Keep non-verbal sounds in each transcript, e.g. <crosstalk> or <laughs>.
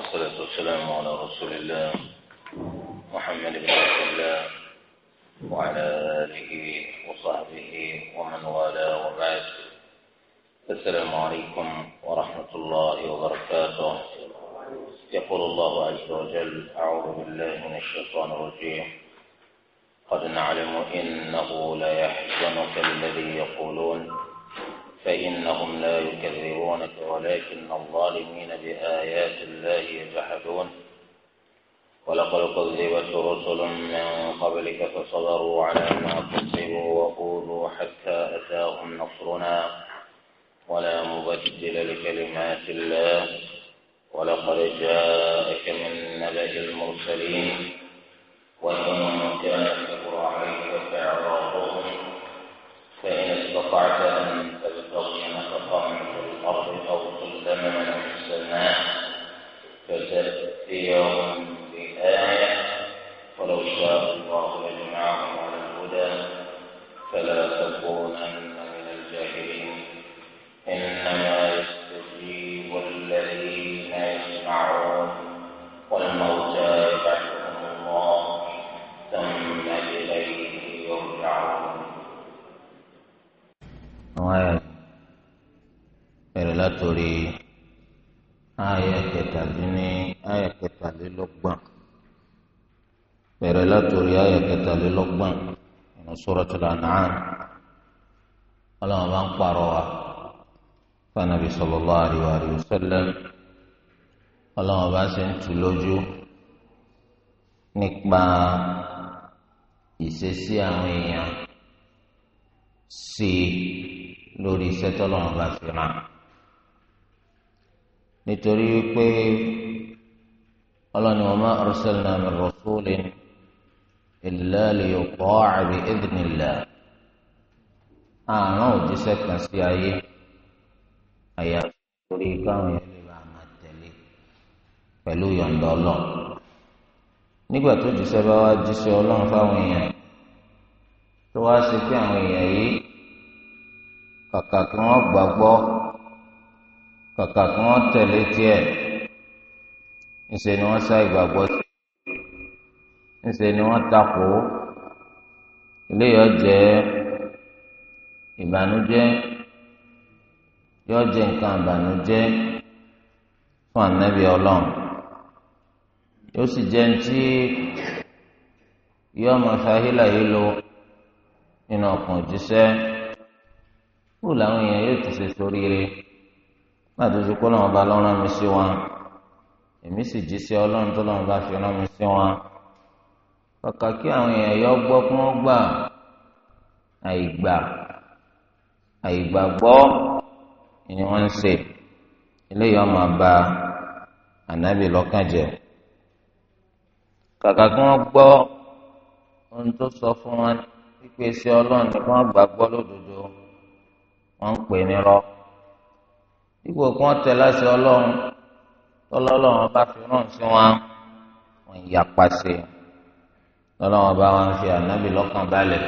والصلاة والسلام على رسول الله محمد بن عبد الله وعلى آله وصحبه ومن والاه وبعد السلام عليكم ورحمة الله وبركاته يقول الله عز وجل أعوذ بالله من الشيطان الرجيم قد نعلم إنه ليحزنك الذي يقولون فإنهم لا يكذبونك ولكن الظالمين بآيات الله يجحدون ولقد كذبت رسل من قبلك فصبروا على ما كذبوا وقولوا حتى أتاهم نصرنا ولا مبدل لكلمات الله ولقد جاءك من نبأ المرسلين وإن كان عليك فإعراضهم فإن استطعت أن خطأ في الأرض أو ظلما في السماء فتأتيهم بآية ولو شاء الله لجمعهم على الهدى فلا تكونن من الجاهلين إنما يستجيب الذين يسمعون والموتى يبعثهم الله ثم إليه يرجعون. rẹ̀ látòrí àyà kẹtàdínní àyà kẹtàlélọ́gbọ̀n bẹ̀rẹ̀ látòrí àyà kẹtàlélọ́gbọ̀n nínú Suratul An'am ọlọ́run bá ń parọ́ wa fanabi sallallahu alaihi wa sallam ọlọ́run bá ṣe ń tu lójú nípa ìṣesí àwọn èèyàn sí i lórí iṣẹ́ tọ́lọ́run bá fi ràn nítorí pé ọlọ́ni wa ma arsalna min rasulin illa liyuta'a bi idhnillah àrùn òjíṣẹ́ kan sí ayé àyà torí káwọn yẹn lè bá a máa tẹ̀lé pẹ̀lú yọ̀ǹda ọlọ́run nígbà tó jíṣẹ́ bá wá jíṣẹ́ ọlọ́run fáwọn èèyàn tó wá sí pé àwọn èèyàn yìí kàkà kí wọ́n gbàgbọ́ kàkà kí wọ́n tẹ̀lé tiẹ̀ ńṣe ni wọ́n sá ìgbàgbọ́ sí ńṣe ni wọ́n takò ilé yọ jẹ́ ìbànújẹ́ yọ jẹ́ nǹkan ìbànújẹ́ fún ànábì ọlọ́run yóò sì jẹ́ ntí yọ ọmọ sahila yìí lo nínú ọkàn òjíṣẹ́ kúrò làwọn èèyàn yóò ti ṣe sóríire. So láti fi kó lọ́wọ́ bá lọ́rán mi sí wọn èmi sì jí sí ọlọ́run tó lọ́wọ́ bá fi rán mi sí wọn kàkà kí àwọn èèyàn yọ gbọ́ kí wọ́n gbà àìgbà àìgbàgbọ́ ni wọ́n ń ṣe eléyìí ọmọ àbá ànábì lọ́kàn jẹ́ kàkà kí wọ́n gbọ́ ohun tó sọ fún wọn pípèsè ọlọ́run ni wọ́n gbàgbọ́ lódodo wọ́n ń pè ní rọ́ọ̀ dípò kí wọ́n tẹ̀ láṣẹ ọlọ́run tọ́lọ́lọ́run bá fi rán sí wọn wọ́n ń yà pàṣẹ tọ́lọ́run bá wọn fi ànábì lọ́kàn balẹ̀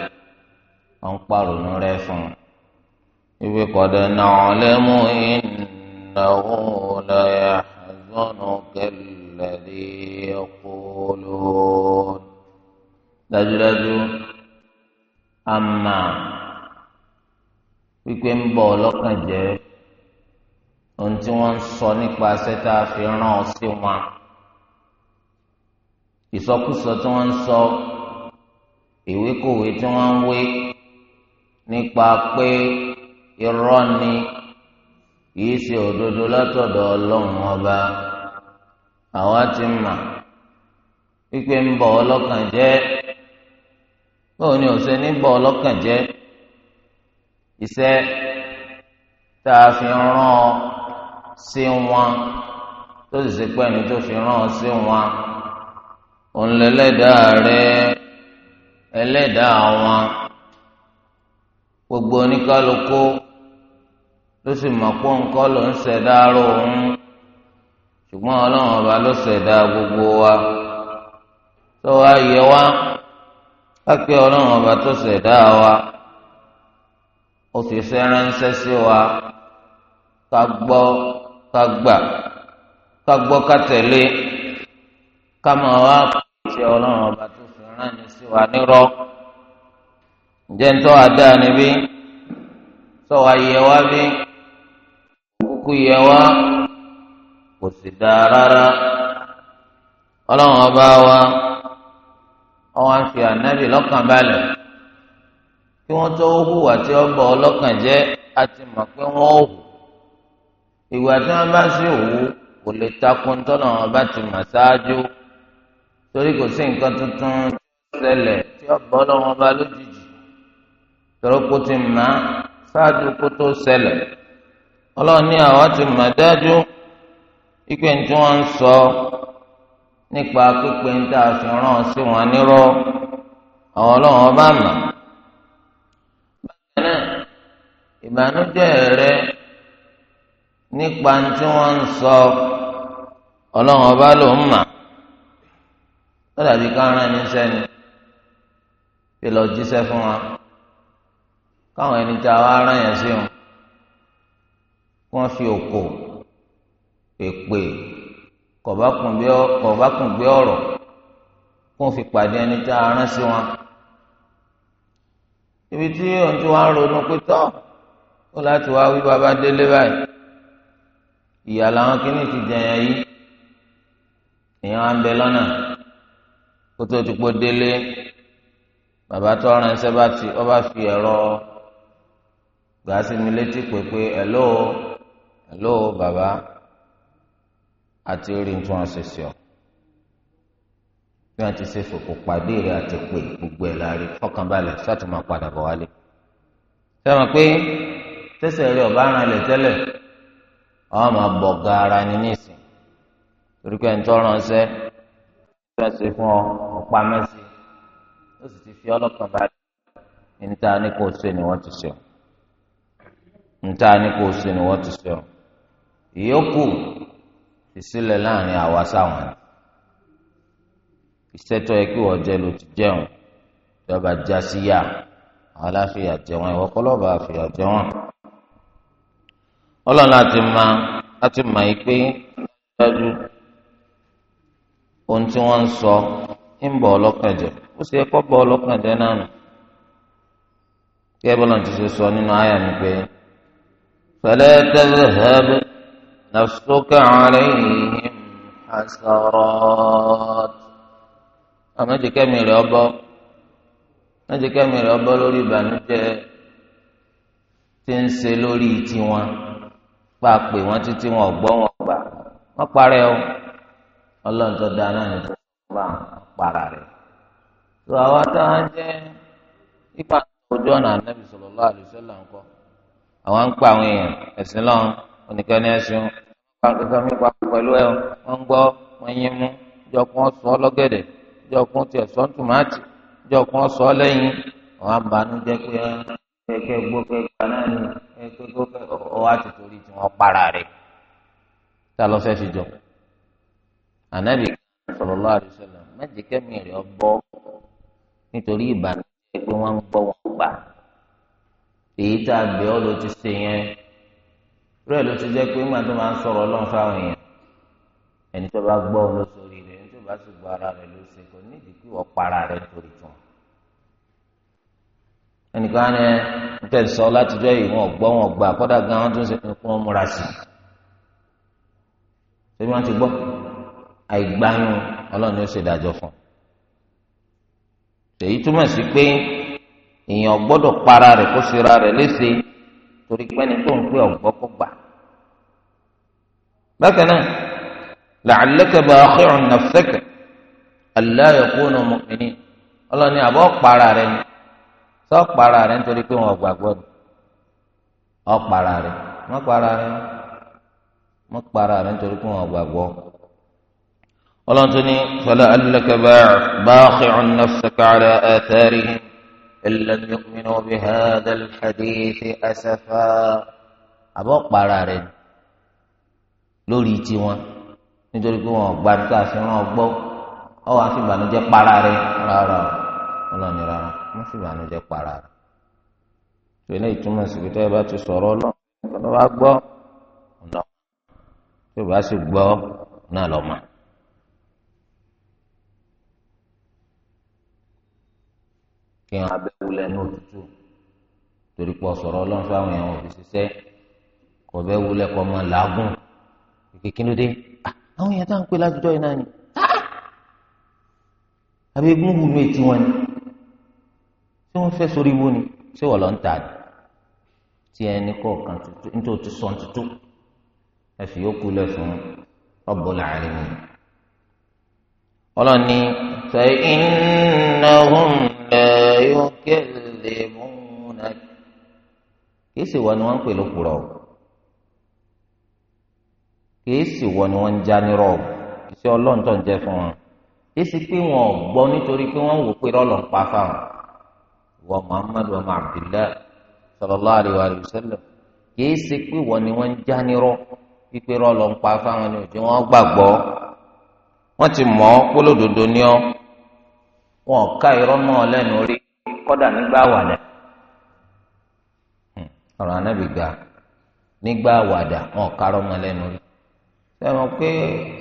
wọ́n ń pàrònú rẹ̀ fún un. ibi kọ̀dọ̀ náà lẹ́mú ìnáwó lẹ́yà àjọ́nù kẹlẹ́dẹ́ ọkọ̀ọ́lọ́ dájúdájú àmà wípé ń bọ̀ ọlọ́kàn jẹ́. ohun tí wọ́n ń sọ nípa sẹ́tà fi ràn ọ́ sí wọn ìsọkúsọ tí wọ́n ń sọ ìwékòwé tí wọ́n ń wé nípa pé irọ́ ni kìí ṣe òdodo látọ̀dọ̀ ọlọ́run ọba àwa ti mà wípé ń bọ̀ ọlọ́kàn jẹ́ bóun ni òṣè ní bọ̀ ọlọ́kàn jẹ́ iṣẹ́ tá a fi rán ọ. sí wọn tó sì ṣe pé ẹni tó fi rán ọ sí wọn òun lẹlẹ́dàá rẹ ẹlẹ́dàá wọn gbogbo oníkálukú ló sì mọ̀ pé nǹkan ló ń ṣẹ̀dá rò ń ṣùgbọ́n ọlọ́run ọba ló ṣẹ̀dá gbogbo wa tó wá yẹ wá kápẹ́ ọlọ́run ọba tó ṣẹ̀dá wa ó fi ṣẹ́ ránṣẹ́ sí wa ká gbọ́. ká gbà ká gbọ́ ká tẹ̀lé ká ọlọ́run ọba tó fi ránni sí wa nírọ́ ǹjẹ́ ń tọ́ adá níbí wa yẹ wá bí kúkú yẹ wá kò sì rárá ọlọ́run ọba wa ọwọ́ fi ànábì lọ́kàn balẹ̀ kí wọ́n hùwà tí ìwà tí wọn bá sí òwú kò lè takun tọ́nà wọn bá ti mà ṣáájú torí kò sí nǹkan tuntun ṣẹlẹ̀ tí ọ̀bọ lọ́wọ́n bá lójijì tọ́rọ kó ti mà á ṣáájú kó tó ṣẹlẹ̀ ọlọ́run ní àwa ti mà dájú ìpè tí wọ́n ń sọ nípa pípé ń tà fi ràn sí wọn nírọ́ àwọn ọlọ́run bá mà. ìbànújẹ́ rẹ̀ nípa tí wọ́n ń sọ ọlọ́run ọba ló ń mà ó dàbí kárán ní sẹ́ni pé lọ jíṣẹ́ fún wa káwọn ẹni tí a wá rán yẹn sí wọn kí wọ́n fi òkò èpè kọ̀bákùngbé ọ̀rọ̀ kí wọ́n fi pàdé ẹni tí a rán sí wọn ibi tí ohun tí wọ́n ń ronú pé tọ́ ó láti wá wí bàbá délé báyìí ìyá làwọn kìíní ti jẹyàn yìí èèyàn á ń bẹ lọ́nà kó tó ti pọ́ délé bàbá tó ọ̀ràn ẹsẹ̀ bá ti ọba fi ẹ̀rọ gàásì mi létí pépé ẹ̀ló ẹ̀ló bàbá àti orí tún àṣẹṣẹ ọ bí wọn ti ṣe fòkò pàdé rẹ àti pé gbogbo ẹ̀ láàrin fọkànbalẹ̀ sátùmọ̀ padà bọ̀ wálé. sẹ́wọ̀n pé tẹ́sẹ̀ rẹ ọ̀bá ara rẹ̀ tẹ́lẹ̀ àwọn máa bọ̀ gaara ni nísìn torí pé ntọ́ràn ṣẹ́ fẹ́ ṣe fún ọ ọ̀pá mẹ́sì ó sì ti fi ọlọ́kàn balẹ̀ níta ni kò ṣe ni wọ́n ti ṣe ọ níta ni kò ṣe ni wọ́n ti ṣe ọ ìyókù ìsílẹ̀ láàrin àwa sáwọn ìṣẹ́tọ́ yẹ kí wọ́n jẹ́ ló ti jẹun ìjọba já sí yá àwọn aláfíà jẹ wọn ìwọ́kọ́lọ́ba àfíà jẹ wọn. ọlọ́run atụma ikpe láti mọ yìí pé dájú ohun tí wọ́n ń sọ ń bọ̀ ọlọ́kàn ó sì ti ṣe sọ nínú àyà mi pé fala tadhhab nafsuka alayhim hasarat àmọ́ jẹ́ kẹ́mi rẹ̀ ọbọ̀ mọ́ jẹ́ kẹ́mi rẹ̀ lórí ìbànújẹ́ tí ń ṣe lórí pa pè wọ́n títí wọn ò gbọ́ wọn gbà wọ́n parẹ́ o ọlọ́run tó da náà nítorí wọ́n bá para rẹ̀ tó àwa táwọn jẹ́ ipa ojú ọ̀nà ànábì sallallahu alaihi wasallam ńkọ́ àwọn ń pa àwọn èèyàn ẹ̀sìn lọ́n oníkan ní ẹ̀sìn pàǹkìtàn mi pa pẹ̀lú ẹ̀ wọ́n ń gbọ́ wọ́n yín mú jọkùn sọ lọ́gẹ̀dẹ̀ jọkùn tiẹ̀ sọ tòmátì jọkùn lẹ́yìn àwọn àbánú jẹ́ pé kẹkẹ gbọkẹ gbanáni kẹkẹ gbọkẹ ọwọ àti torí tí wọn para rẹ tá lọ fẹẹ fi jọ ànábì sallallahu alaihi wasallam mẹjẹ kẹmí rẹ ọbọ nítorí ìbànújẹ́ pé wọn ń gbọ́ wọn gbà èyí tá a bẹ ọ ló ti ṣe yẹn rẹ ló ti jẹ pé màá tó máa ń sọ̀rọ̀ Ọlọ́run fáwọn èèyàn ẹni tó bá gbọ́ ọ ló sórí rẹ ẹni tó bá sì gbọ́ ara rẹ ló ṣe kò nídìí kí wọn para rẹ torí tún ẹnìkan ẹ ń tẹ̀sọ́ látijọ́ yìí wọn gbọ́ wọn gbà kọ́dà gan wọn tún ṣe fún wọn múra sí i ṣé wọn ti gbọ́ àìgbáyún ọlọ́run yóò ṣe dájọ́ fún un èyí túmọ̀ sí pé èèyàn gbọ́dọ̀ para rẹ̀ kó ṣera rẹ̀ léṣe torí pé ẹni tó ń pè ọ̀gbọ́ kó gbà. bákan náà la'allaka bākhi'un nafsaka allā yakūnū mu'minīn ọlọ́ni àbọ̀ para rẹ̀ ni tó para rẹ nítorí pé wọn ò gbàgbọ́ ni ọ para rẹ wọn para rẹ wọn para rẹ nítorí pé wọn ò gbàgbọ́. ọlọ́ntúni fẹlẹ́ alẹ́kẹ̀ báàkì ọ̀nàfẹ́kàrẹ́ ẹ̀tẹ́rì ilẹ̀ nìkùnrin òbí hẹ́ẹ́dẹ́lì fẹ́dẹ́ẹ́sì ẹsẹ̀fẹ́ àbọ̀ para rẹ lórí tiwọn nítorí pé wọn gbàdúrà fi ràn ọgbọ́ ọ wàá fi ìbànújẹ́ para rẹ rárá ọlọ́ni rárá wọ́n sì bànújẹ́ para rẹ̀ tòlẹ́ ìtumọ̀ sí pé tẹ́ ẹ bá ti sọ̀rọ̀ ọlọ́run tó bá gbọ́ ọ̀nà tó bá sì gbọ́ náà lọ́ mọ̀. kí wọn abẹ́wò lẹ́nu òtútù torí pé ọ̀sọ̀rọ̀ ọlọ́run fún àwọn èèyàn òbí ṣiṣẹ́ kò bẹ́ẹ̀ wúlẹ̀ kọ́ ọmọ làágùn kékeré ló dé àwọn èèyàn tá à ń pè lájújọ́ yìí náà ni àbí egungun mi ti wọn ni tí wọ́n fẹ́ sórí wó ni ṣé wọ́n lọ ń tà ní tí ẹni kọ̀ọ̀kan nítorí tó sọ tuntun ẹ fi yókù lẹ fún ọ̀bọ láàrin mi. ọlọ́ni sọ ìnáhùn ẹ̀yọ́ kẹ́lẹ́ múnà kìí sì wọ́n ni wọ́n ń pè lókùrọ̀ kìí sì wọ́n ni wọ́n ń já nírọ̀ iṣẹ́ ọlọ́ọ̀tọ̀ ń jẹ́ fún wọn kìí sì pé wọn ò gbọ́ nítorí pé wọ́n wò pé rọ́ọ̀lọ́ ń pa fáwọn. wọ muhammad wa abdullahi sallallahu alayhi wa sallam kìí ṣe pé wọ́n ni wọ́n ń já nírọ́ pípé rọ́ lọ ń pa fáwọn ní òjò wọn gbàgbọ wọ́n ti mọ ọ́ ní ọ, wọn ká irọ́ mọ́ ọ lẹ́nu rí nígbà wàdà hmm, nígbà wàdà wọn lẹ́nu pé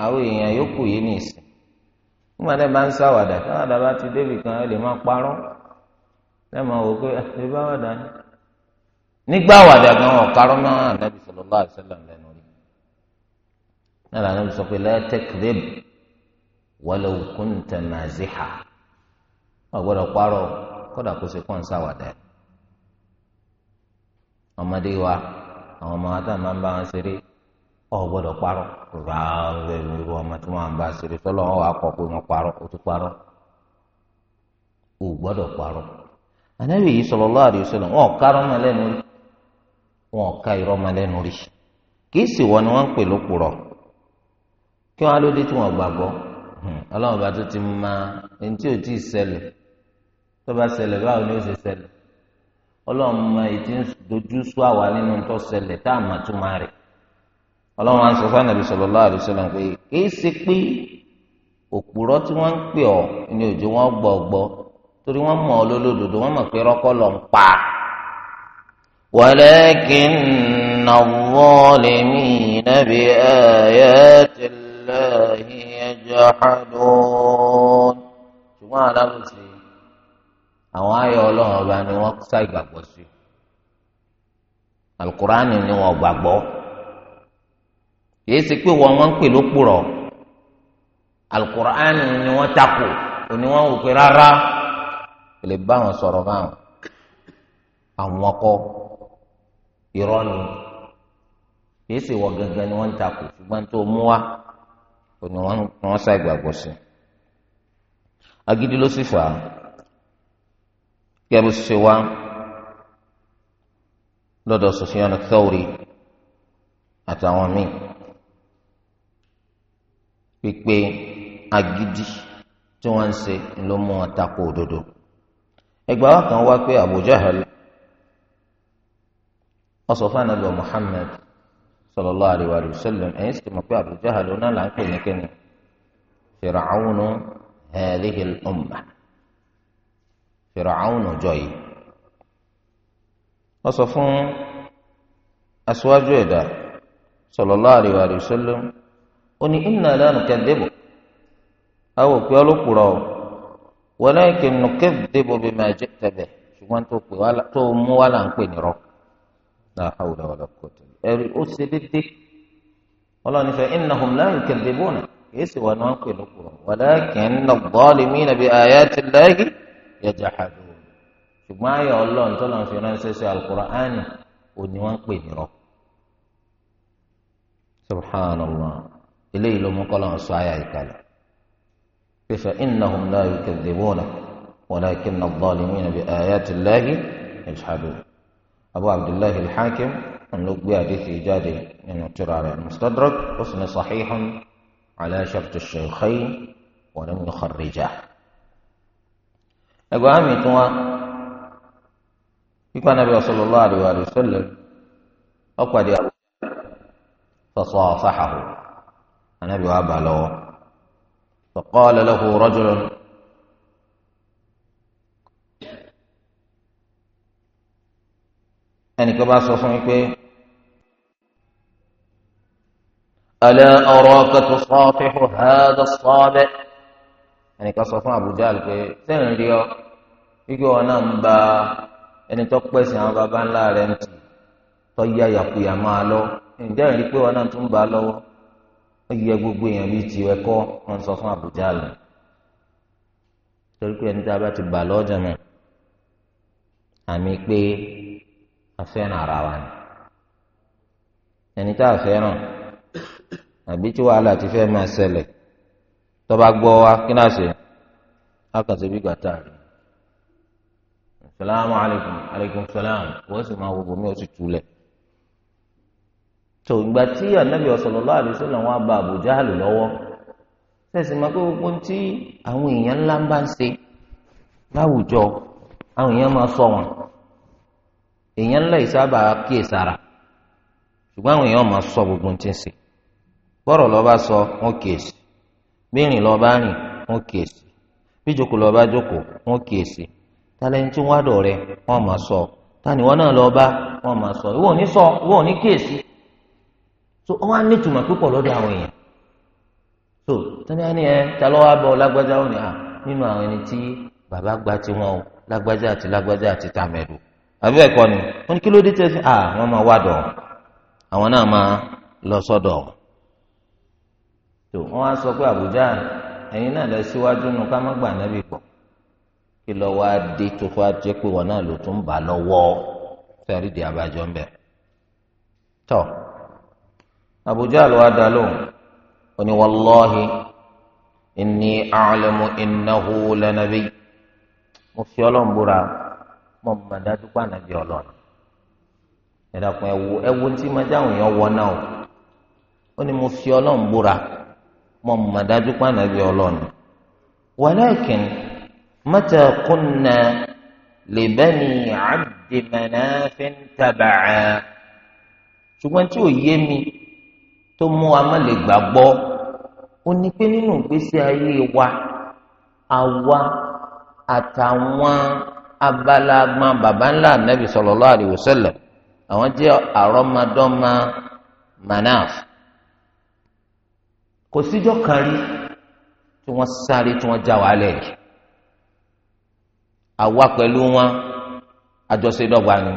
àwọn èèyàn yìí bá ń sáwàdà ti débì kan ẹ lè má ẹ máa wò pé ah, ẹ bá wà dání. nígbà wàdà gan ọ̀karọ́ náà ànábì sallallahu alaihi wasallam lẹ́nu rí náà ànábì sọ pé la takdhib walau kunta maziha wọ́n gbọ́dọ̀ parọ́ kọ́dà kó ṣe kọ́ ń ọmọdé wa àwọn ọmọ ọ gbọ́dọ̀ parọ́ irú ọmọ tí wọ́n bá ṣeré wọn wà á kọ́ pé wọ́n ànábì yi sallallahu alaihi wasallam wọn ọ̀ka rọ́mọ lẹ́nu rí wọn ọ̀ka ìrọ́mọ lẹ́nu rí kìí wọn ni wọ́n pè kí tí wọn gbàgbọ́ hmm, ọlọ́run bá tó ti ma ẹni tí ò tí tó bá báwo ni ó ma dojú sú àwa nínú tó tá tó sọ fún pé pé tí pè torí wọ́n mọ̀ ọ́ lólódodo wọ́n mọ̀ pé rọ́kọ́ lọ ń pa walakinna adh-dhalimina bi ayati Allahi yajhadun ṣùgbọ́n alábùsí àwọn ayọ̀ ọlọ́run ọba ni wọ́n sá ìgbàgbọ́ sí alukuraani ni wọ́n gbàgbọ́ kìí ṣe pé wọ́n wọ́n kò lè bá àwọn sọ̀rọ̀ báwọn àwọn ọkọ irọ́ ni kìí sì wọ gangan ni wọ́n ń takò ṣùgbọ́n tó mú wa kò ní wọ́n wọ́n sá ìgbàgbọ́ sí i agídí ló sì fà á kí ẹ bó ṣe wá lọ́dọ̀ Sufyan Thawri àtàwọn míì pípé agídí tí wọ́n ń ṣe ló mú wọn takò òdodo ẹgbẹ́ wa kan wá pé Abu Jahl wọ́n sọ fún anabi Muhammad sallallahu alayhi wa sallam ẹ̀yin sì mọ̀ pé Abu Jahl ló náà là ń pè ní kíni Fir'aunu hadhihi al-ummah Fir'aunu jọ yìí wọ́n sọ fún aṣáájú ẹ̀dá sallallahu alayhi wa sallam ní inna la nukadhibu àwọn òpin ọlọ́kùnrin ọ̀ walakin nukadhibu bima ji'ta bihi ṣùgbọ́n tó pè wá tó mú wá là ń pè nírọ́ la hawla wala quwwata ẹ̀rí ó ṣe déédéé ọlọ́ni fẹ́ innahum la yukadhibuna kìí sì wà ní wọn pè lókùrọ̀ walakinna adh-dhalimina bi ayati llahi yajhadun ṣùgbọ́n ayọ̀ ọlọ́run tó lọ́n fi ránṣẹ́ sí al-Qur'ani òní wọn pè nírọ́ subhanallah eléyìí ló mú kọ́ lọ́n sọ ayà ìkàlẹ̀. فإنهم لا يكذبونك ولكن الظالمين بآيات الله يجحدون أبو عبد الله الحاكم أن لقب بحديث إيجاده من ترى المستدرك حسن صحيح على شرط الشيخين ولم يخرجاه أبو عمي توا يقول النبي صلى الله عليه وسلم أقعد فصافحه النبي عبد له فقال له رجل ẹnì kan bá sọ fún mi pé ألا أراك تصافح هذا الصابئ ẹnì kan sọ fún Abu Jahl pé sẹ́yìn rí ọ wípé wọn náà ń ba ẹni tó pẹ̀sìn àwọn baba ńlá rẹ̀ ń tì tó yá yàkuyà máa lọ ǹjẹ́ ìrí pé wọn náà tún bá a lọ́wọ́ yẹ gbogbo èèyàn bíi ti ẹkọ wọn sọ fún àbújá lọ torí pé ẹni tá a bá ti bà lọ́jà mọ́ àmì pé a fẹ́ràn ara wa ni ẹni tá a fẹ́ràn àbí tí wàhálà ti fẹ́ máa ṣẹlẹ̀ tó gbọ́ wa kí náà ṣe á bí gàtà rẹ̀ salaamu alaykum salaam wọ́n sì máa wo bòmí ó sì túlẹ̀. tò ìgbà tí anabi sallallahu alaihi wasallam wọn bá Abu Jahl lọ́wọ́ tẹ̀sí ma pé gbogbo tí àwọn èèyàn ńlá ń bá ń ṣe àwọn èèyàn máa sọ wọn èèyàn ńlá ìsábà kíyèsára ṣùgbọ́n àwọn èèyàn máa sọ gbogbo ń ṣe sọ wọn kíyèsí lọba rìn wọn kíyèsí bíjòkó lọba wọn kíyèsí tálẹ́ni tí wọ́n á dọ̀ rẹ sọ tani wọn náà lọba máa sọ ìwọ ò ní sọ so ó wá ní ìtumọ̀ púpọ̀ lọ́dọ̀ àwọn èèyàn so tani ẹni ẹ ta lọ́ wá bọ̀ lágbájá òní à nínú àwọn ẹni tí bàbá gba tiwọn o lágbájá àti lágbájá àti tàmẹ̀dù àbí ẹ̀kọ́ ni wọ́n ní kí ló dé tẹ́sí à wọ́n máa wá dọ̀ àwọn náà máa lọ sọ́dọ̀ tó wọ́n á sọ pé àbújá ẹ̀yin náà lẹ síwájú nu ká má gbà nábì pọ̀ kí lọ́ wá dé tó fà jẹ́ pé wọ́n náà ló tún bà lọ́wọ́ fẹ́ẹ́ rí di abájọ́ ń bẹ̀ tọ́. So, abuja Jahl wá dá lóhùn ó ní inni a'lamu innahu lanabiy mo fi ọlọ́run búra mo mọ̀ dájú pé ànábì ọlọ́run ìdàkùn ẹ̀wù ẹ̀wù tí ma jáwọn èèyàn wọ náà ó ní mo fi ọlọ́run búra mo mọ̀ dájú pé ànábì ọlọ́run walakin mata kunna li bani manafin ṣùgbọ́n tí ò yé mi. tó mú wa má lè gbàgbọ́ ó ní pé nínú ìgbésí ayé wa àwa àtàwọn abalagbọn baba ńlá nabi sallallahu alaihi wasallam àwọn jẹ́ àrọmọdọ́mọ manaf kò síjọ́ kan rí tí wọ́n sáré tí wọ́n já wa lẹ́yìn àwa pẹ̀lú wọn àjọṣe dọ́gba ni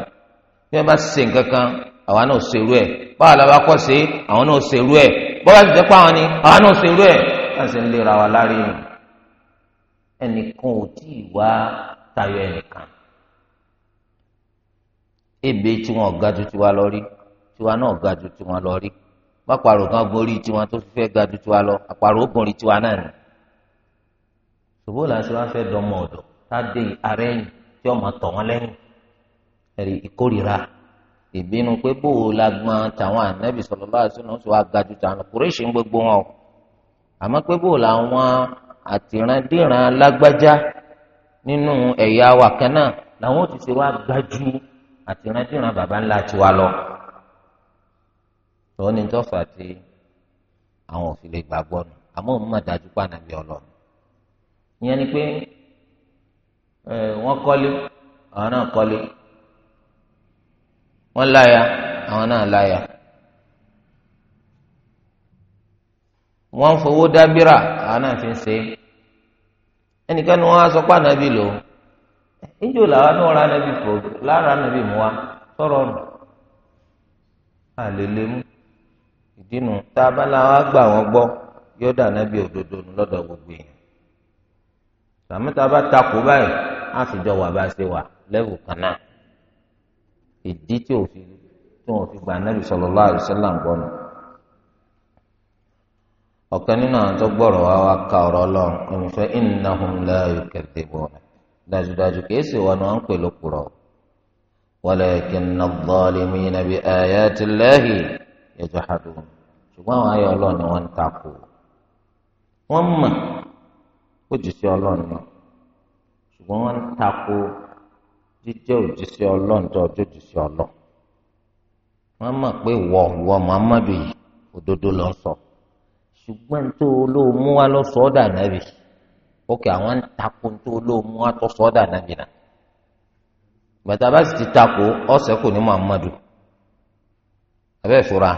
bí wọ́n bá ṣe nǹkan kan àwa náà ṣerú ẹ̀ báwa la bá kọ́ sí àwọn náà ṣerú ẹ̀ bọ́lá ti jẹ́ pé àwọn ni àwa náà ṣerú ẹ̀ láti ṣe ń lera wa lárí yìí ẹnìkan ò tí ì wá tayọ ẹnìkan ebe tí wọn ga ju tiwa lọ rí tiwa náà ga ju tiwọn lọ rí bá pàrọ̀ kan gorí tiwọn tó fẹ́ ga ju tiwa lọ àpàrọ̀ ó gorí tiwa náà ni ṣùgbọ́n làásì wá fẹ́ dọmọ ọ̀dọ̀ tá a dé ara ẹ̀yìn tí ọmọ tọ̀ wọ́n lẹ́yìn ẹ̀rí ìkórìíra ìbínú pé bóò la gbọ́n tàwọn ànábì sallallahu alaihi wasallam sọ agaju tàwọn Kùrẹ́ṣì ń gbogbo wọn o àmọ́ pé bóò làwọn àtìrandíran lágbájá nínú ẹ̀yà wa kan náà làwọn ò ti ṣe wá gbájú àtìrandíran bàbá ńlá tiwa lọ. tòun ni tọ́fà tí àwọn òfin lè gbàgbọ́ nù àmọ́ òun mà dájú pa ànábì ìyẹn ni pé wọ́n kọ́lé àwọn náà kọ́lé wọn láya àwọn náà láya wọn ń fowó dábìrà àwọn náà fi ń ṣe ẹnìkan wọn wọ́n á sọ pé ànábì lò ìjọ làwọn náà ra ànábì fò lára ànábì mú wa sọ̀rọ̀ nù àlèlè mú ìdínú tá a bá láwa gbọ́ yóò dà ànábì òdodo lọ́dọ̀ gbogbo èèyàn tàmí tá a bá takò báyìí á sì jọ wà bá ṣe wà lẹ́wù kan náà. ìdí tí òfin tí wọn fi gba anabi sallallahu alaihi wasallam gbọnà ọ̀kan nínú àwọn tó gbọ́rọ̀ wá wá ka ọ̀rọ̀ Ọlọ́run olùfẹ́ innahum la yukadhibuna dájúdájú kìí ṣe wọn ni wọn ń pè lókùrọ walakinna adh-dhalimina bi ayati llahi yajhadun ṣùgbọ́n àwọn ayọ̀ Ọlọ́run ni wọ́n ń takò wọ́n mọ̀ ó jù sí náà ṣùgbọ́n wọ́n ń takò. jíjẹ́ òjíṣẹ́ ọlọ́run tó ọjọ́ òjíṣẹ́ ọlọ́ wọ́n mọ̀ pé wọ wọ muhammadu yìí òdodo lọ sọ ṣùgbọ́n tó olóòmú wa lọ sọ ọ́dà nàbì ókè àwọn ń takò tó olóòmú wa tó sọ ọ́dà nàbì náà gbàtà bá sì ti takò ọ kò ní muhammadu abẹ́ ìṣura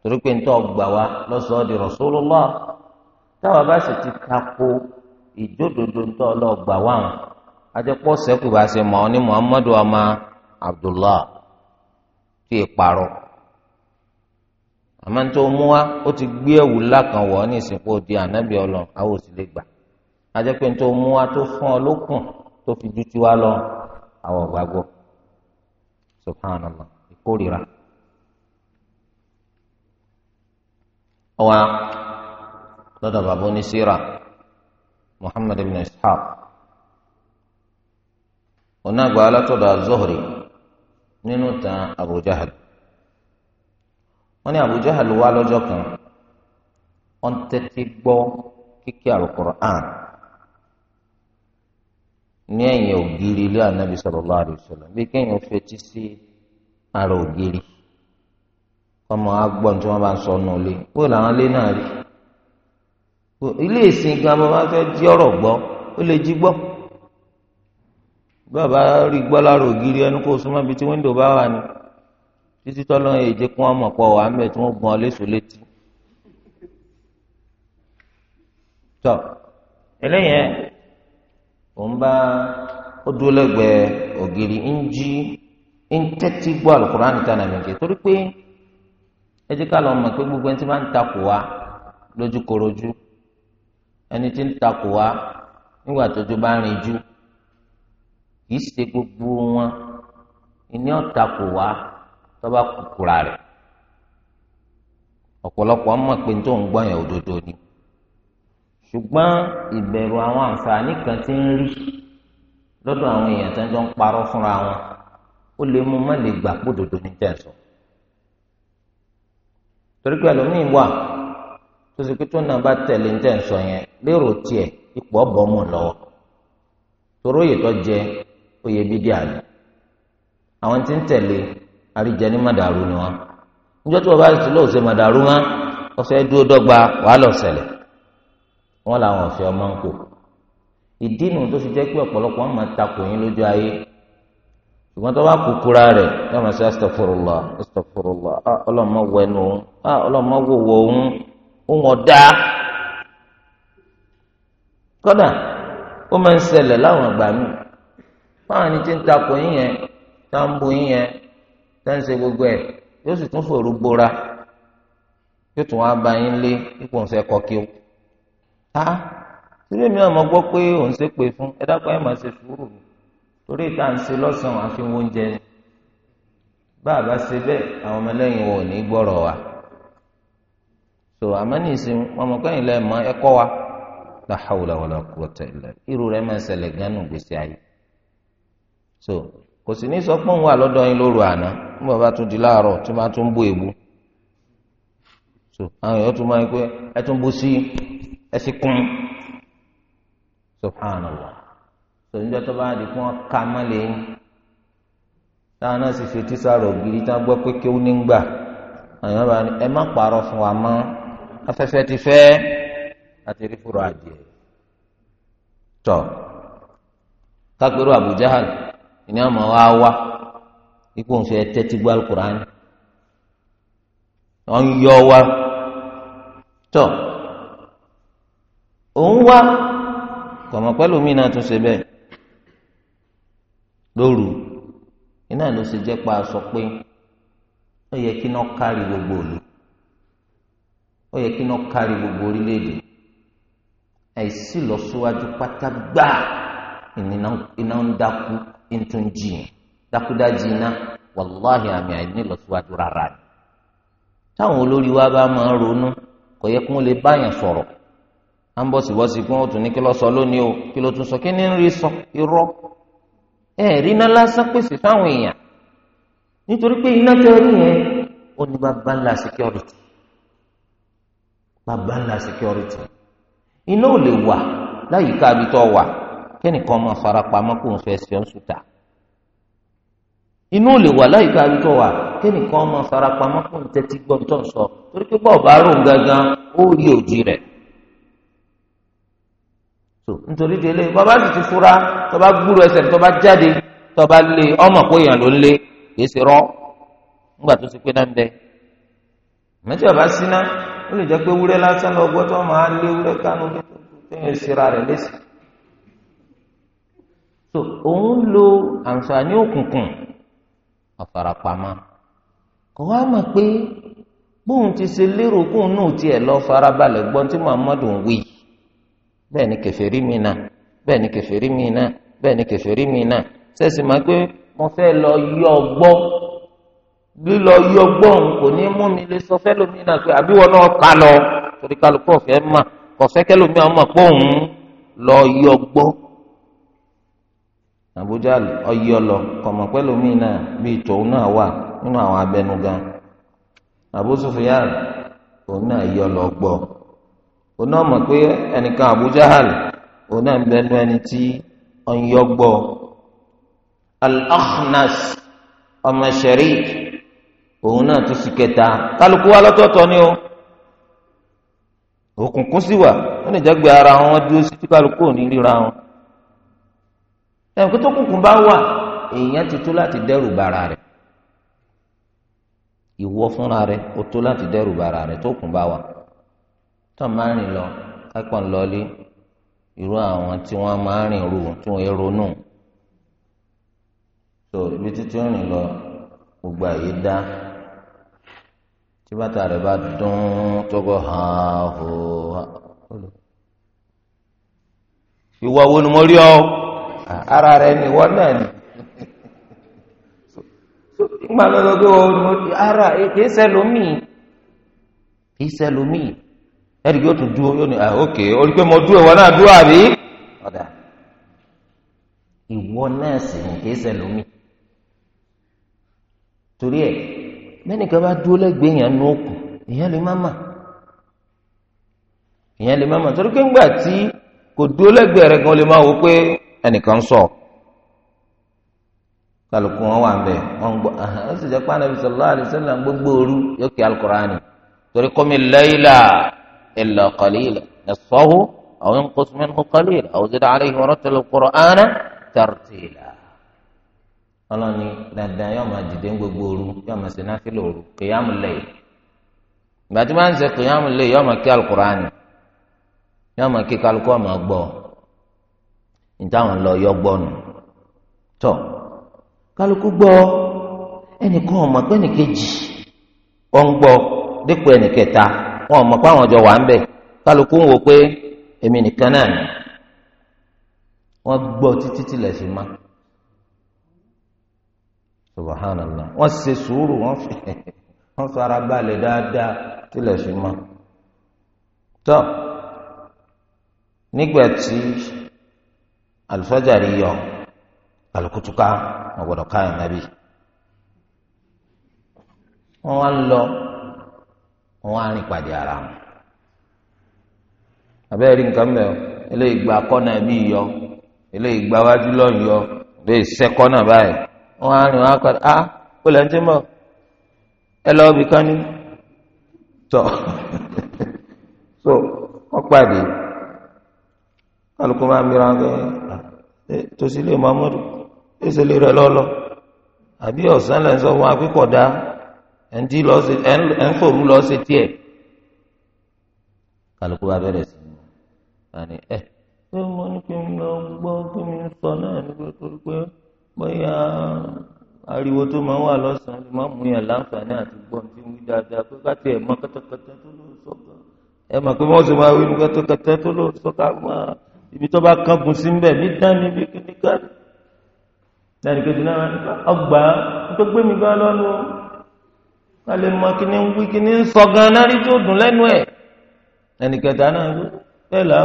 torí pé ń tọ́ gbà wá lọ́sọ̀ọ́ di rasulullah táwa bá sì ti takò ìjódodo ń tọ́ lọ́ọ́ wá hàn. àtẹ̀pọ̀ sẹ́kù bá ṣe mọ̀ ọ́ muhammadu Ama abdullah tí ì parọ́ àmọ́ tó mú wa ó ti gbé ẹ̀wù ńlá kan wọ̀ ọ́ ní ìsìnkú di ànábì ọlọ àwọn ò sì lè gbà àtẹ̀pẹ́ tó mú fún ọ lókun fi ju tiwa lọ àwọn ọ̀gbà gbọ́ subhanallah ìkórira. ọwọ́ lọ́dọ̀ bàbá oníṣírà muhammad ibn ishaq. onagba alátọ̀dọ̀ azọ́hìrì nínú tan Abu Jahal wọ́n ní Abu Jahal kan wọ́n tẹ́tí keke alukoro Al-Qur'an ní ẹ̀yìn ògiri ilé anabi sallallahu alaihi bí kéèyàn fetí sí ara ògiri ọmọ agbọ́n tí bá ń sọ ọ́nà ilé kó làwọn ilé náà rí ilé ìsìn gan bàbá rí gbọ́lára ògiri ẹnu kó súnmọ́ ibi tí wíńdò bá wà ní títí tọ́lọ́ èjé kí wọ́n mọ̀ pọ̀ wà ń bẹ̀ tí wọ́n gbọ́n léṣo létí. tọ́ eléyẹn òun bá ó dúró lẹ́gbẹ̀ẹ́ ògiri ń jí ń tẹ́tí gbọ́ àlùkùránì níta nàìjíríà torí pé ẹ jẹ́ ká lọ mọ̀ pé gbogbo ẹni tí máa ń takò wá lójúkorojú ẹni tí ń takò wá nígbà tójú bá rìn jù kì í ṣe gbogbo wọn ìní ọ̀tá kò wá tọ́ba kúkúra rẹ̀ ọ̀pọ̀lọpọ̀ mọ̀ pé tó ń gbọ́ yẹn òdodo ni ṣùgbọ́n ìbẹ̀rù àwọn àǹfààní kan ti ń rí lọ́dọ̀ àwọn èèyàn tó ń jọ ń parọ́ fúnra wọn ó lè mú má lè gbà pé òdodo ní tẹ̀sán torí pé ẹlòmíín wà tó ṣe pé tó náà bá tẹ̀lé ní tẹ̀sán yẹn lérò tiẹ̀ ipò ọ̀bọ̀ mọ̀ lọ́wọ́ toró tó jẹ ó yẹ bídí àná àwọn tí ń tẹ̀lé àríjẹ màdàrú ni wọn níjọ́ tí wọ́n bá ti lọ́ọ̀ ṣe màdàrú wọn wọ́n fẹ́ dúró dọ́gba lọ ọ̀sẹ̀lẹ̀ wọ́n làwọn ọ̀fẹ́ ọmọ ń kò ìdí nu tó fi jẹ́ pé ọ̀pọ̀lọpọ̀ wọn máa takò yín lójú ayé tó bá kúkúra yóò ah, báwọn ẹni tí ń takò yín yẹn tá ń bu yín yẹn tá ń ṣe gbogbo ẹ̀ yóò sì tún fòrò gbora yóò tún wá ba yín lé ipò ńṣe kọkí o ta síbẹ̀ mi gbọ́ pé òun ṣe pé fún ẹ dákọ̀ ẹ̀ máa ṣe sùúrù torí ìta ń ṣe lọ́sàn-án so àmọ́ ní ìsinmi ọmọkùnrin lẹ́ẹ̀mọ́ ẹ̀kọ́ wa la hawla wala quwwata irú so kò sì ní sọ pé òun wà lọ́dọ̀ yín lóru àná bí wọ́n bá tún di láàárọ̀ tí wọ́n bá tún bú èbú so àwọn èèyàn tún máa ń pé ẹ tún bú sí ẹ sì kún subhanallah so níjọ́ tó bá di kí wọ́n ka mọ́lẹ̀ yín táwọn náà sì fetí sàrò gidi tí wọ́n gbọ́ pé kí ó ní ń gbà àwọn bá ní ẹ má pààrọ̀ fún wa mọ́ afẹ́fẹ́ ti fẹ́ àti rí fúra adìẹ tọ́ kápẹ́rọ Abu Jahal. ìní ọmọ wa wá ipò ń fẹ́ tẹ́tí gbọ́ alukurani wọ́n yọ wá tọ́ òun wá kọ̀mọ̀ pẹ́lú mi náà tún ṣe lóru iná ló ṣe pa sọ pé ó yẹ kí iná kárí gbogbo òlu ó yẹ kí kárí gbogbo àìsí lọ síwájú pátá gbáà ìnìyàn ń dákú ntun jìn dákúdájì iná wàláhì àmì àìní lọsíwájú rárá ni táwọn olórí wa bá máa ń ronú kò yẹ kí wọn lè báyàn sọ̀rọ̀ à ń bọ̀ síbọ̀sí kí wọ́n tún ní kí ló sọ lónìí o kí ló tún sọ kí ní ń rí sọ irọ́ ẹ rí iná lásán pèsè fáwọn èèyàn nítorí pé iná tẹ rí yẹn ó ní bàbá ńlá security bàbá ńlá security iná ò lè wà láyìíká abitọ́ wà kẹ́nìkan máa fara pamọ́ kó n fẹ́ ṣe ọ́n sùtà inú lè wà láyé ká àbítọ́ wà kẹ́nìkan máa fara pamọ́ kó n tẹ́tí gbọ́n tó ń sọ torí pé bọ́ọ̀ bá rò gangan ó rí òjì rẹ̀ tó nítorí délé bàbá sì ti fura tọba gbúrò ẹsẹ̀ tọba jáde tọba lé ọmọ kó yàn ló ń lé kìí ṣe ńgbà tó ti pé náà ń bẹ mẹtí bàbá síná ó lè jẹ́ pé wúrẹ́ lásán lọ gbọ́ tó máa lé wúrẹ́ kánú tó ń ṣe ra lẹ́sìn. so òun lo àǹfààní òkùnkùn ọ̀farapamọ́ kò wá mọ̀ pé bóun ti ṣe lérò kóun náà tiẹ̀ lọ farabalẹ̀ gbọ́n tí ni kẹfẹ́rí mi náà bẹ́ẹ̀ ni kẹfẹ́rí mi náà bẹ́ẹ̀ ni kẹfẹ́rí mi náà sẹ́sì máa pé mo fẹ́ lọ yọ ọgbọ́ lílọ yọ ọgbọ́ òun kò ní mú mi lè sọ fẹ́ lómi náà torí kálukú ọ̀fẹ́ mà kọ̀fẹ́ kẹ́lómi àwọn mọ̀ pé òun lọ yọ àbújá ọyọlọ kọmọ pẹ̀lú mi náà bíi tòun náà wà nínú àwọn abẹnugan Abu Sufyan òun náà yọlọ gbọ́ òun náà mọ̀ pé ẹnìkan Abu Jahal òun náà ń bẹnu ẹni tí ọ̀n yọ gbọ́ Al-Akhnas ọmọ Sharik òun náà tún sì kẹta kálukú wa lọ́tọ̀ọ̀tọ̀ ni o òkùnkùn sì wa ó lè jẹ́ gbé ara wọn dúró sí kálukú ò ẹ̀rù kí tó kùnkùn bá wà èèyàn ti tó láti dẹ́rù bara rẹ̀ ìwọ fúnra rẹ̀ ó tó láti dẹ́rù bara rẹ̀ tó kùn bá wà tó máa ń rìn lọ kápọ̀ ńlọlé irú àwọn tí wọ́n máa rìn rù tí wọ́n ronú tó ibi títí ń rìn lọ gbogbo àyè dá tí bàtà rẹ̀ bá dún tọgọ hàn áhùn ìwà wo ni mo rí ọ. ara rẹ eh, eh, ni ah, oh, wọ́n oh, náà ni ìgbà lọ́dọ̀ ara kì í sẹ́lómì kì í sẹ́lómì ẹ̀rí yóò tún dúró yóò ní ok orí pé mo dúró ìwọ náà dúró àbí ọ̀dà ìwọ náà sì kì í sẹ́lómì torí ẹ̀ mẹ́nìkan bá dúró lẹ́gbẹ̀ẹ́ yẹn nú òkú ìyẹn lè má mà ìyẹn lè má mà torí pé ńgbà tí kò dúró lẹ́gbẹ̀ẹ́ ẹnìkan sọ kálukú wọn wà nbẹ wọn gbọ́ ó sì jẹ́ pé anabi sallallahu alaihi wasallam gbogbo òru yóò kí alukurani torí kọ́mi layla illa qalila nasfahu aw inqus minhu qalila aw zid alayhi wa rattil al-Qur'ana tartila ọlọ́ni dandan yóò máa dìde gbogbo òru yóò máa ṣe náfìlì òru kìyàmù lẹ́yìn ìgbà tí wọ́n ń ṣe kìyàmù lẹ́yìn yóò máa kí alukur'ani nítawọn lọ yọ gbọnù tọ kálukú gbọ ẹnìkan ọmọ pé ẹnìkejì ọ ń gbọ dípò ẹnìkẹta wọn ọmọ pé àwọn wà ń bẹ kálukú ń pé èmi nìkan náà ni wọn títí tilẹ̀ sí ma subahánàlá wọn ṣe sùúrù wọn fi <laughs> ma tọ nígbà tí. alifajari yọ alukutuka ọgbọdọ gbọ́dọ̀ káyọ nàbí wọn wá lọ wọn wá rìn pàdé ara wọn abẹ́rẹ́ rí nǹkan mẹ́ọ̀ eléyìí gba kọ́nà yọ eléyìí gba wájú lọ́yìn yọ eléyìí sẹ́ kọ́nà báyìí wọn á rìn wọn á padà á ah, lẹ́yìn tí ń ẹ <laughs> alùpùpù máa ń mìíràn bẹ́ẹ̀ tòsí lè Muhammadu èsè lè rẹ̀ lọ́lọ́ àbí ọ̀sán lẹ́ ń sọ wọn akíkọ̀dá ẹ̀ ń fòrú lọ́ọ́ ṣe tiẹ̀ kálukú bá bẹ̀rẹ̀ sí i wani ẹ pé mo ní kí n lọ gbọ́ kí n sọ náà ní pẹ̀lú pé bóyá ariwo tó máa wà lọ́sàn-án lè má mú yàn láǹfààní àti gbọ́n tí wí dáadáa pé ká tiẹ̀ mọ kẹ́tẹ́kẹ́tẹ́ tó ló ẹ mọ̀ pé wọ́n máa wí ní kẹ́tẹ́kẹ́tẹ́ tó ló ká máa ibi tó bá kángun sí mbẹ bí dání bí kíní kan dání kejì náà ọgbà tó gbé mi gan lọ́nu ká lè mọ kíní ń wí kíní ń sọ gan náà rí tó dùn lẹ́nu ẹ̀ dání kẹta náà bẹ́ẹ̀ là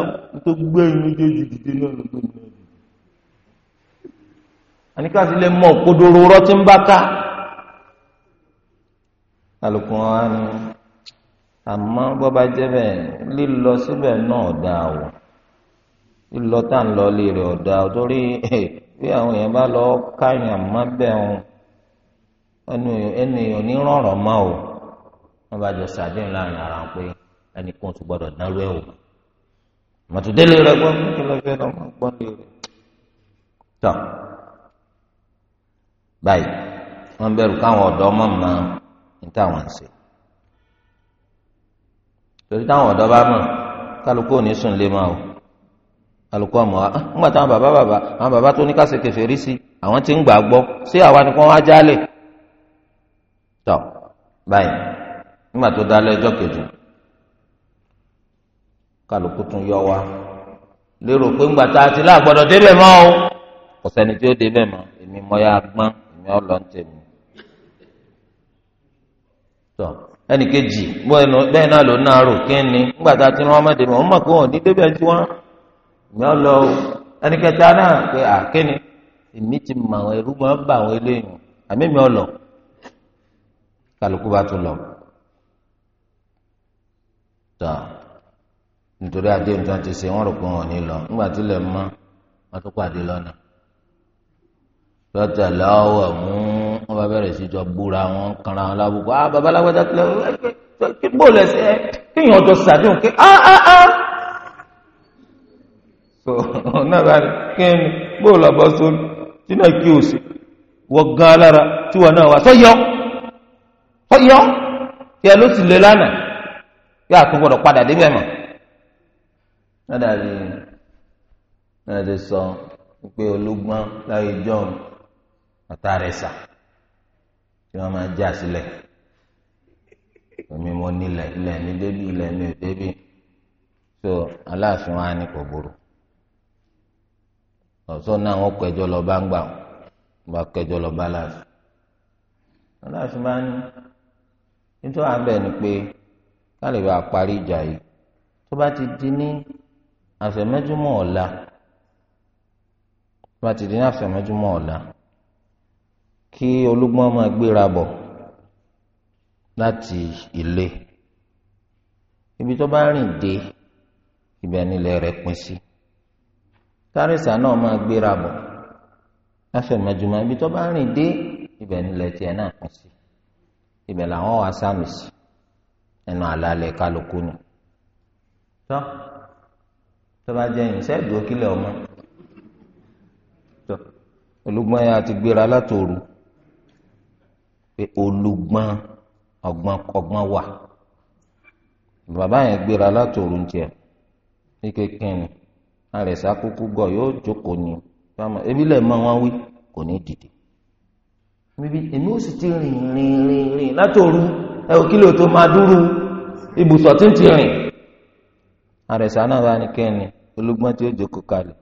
tó gbé mi méjèèjì dìde náà ló gbé náà dìde. àníkà sí lè mọ òkodoro rọtí ń bá ká alùpùpù wa ni àmọ́ bọ́ba jẹ́ bẹ́ẹ̀ lílọ síbẹ̀ náà dáa wọ̀ lílọ tá à ń lọ lè rẹ̀ ọ̀dà torí eh, bí àwọn èèyàn bá lọ káyàn má bẹ́ẹ̀ ẹnu ènìyàn ní rọ̀rọ̀ mọ́ o wọ́n bá jọ sàdéhùn láàrin ara wọn pé ẹnìkan tó gbọ́dọ̀ dárú ẹ̀ o màtúndélé rẹ gbọ́n kí ló fẹ́ lọ́ mọ́ gbọ́n lé rẹ̀ tọ́ báyìí wọ́n bẹ̀rù káwọn ọ̀dọ́ mọ̀ mọ́ ní táwọn ṣe torí táwọn ọ̀dọ́ bá mọ̀ kálukú ò ní sùn lé mọ́ o alùpùpù àmọ́ wa ah, ńgbà táwọn bàbá bàbá àwọn bàbá tó ní kásìkè fèrè sí àwọn tí ń gbà gbọ́ sí àwa ni kò wá jálè tọ báyìí ńgbà tó dálẹ̀ ẹjọ́ kejì kálukú tún yọ wa lérò pé ńgbà tá a ti láàgbọ́dọ̀ débẹ̀ mọ́ o kò sẹ́ni tí ó débẹ̀ mọ́ èmi mọ́ ya gbọ́n èmi ọ̀ lọ́n tèmi tọ ẹnì kejì bẹ́ẹ̀ náà ló náà rò kí ni ńgbà tá a ti rán ọmọdé mọ́ ọmọ kò wọ́n ní débẹ̀ tí wọ́n ìgbà lọ o ẹni kẹta náà pé àkéni èmi ti mọ àwọn ẹrú máa ba bá àwọn eléyìí àmì mi ọlọ kálukú bá tu lọ tán nítorí àdéhùn tí wọn ti se wọn rò pé wọn ò ní lọ nígbà tí ilẹ̀ mọ́ wọn tún pàdé lọ́nà lọ́tà lọ́wọ́ mú wọn bá bẹ̀rẹ̀ sí jọ búra wọn kanra wọn lábùkù ah babaláwo dákìlẹ̀ bó lẹ̀ sẹ́ kéèyàn ọjọ́ sàdéhùn ké ah ah ah so ọ̀nà bá ní kí ni bóò lọ bọ́ sórí tí náà kí o sí wọ́n gan alára tí wọ́n náà wà sọ́yọ́ sọ́yọ́ tí ẹ ló sì lé lánàá yóò àtúgbọ̀dọ̀ padà débẹ̀ mọ́ ládàrí sọ pé ológun láyé john ọ̀tá rẹ̀ sà tí wọ́n máa já sílẹ̀ èmi mo nílẹ̀ ilẹ̀ mi débi ilẹ̀ mi ò so aláàfin wa ni kò burú ọ̀sán náà wọ́n kẹjọ lọ bá ń gbà wọ́n bá kẹjọ lọ bá láàfin aláàfin bá ní nítorí àbẹ̀ ni pé ká lè bá a parí ìjà yìí tó bá ti di ní àfẹ̀mẹ́júmọ́ ọ̀la tó bá ti di ní àfẹ̀mẹ́júmọ́ ọ̀la kí olúgbọ́n máa gbéra bọ̀ láti ilé ibi tó bá rìn dé ibẹ̀ nílẹ̀ rẹ̀ pín sí. Si tárẹ̀sà náà máa gbéra bọ̀ láfẹ̀mọ́júmọ́ ibi tó bá rìn dé ibẹ̀ nílẹ̀ tiẹ̀ náà kù sí ibẹ̀ làwọn wà sáàmì sí ẹnu àlàalẹ̀ kálukú ni tọ́ tó bá jẹ́ yìí sẹ́ẹ̀dù òkìlẹ̀ ọmọ tọ́ olùgbọ́n yẹn àti gbéra látòru pé olùgbọ́n ọgbọ́n ọgbọ́n wà bàbá yẹn gbéra látòru ń tiẹ̀ ní kékeré àrẹ̀sà kúkú gọ̀ yóò joko ni ebi lẹ̀ mọ́ wọn wí kò ní dìde bíbí èmi ó sì ti rìn rìn rìn rìn látòru ẹ ò kílò tó máa dúró ibùsọ̀ tí ti rìn àrẹ̀sà náà bá ní kẹ́ni ológun tí ó kalẹ̀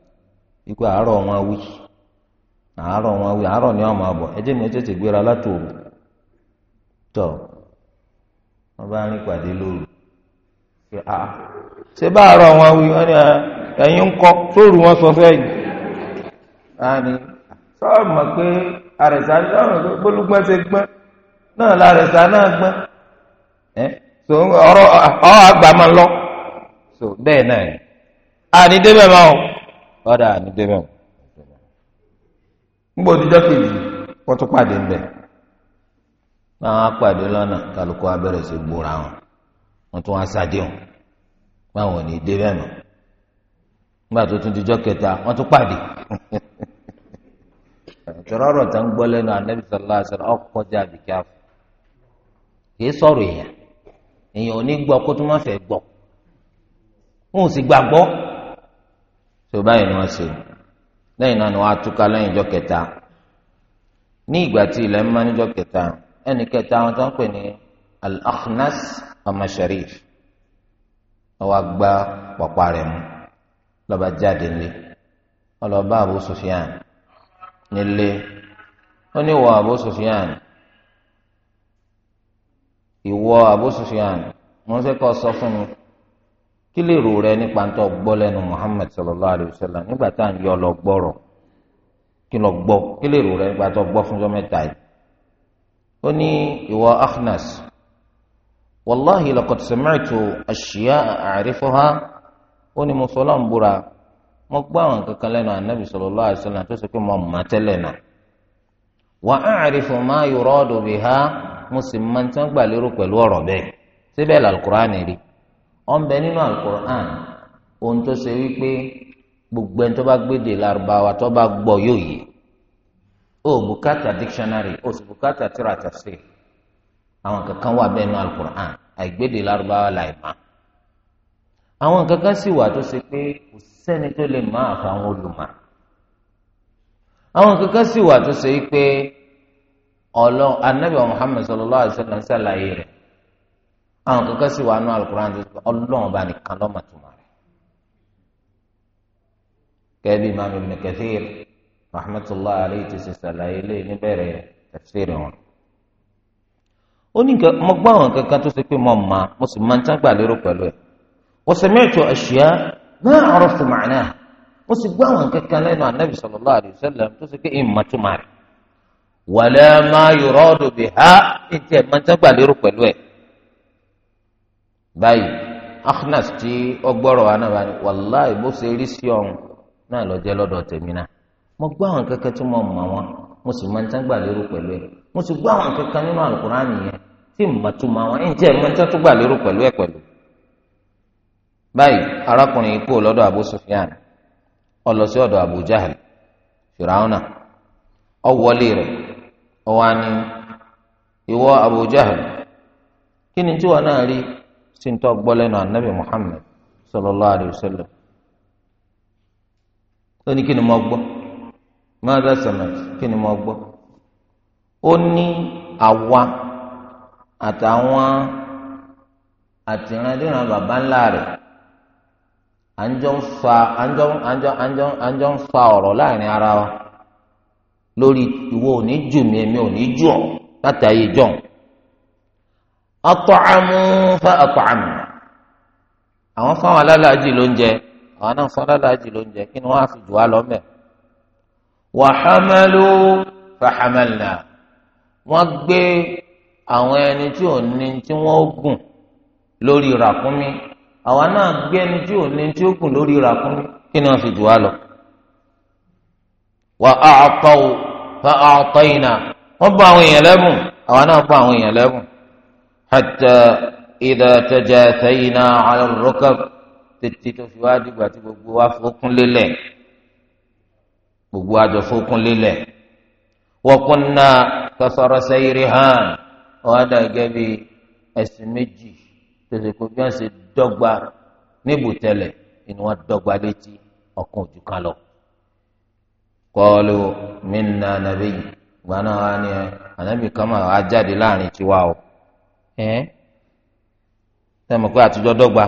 ikú àárọ̀ wọn wí àárọ̀ wọn wí àárọ̀ ni wọn máa bọ̀ ẹjẹ́ mi ó tètè gbéra látòru tọ̀ ah, wọn bá rìn ẹ̀yin ń kọ́ sóòrù wọn sọ fẹ́ yìí. pé àrẹ̀sà sọ́ọ̀ tó gbólúgbọ́n ṣe gbọ́n náà náà gbọ́n lọ bẹ́ẹ̀ náà àní débẹ̀ máa ọ̀dà àní débẹ̀ ń kejì wọ́n tún pàdé ń bẹ̀ báwọn apàdé lọ́nà kálukú abẹ́rẹ́ sí gbóra wọn wọ́n tún wá wọn báwọn ò ngba tó tún dijọ́ kẹta wọ́n tún pàdé tọ́rọ ọ̀rọ̀ tó ń gbọ́ lẹ́nu anabi sọlá sọlá ọkọ̀ jẹ́ àbíkẹ́ àfọ̀ kì í sọ̀rọ̀ èèyàn èèyàn ò ní gbọ́ kó tó má fẹ́ gbọ́ wọn ò sì gbàgbọ́ tó ni wọ́n ṣe lẹ́yìn náà ni wọ́n á túká lẹ́yìn kẹta ní ìgbà tí ilẹ̀ ń lọ́ba jáde lé ọlọ́ba Abu Sufyan nílé ó ní wọ Abu Sufyan ìwọ Abu Sufyan mo ń fẹ́ kọ́ sọ fún mi kí lè rò rẹ nípa ntọ́ gbọ́ lẹ́nu Muhammad sallallahu alayhi wa sallam nígbà tá à ń yọ lọ gbọ́rọ̀ kí lọ gbọ́ kí lè rò rẹ nípa ntọ́ gbọ́ fúnjọ́ mẹ́ta yìí ó ní ìwọ Akhnas wàláhi laqad sami'tu ashya'a a'rifuha ó ní mùsùlùmí búra mo gbọ́ àwọn kankan lẹ́nu anabi sallallahu alaihi wasallam tó sọ pé mo mọ̀ tẹ́lẹ̀ náà wa a'rifu ma yuradu biha mo sì máa ń tán gbà lérò pẹ̀lú ọ̀rọ̀ bẹ́ẹ̀ síbẹ̀ làlùkùránì rí ọ̀nbẹ nínú àlùkùránì ohun tó ṣe wípé gbogbo ẹni tó bá gbédè lárúbáwá tó bá gbọ́ yóò yé o bùkátà dictionary o sì bùkátà tíratàsí àwọn kankan wà bẹ́ẹ̀ nínú àlùkùránì àìgbédè lárúbáwá láì má àwọn kankan sì wà tó ṣe pé kò sí sẹ́ni tó lè má àfàwọn olùmọ̀ àwọn kankan sì wà tó ṣe yí pé ọlọ́run anabi muhammed sallallahu alaihi wasallam ṣàlàyé rẹ̀ àwọn kankan sì wà nù alukur'an tó ṣe ọlọ́run ọba nìkan lọ́mọ̀tòmọ̀ rẹ̀ kẹ́bí imaamu ibn kathir rahmatulah alayhi ti ṣe ṣàlàyé lé níbẹ̀rẹ̀ tafsiri wọn ó ní mo gbọ́ àwọn kankan tó ṣe pé mo mọ̀ mo sì máa ń tán gbà lérò pẹ̀lú ẹ̀ wọ́n sẹ́mẹ́ẹ̀tì ọ̀ṣìyá ما عرفت معناها a sì gbọ́ àwọn kankan lẹ́nu anabi sallallahu alayhi wa sallam tó sì ké ìmọ̀ tó máa rẹ̀ wàlẹ́ máa yọ̀rọ̀ ha ètí ẹ̀ máa ń tẹ́gbà lérò pẹ̀lú ẹ̀. báyìí akhnas tí ọgbọ́rọ̀ wa náà wà ní wàláì bó mo gbọ́ báyìí arákùnrin kú lọ́dọ̀ abu sufyan ó lọ sí ọ̀dọ̀ abu jahal firauna ọwọlé rẹ̀ ni ìwọ abu jahal kí ni na náà rí sí ń tọ́ anabi muhammed sallallahu alayhi wa sallam ó ní kí ni mo mother summit kí ni mo ó ní àwa àtàwọn à ń jọ ń fa à ń jọ à ń jọ à ń jọ à ń jọ ń fa ọ̀rọ̀ láàrin ara wa lórí ìwọ ò ní jù mí èmi ò ní jù ọ́ látàyè jọ̀hún atọ́àmù fa atọ́àmù àwọn fáwọn alálàájì ló ń jẹ àwọn náà fáwọn alálàájì ló ń jẹ kí ni wọ́n á fi jù wá lọ́mẹ̀ wàhámẹ́lú fàhámẹ́lá wọ́n gbé àwọn ẹni tí ò ní tí wọ́n gùn lórí ràkúnmí àwa náà gbé ẹni tí ò ní tí ó gùn lórí ràkúnmí kí ni wọ́n fi jù wá lọ. wà á àtọ́ o fa àtọ́ ìnà wọ́n bá àwọn èèyàn lẹ́bùn àwa náà bá àwọn èèyàn lẹ́bùn. hatta idha tajathayna ala rukab tètè tó fi wá dìgbà tí gbogbo wa fọkún lélẹ̀ gbogbo àjọ fọkún lélẹ̀ wa kunna kasara sayrihan ọ̀hádà gẹ́bí ẹ̀sìn méjì tètè kó bí wọ́n ṣe dọ́gba níbù tẹ́lẹ̀ ni wọ́n dọ́gba létí ọ̀kan ojú kan lọ. kọ́ọ̀lù minna nàbí gbaná wa ni ànábì kan máa wá jáde láàrin tiwa o. sẹ́mi pé àtijọ́ dọ́gba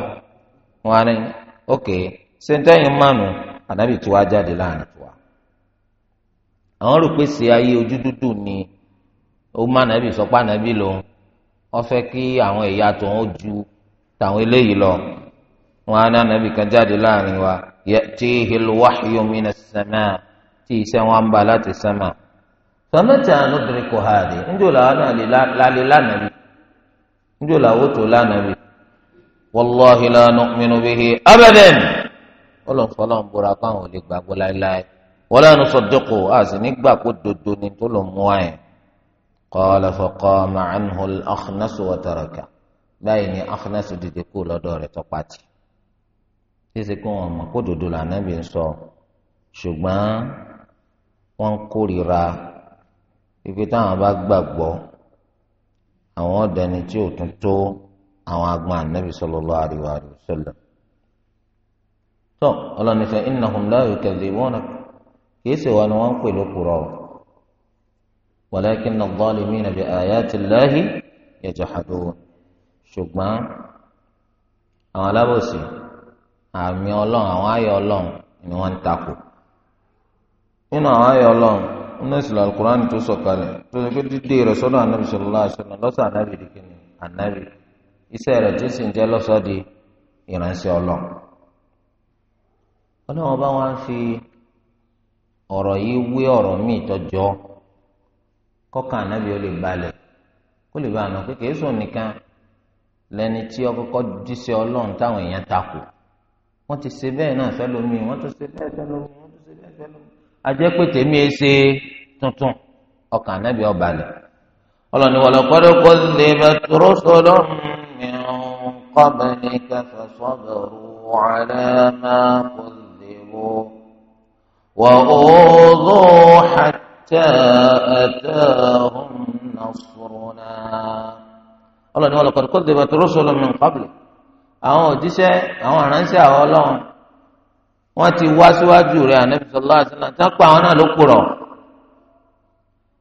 wọn á ní ókè sẹ́ńtẹ́yìn mánu ànábì tiwa jáde láàrin tiwa. àwọn rò pé ṣe ayé ojú dúdú ni ó má nàbì sọ pé lòun wọ́n fẹ́ kí àwọn ẹ̀yà tó ń ju tàwọn eléyìí lọ wọn á ní ànábì kan jáde láàrin wa ya'tihi al-wahyu minas sama' tí iṣẹ́ wọn ń bá láti sẹ́mà fẹ́mẹ́tà nudriku hadi ńjọ́ làwọn náà lálẹ́ lánàbì ńjọ́ làwọn tó lánàbì wallahi la nu'minu bihi abadan ọlọ́nfọlọ́n bóra káwọn ò lè gbàgbọ́ láéláé wala nusaddiqu àti nígbà kó dodo ni tó lọ́ mú wáyé qala faqama anhu al-akhnas wa taraka báyìí ni akínásù dìde kú lọ́dọ̀ rẹ̀ tọ́pàtì ṣíṣe kí wọ́n mọ̀ kó dòdò lànàbì ń sọ ṣùgbọ́n wọ́n ń kórìíra ibi táwọn bá gbàgbọ́ àwọn ọ̀dẹni tí ò tún tó àwọn agbọn ànábì sallallahu alaihi wa sallam. tó ọlọ́nifẹ̀ innahum la yukadhibunaka kìí ṣe wa ni wọ́n ń pè lókùrọ̀ walakinna adh-dhalimina bi ayati llahi yajhadun. ṣùgbọ́n àwọn alábòsí àmì ọlọ́run àwọn ayọ̀ ọlọ́run ni wọ́n ń takò nínú àwọn ayọ̀ ọlọ́run nínú ìsìlẹ̀ alukur'an tó sọ̀kalẹ̀ tó ṣe pé dídé rẹ̀ sọ́dọ̀ anabi sallallahu alaihi lọ́sọ̀ anabi di kíni anabi iṣẹ́ rẹ̀ tó sì ń jẹ́ lọ́sọ̀ di ìránṣẹ́ ọlọ́run ọlọ́run bá wọn fi ọ̀rọ̀ yìí wé ọ̀rọ̀ míì tọ́jọ́ kọ́kàn anabi ó lè balẹ̀ kó lè bá pé nìkan lẹni tí ọkọkọ jíṣẹ́ Ọlọ́run táwọn èèyàn takò wọ́n ti ṣe bẹ́ẹ̀ náà fẹlómi wọ́n tún ṣe bẹ́ẹ̀ fẹlómi wọ́n tún ṣe bẹ́ẹ̀ fẹlómi. ajẹ́ pé tèmi ẹ e ṣe tuntun ọkàn anábì ọba lẹ̀ ọlọ́ni wọ́n lọ lè bẹ tóró sọ́dọ̀ mìíràn kọ́bẹ̀ni kẹfẹ́ sọ́bẹ̀rù wàlẹ́ máa kó lè wò wọ́n ó lò hàtẹ́ ẹ̀tẹ́ ọ̀hún náà sọ̀rọ̀ náà ọlọ́ni wọn lọ́kọ̀ọ́ kóde bàtú rọ́sọ̀lù min qabli àwọn òjíṣẹ́ àwọn aránṣẹ́ àwọn ọlọ́run wọ́n ti wá síwájú rẹ̀ ànábì sallallahu alaihi wasallam tán pa àwọn náà ló kúrọ̀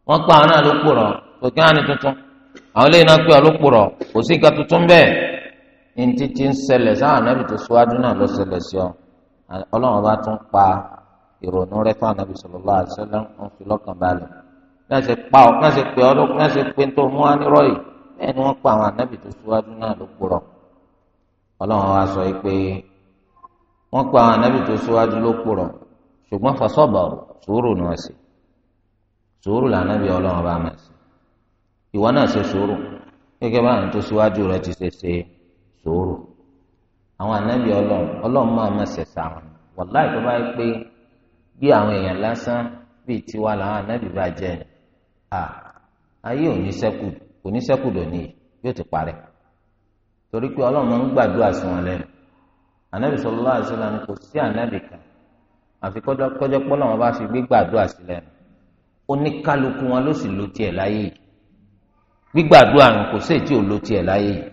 wọ́n pa àwọn náà ló kúrọ̀ kò kí wọ́n ní tuntun àwọn eléyìí náà pé ọlọ́kùrọ̀ kò sí nǹkan tuntun bẹ́ẹ̀ ní títí ń ṣẹlẹ̀ sáwọn ànábì tó síwájú náà ló ṣẹlẹ̀ sí ọ ọlọ́run bá tún pa ìrònú rẹ fún ànábì sallallahu alaihi ń fi lọ́kàn balẹ̀ náà ṣe pa ọ náà ṣe pé ọ náà ṣe pé tó mú wá nírọ̀ yìí ẹni wọn pa àwọn anábì tó síwájú náà ló purọ́ wa sọ pé wọn pa àwọn anábì tó síwájú ló purọ́ ṣùgbọ́n fasọ́bàrù sùúrù ni wọ́n sì lànàbì bá máa sì ìwọ náà ṣe sùúrù gẹ́gẹ́ báwọn tó síwájú rẹ ti ṣe ṣe àwọn anábì máa máa wàláì tó bí àwọn èèyàn lásán bíi tiwa làwọn anábì bá à ayé ò ní kò ní sẹ́kù dòní yóò ti parẹ́ torí pé ọlọ́run máa ń gbàdúrà sí wọn lẹ́nu ànábì sallallahu alaihi wasallam kò sí ànábì kan àfi kọjọ́ pọ́lọ́ wọn bá fi gbé gbàdúrà sí lẹ́nu oníkálukú wọn ló sì lo tiẹ̀ láyé yìí gbígbàdúrà rùn kò sí ètí ò lo tiẹ̀ láyé yìí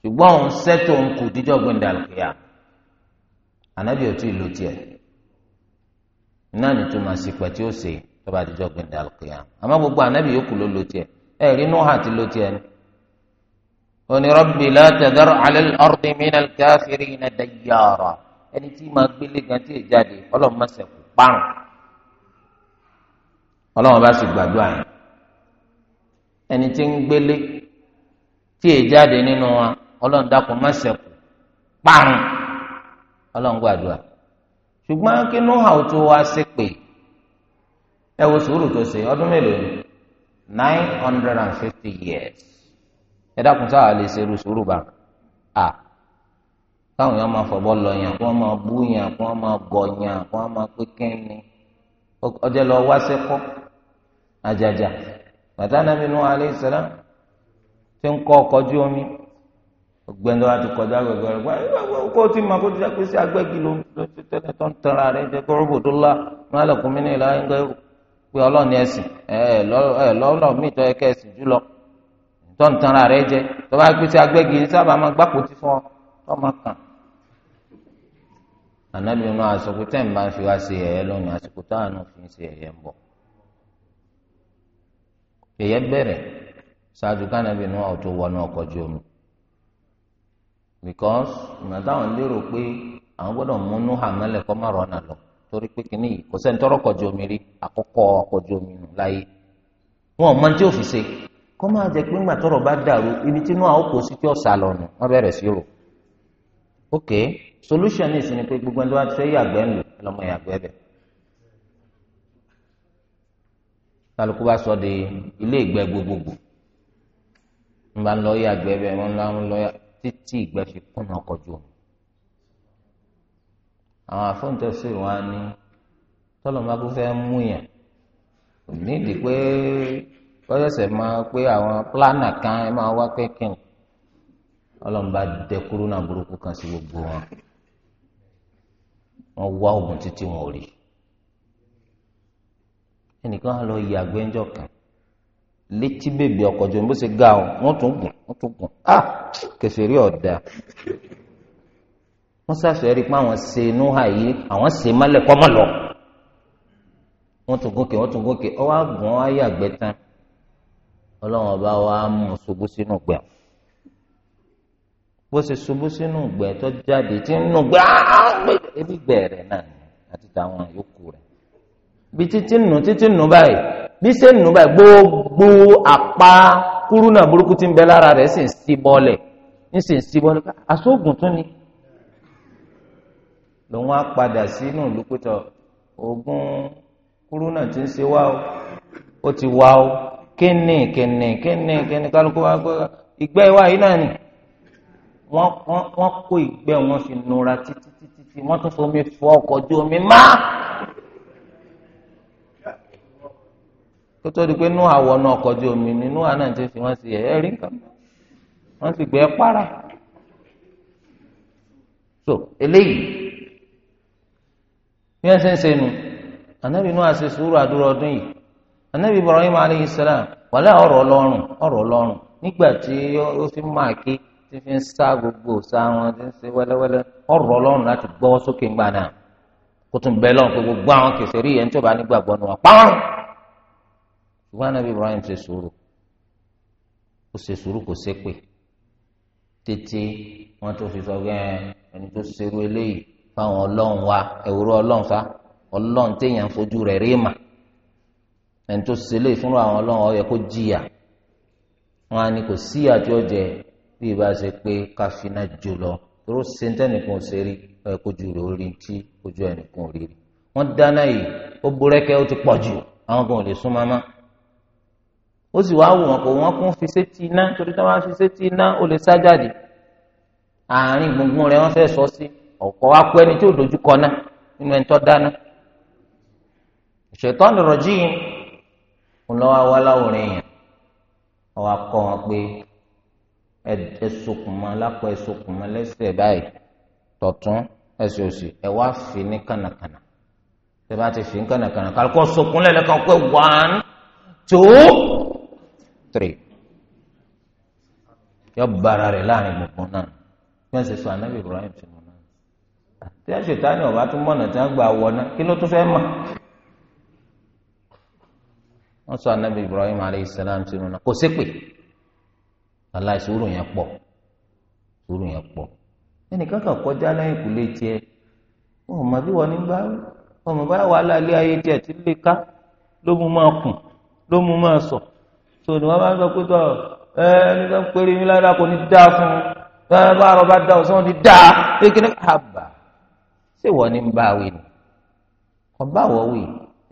ṣùgbọ́n òun sẹ́tò òun kù díjọ́ gbẹ̀ndà àlùkìyà ànábì ò tí lo tiẹ̀ náà nìtúmọ̀ sípẹ́ tí ó ṣe tó díjọ́ gbẹ̀ndà àlùkìyà àmọ́ gbogbo ànábì yòókù ló lo tiẹ̀ ẹ̀rí nuha ti lo tiẹ̀ ni oni rabbi la tadar alal ardi minal kafirina dayyara ẹni tí ma gbélé gan tí èjáde ọlọ́run má sẹ̀kú parun ọlọ́run bá sì gbàdúrà yẹn ẹni tí ń gbélé tí èjáde nínú wa ọlọ́run dákun má sẹ̀kú parun ọlọ́run gbàdúrà ṣùgbọ́n kí nuha ò tó wá ṣépè ẹ wo sùúrù tó ṣe ọdún mélòó ni. nine hundred and fifty years ẹ dákun sáà lè ṣerú a káwọn yẹn máa fọbọ lọ yàn kí wọn máa bú ya kí wọn gọ ya kí wọn máa pé kẹ́ni ọjọ́ lọ wá sẹ́kọ́ àjàjà bàtà nàbí nù alayhi omi gbẹ̀ndọ́ àti kọjá kó kó a pèsè agbẹ́gi ló ń tẹ́lẹ̀ tó ń jẹ́ kó la wọn ní ìlà ń gbẹ́rù. pé ọlọ́ọ̀ni ẹ̀sìn ẹ̀ lọ́ọ̀lọ́ mi tọ́ ẹ kẹ́sìn jùlọ tọ́nu rẹ jẹ tó bá pété agbẹ́gi sábà máa gbáko tí fún ọ tó máa kàn. ànábi inú àsìkò tẹ́ ń bá fi wá ṣe ẹ̀yẹ lónìí àsìkò táwọn náà fi ṣe ẹ̀yẹ ń bọ̀. ẹ̀yẹ bẹ̀rẹ̀ inú ọ̀tún wọnú ọkọ̀ ju omi. because ìgbà táwọn pé àwọn gbọ́dọ̀ kọ́ má torí pé kínní ní kò sẹ́ni tọ́rọ̀ kọjú omi rí àkọ́kọ́ kọjú omi nù láyé wọn ò mọ tí ò fi ṣe kó máa jẹ pé bá dàrú ibi tí inú àwọn kò sí tí ó sá wọn bẹ̀rẹ̀ sí rò ok solution ní pé gbogbo ẹni tó bá ti fẹ́ yàgbẹ́ ńlò lọ́mọ yàgbẹ́ bẹ̀ kálukú bá sọ di ilé ìgbẹ́ gbogbogbò ń bá yàgbẹ́ bẹ̀ wọ́n ń títí ìgbẹ́ fi kùnà ọkọ̀ àwọn afọ́ntẹ́sìrì wọn ni tọ́lọ́mọ́kú fẹ́ mú yẹn nídìí pé wọ́sẹ̀sẹ̀ máa pé àwọn pílánà kan ẹ máa wá kẹ́kìn ọlọ́mọba dẹ burúkú kan sí gbogbo wọn wọ́n wá oògùn títí wọn ò rí ẹnìkan lọ yí kan létí bèbè ọkọ̀ jòun bó ṣe ga ọ wọ́n tún gùn wọ́n ah kẹsìrì ọ̀dà wọ́n sáfẹ́ rí i pé àwọn ṣe núhà yìí àwọn ṣe mọ́lẹ̀ kọ́ mọ́ lọ. wọ́n tún gòkè wọ́n tún gòkè ọwọ́ àgùn ayé àgbẹ̀ tán ọlọ́run ọba wa mú un ṣubú sínú gbẹ̀. bó ṣe ṣubú sínú gbẹ̀ tó jáde tí ń nù gbẹ́ ebi gbẹ̀ rẹ̀ náà àti tàwọn yòókù rẹ̀. bí títí nù títí nù báyìí bí ṣe nù báyìí gbogbo àpá kúrúnà burúkú ti ń bẹ lára rẹ̀ sì ń sí ń sì ń sí ni lòun á padà sínú ìlú pẹ̀tọ̀ oògùn kúrúnà ti ń ṣe wá o ó ti wá o kíni kíni kíni kíni kálukú wa gbọ́ ìgbẹ́ wa yìí náà ni wọ́n kó ìgbẹ́ wọn fi nura títí títí tí wọ́n tún fomi fọ ọkọ̀ ojú omi má. tó tó di pé nú àwọ̀ náà ọkọ̀ ojú omi ni nú àná ti fi wọ́n sí ẹ̀ẹ́ rí nǹkan wọ́n sì gbẹ́ para. so eléyìí bí wọ́n ṣe ń ṣe nu anabi Nuh ṣe sùúrù àdúrà ọdún yìí anabi Ibrahim alayhi salam wàlẹ́ ọ̀rọ̀ ọlọ́run ọ̀rọ̀ ọlọ́run nígbà tí ó fi máa ké tí fi ń sá gbogbo sá wọn tí ń ṣe wẹ́lẹ́wẹ́lẹ́ ọ̀rọ̀ ọlọ́run láti gbọ́ sókè ńgbà náà kó tún bẹ́ẹ̀ lọ́n pé gbogbo àwọn kèsè rí yẹn tí ó bá nígbàgbọ́ nu wọn pààrùn anabi Ibrahim ṣe sùúrù ó ṣe sùúrù kò ṣépè tètè wọn tó fi sọ pé ẹni tó ṣerú eléyìí fáwọn ọlọ́run wa ẹ̀wúrọ̀ ọlọ́run fa ọlọ́run téèyàn fojú rẹ̀ rí mà ẹni tó ṣẹlẹ̀ fún àwọn ọlọ́run ó yẹ kó jìyà wọn á ní kò sí àjọ jẹ bí ìbá ṣe pé káfíńà jò lọ tóró sentẹ́nìkan ò ṣe rí ó yẹ kójú rẹ̀ ó tí ojú ẹnìkan rí rí wọ́n dáná yìí ó burẹ́kẹ́ ó ti pọ̀ jù àwọn kan ò lè sún mamá ó sì wáá wò wọn kò wọn kún fi sétí iná torí táwọn fi sétí iná ó lè sá jáde àárín gbùngbùn rẹ̀ wọ́n fẹ́ sọ sí ọ̀pọ̀ wa kú ẹni tí ò dojú kọ náà nínú ẹni tó dáná ṣètò ọ̀nà rọ̀jì yìí ń lọ́wọ́ wá láwòrán èèyàn ọwọ́ akọ́ wọn pé ẹ sokùn mọ́ lápò ẹ sokùn mọ́ lẹ́sẹ̀ báyìí tọ̀tún ẹsẹ̀ òsì ẹ wá fi ní kànàkànà tẹ bá ti fi ní kànàkànà kálukọ́ sokùn lẹ́lẹ́kan pé one two three yọ bàrà rẹ̀ láàrin gbogbo náà bí wọ́n ṣe sọ anábì Ibrahim sínú tí ẹ ṣètánì ọba tún mọ̀nà tí wọ́n gbà wọ náà kí ló tún fẹ́ mọ̀. wọ́n sọ anabi ibrahim aleyhisselam sínú náà kò ṣépè àlá ìṣòro yẹn pọ̀ ìṣòro yẹn pọ̀ ẹnìkan kan kọjá lẹ́yìn kùlé tiẹ̀ wọ́n mọ̀ bí wọ́n ní bá wọ́n bá wàhálà ilé ayé tiẹ̀ ti lè ká ló mú máa kùn ló mú máa sọ tó ni wọ́n bá ń sọ pé tọ́ ẹ ẹni tó ń pèrè ní dáa fún un bá rọ bá dáa ọ̀sán ní dáa pé kí ni àbá ṣé wọ́n ní ń bá wí ni kò bá wọ́ wí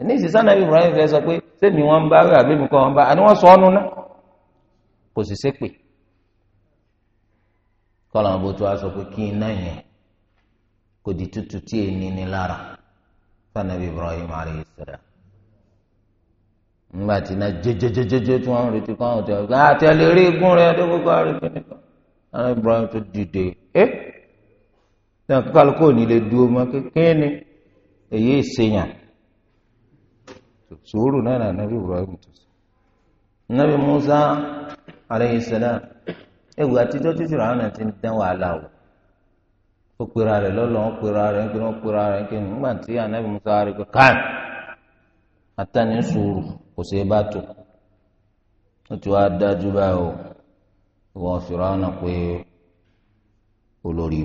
ní ìsinsá nàbí Ibrahim fẹ́ sọ pé sẹ́mi wọ́n ń bá wí àbí mi kọ́ wọ́n bá àní wọ́n sọ ọ́nù náà kò sì ṣépè kọ́lá wọn bó tó a sọ pé kí iná yẹn kò di tútù tí èyí ní ní lára fanabi Ibrahim alayhi salam nígbà tí iná jẹjẹjẹjẹjẹ tí wọn retí kọ́ àwọn ọ̀tẹ̀ ọ̀gá àti ẹlẹ́rìí gún rẹ̀ ẹ̀dẹ́gbẹ́gbẹ́ àrùn kìnìkan fanabi Ibrahim tó dìde ẹ́. náà kálukú ò ní lè du ọmọ kékeré ni èyí ìsèyàn sòwúrò náà nà nàbí Ibrahim tó sọ nàbí Musa alayhi salam ewu àtijọ́ títí rà hàn ti ń dán wàhálà o ó pera rẹ̀ lọ́lọ́ ó pera rẹ̀ ń pera ó pera rẹ̀ ń nígbà tí Musa rẹ̀ kọ́ káàn kò sí bá tó ó ti wá dájú báyìí pé olórí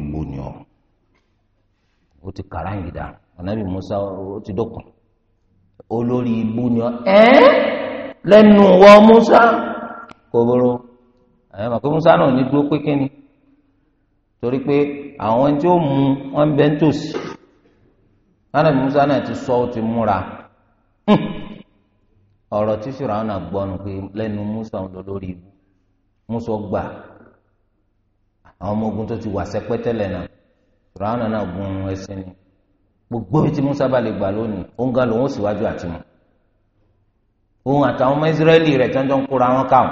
ó ti kàráyìn dànù ànábì Musa ó ti dókun olórí ibú ni ọ ẹ lẹ́nu wọ Musa kòboro àyàn mọ̀ Musa náà ní dúró pé kíni torí pé àwọn tí ó mú wọn bẹ ń tòsí Musa náà ti sọ ó ti múra ọ̀rọ̀ tí Fìràwọn náà gbọ́nu pé lẹ́nu Musa ń lọ lórí ibú Musa gbà àwọn ọmọ ogun tó ti wà náà. fìràwọ̀n náà gun ẹsẹ̀ ni gbogbo ibi tí musa bá lè gbà lónìí òun gan lòun ó síwájú àti mu òun àtàwọn ọmọ israẹli rẹ̀ tí wọ́n jọ ń kóra wọn káwọn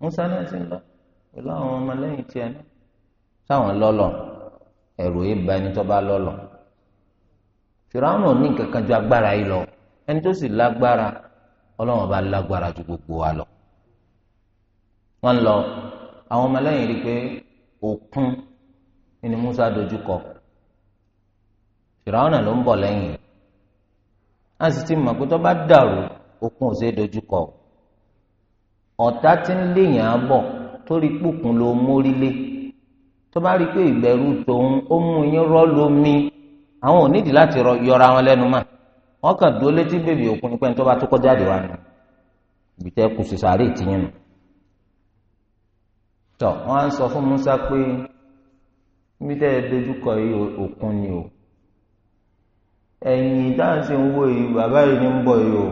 musa náà sì ń lọ pẹ̀lú àwọn ọmọlẹ́yìn tiẹ̀ náà táwọn lọ́lọ́ ẹ̀rù ìbá ẹni tó bá lọ́lọ́ fìràwọ̀n náà ní kankan ju agbára yìí lọ ẹni tó sì lágbára ọlọ́wọ́n bá lágbára ju gbogbo wa lọ wọ́n lọ àwọn ọmọlẹ́yìn rí pé òkun ni Musa dojú kọ fìràwọ́nà ló ń bọ̀ lẹ́yìn a sì ti mọ̀ pé tó bá dàrú okun ò ṣeé dojú kọ ọ̀tá tí ń léyìn á bọ̀ torí pùkùn ló mórí lé tó bá rí i pé ìbẹ̀rù tòun ó mú yín rọ́ lómi àwọn ò láti yọra wọn lẹ́nu mọ́ wọn kàn dúró létí bèbè òkun nípa tó bá tó kọjá àdìwá nù ìbìtẹ́ kù sí sàárè nù. tọ́ wọ́n á sọ fún Musa pé níbi tẹ́ ẹ dojúkọ yìí òkun ni o ẹ̀yìn táwọn sì ń wo yìí bàbá yìí ní ń bọ̀ yìí o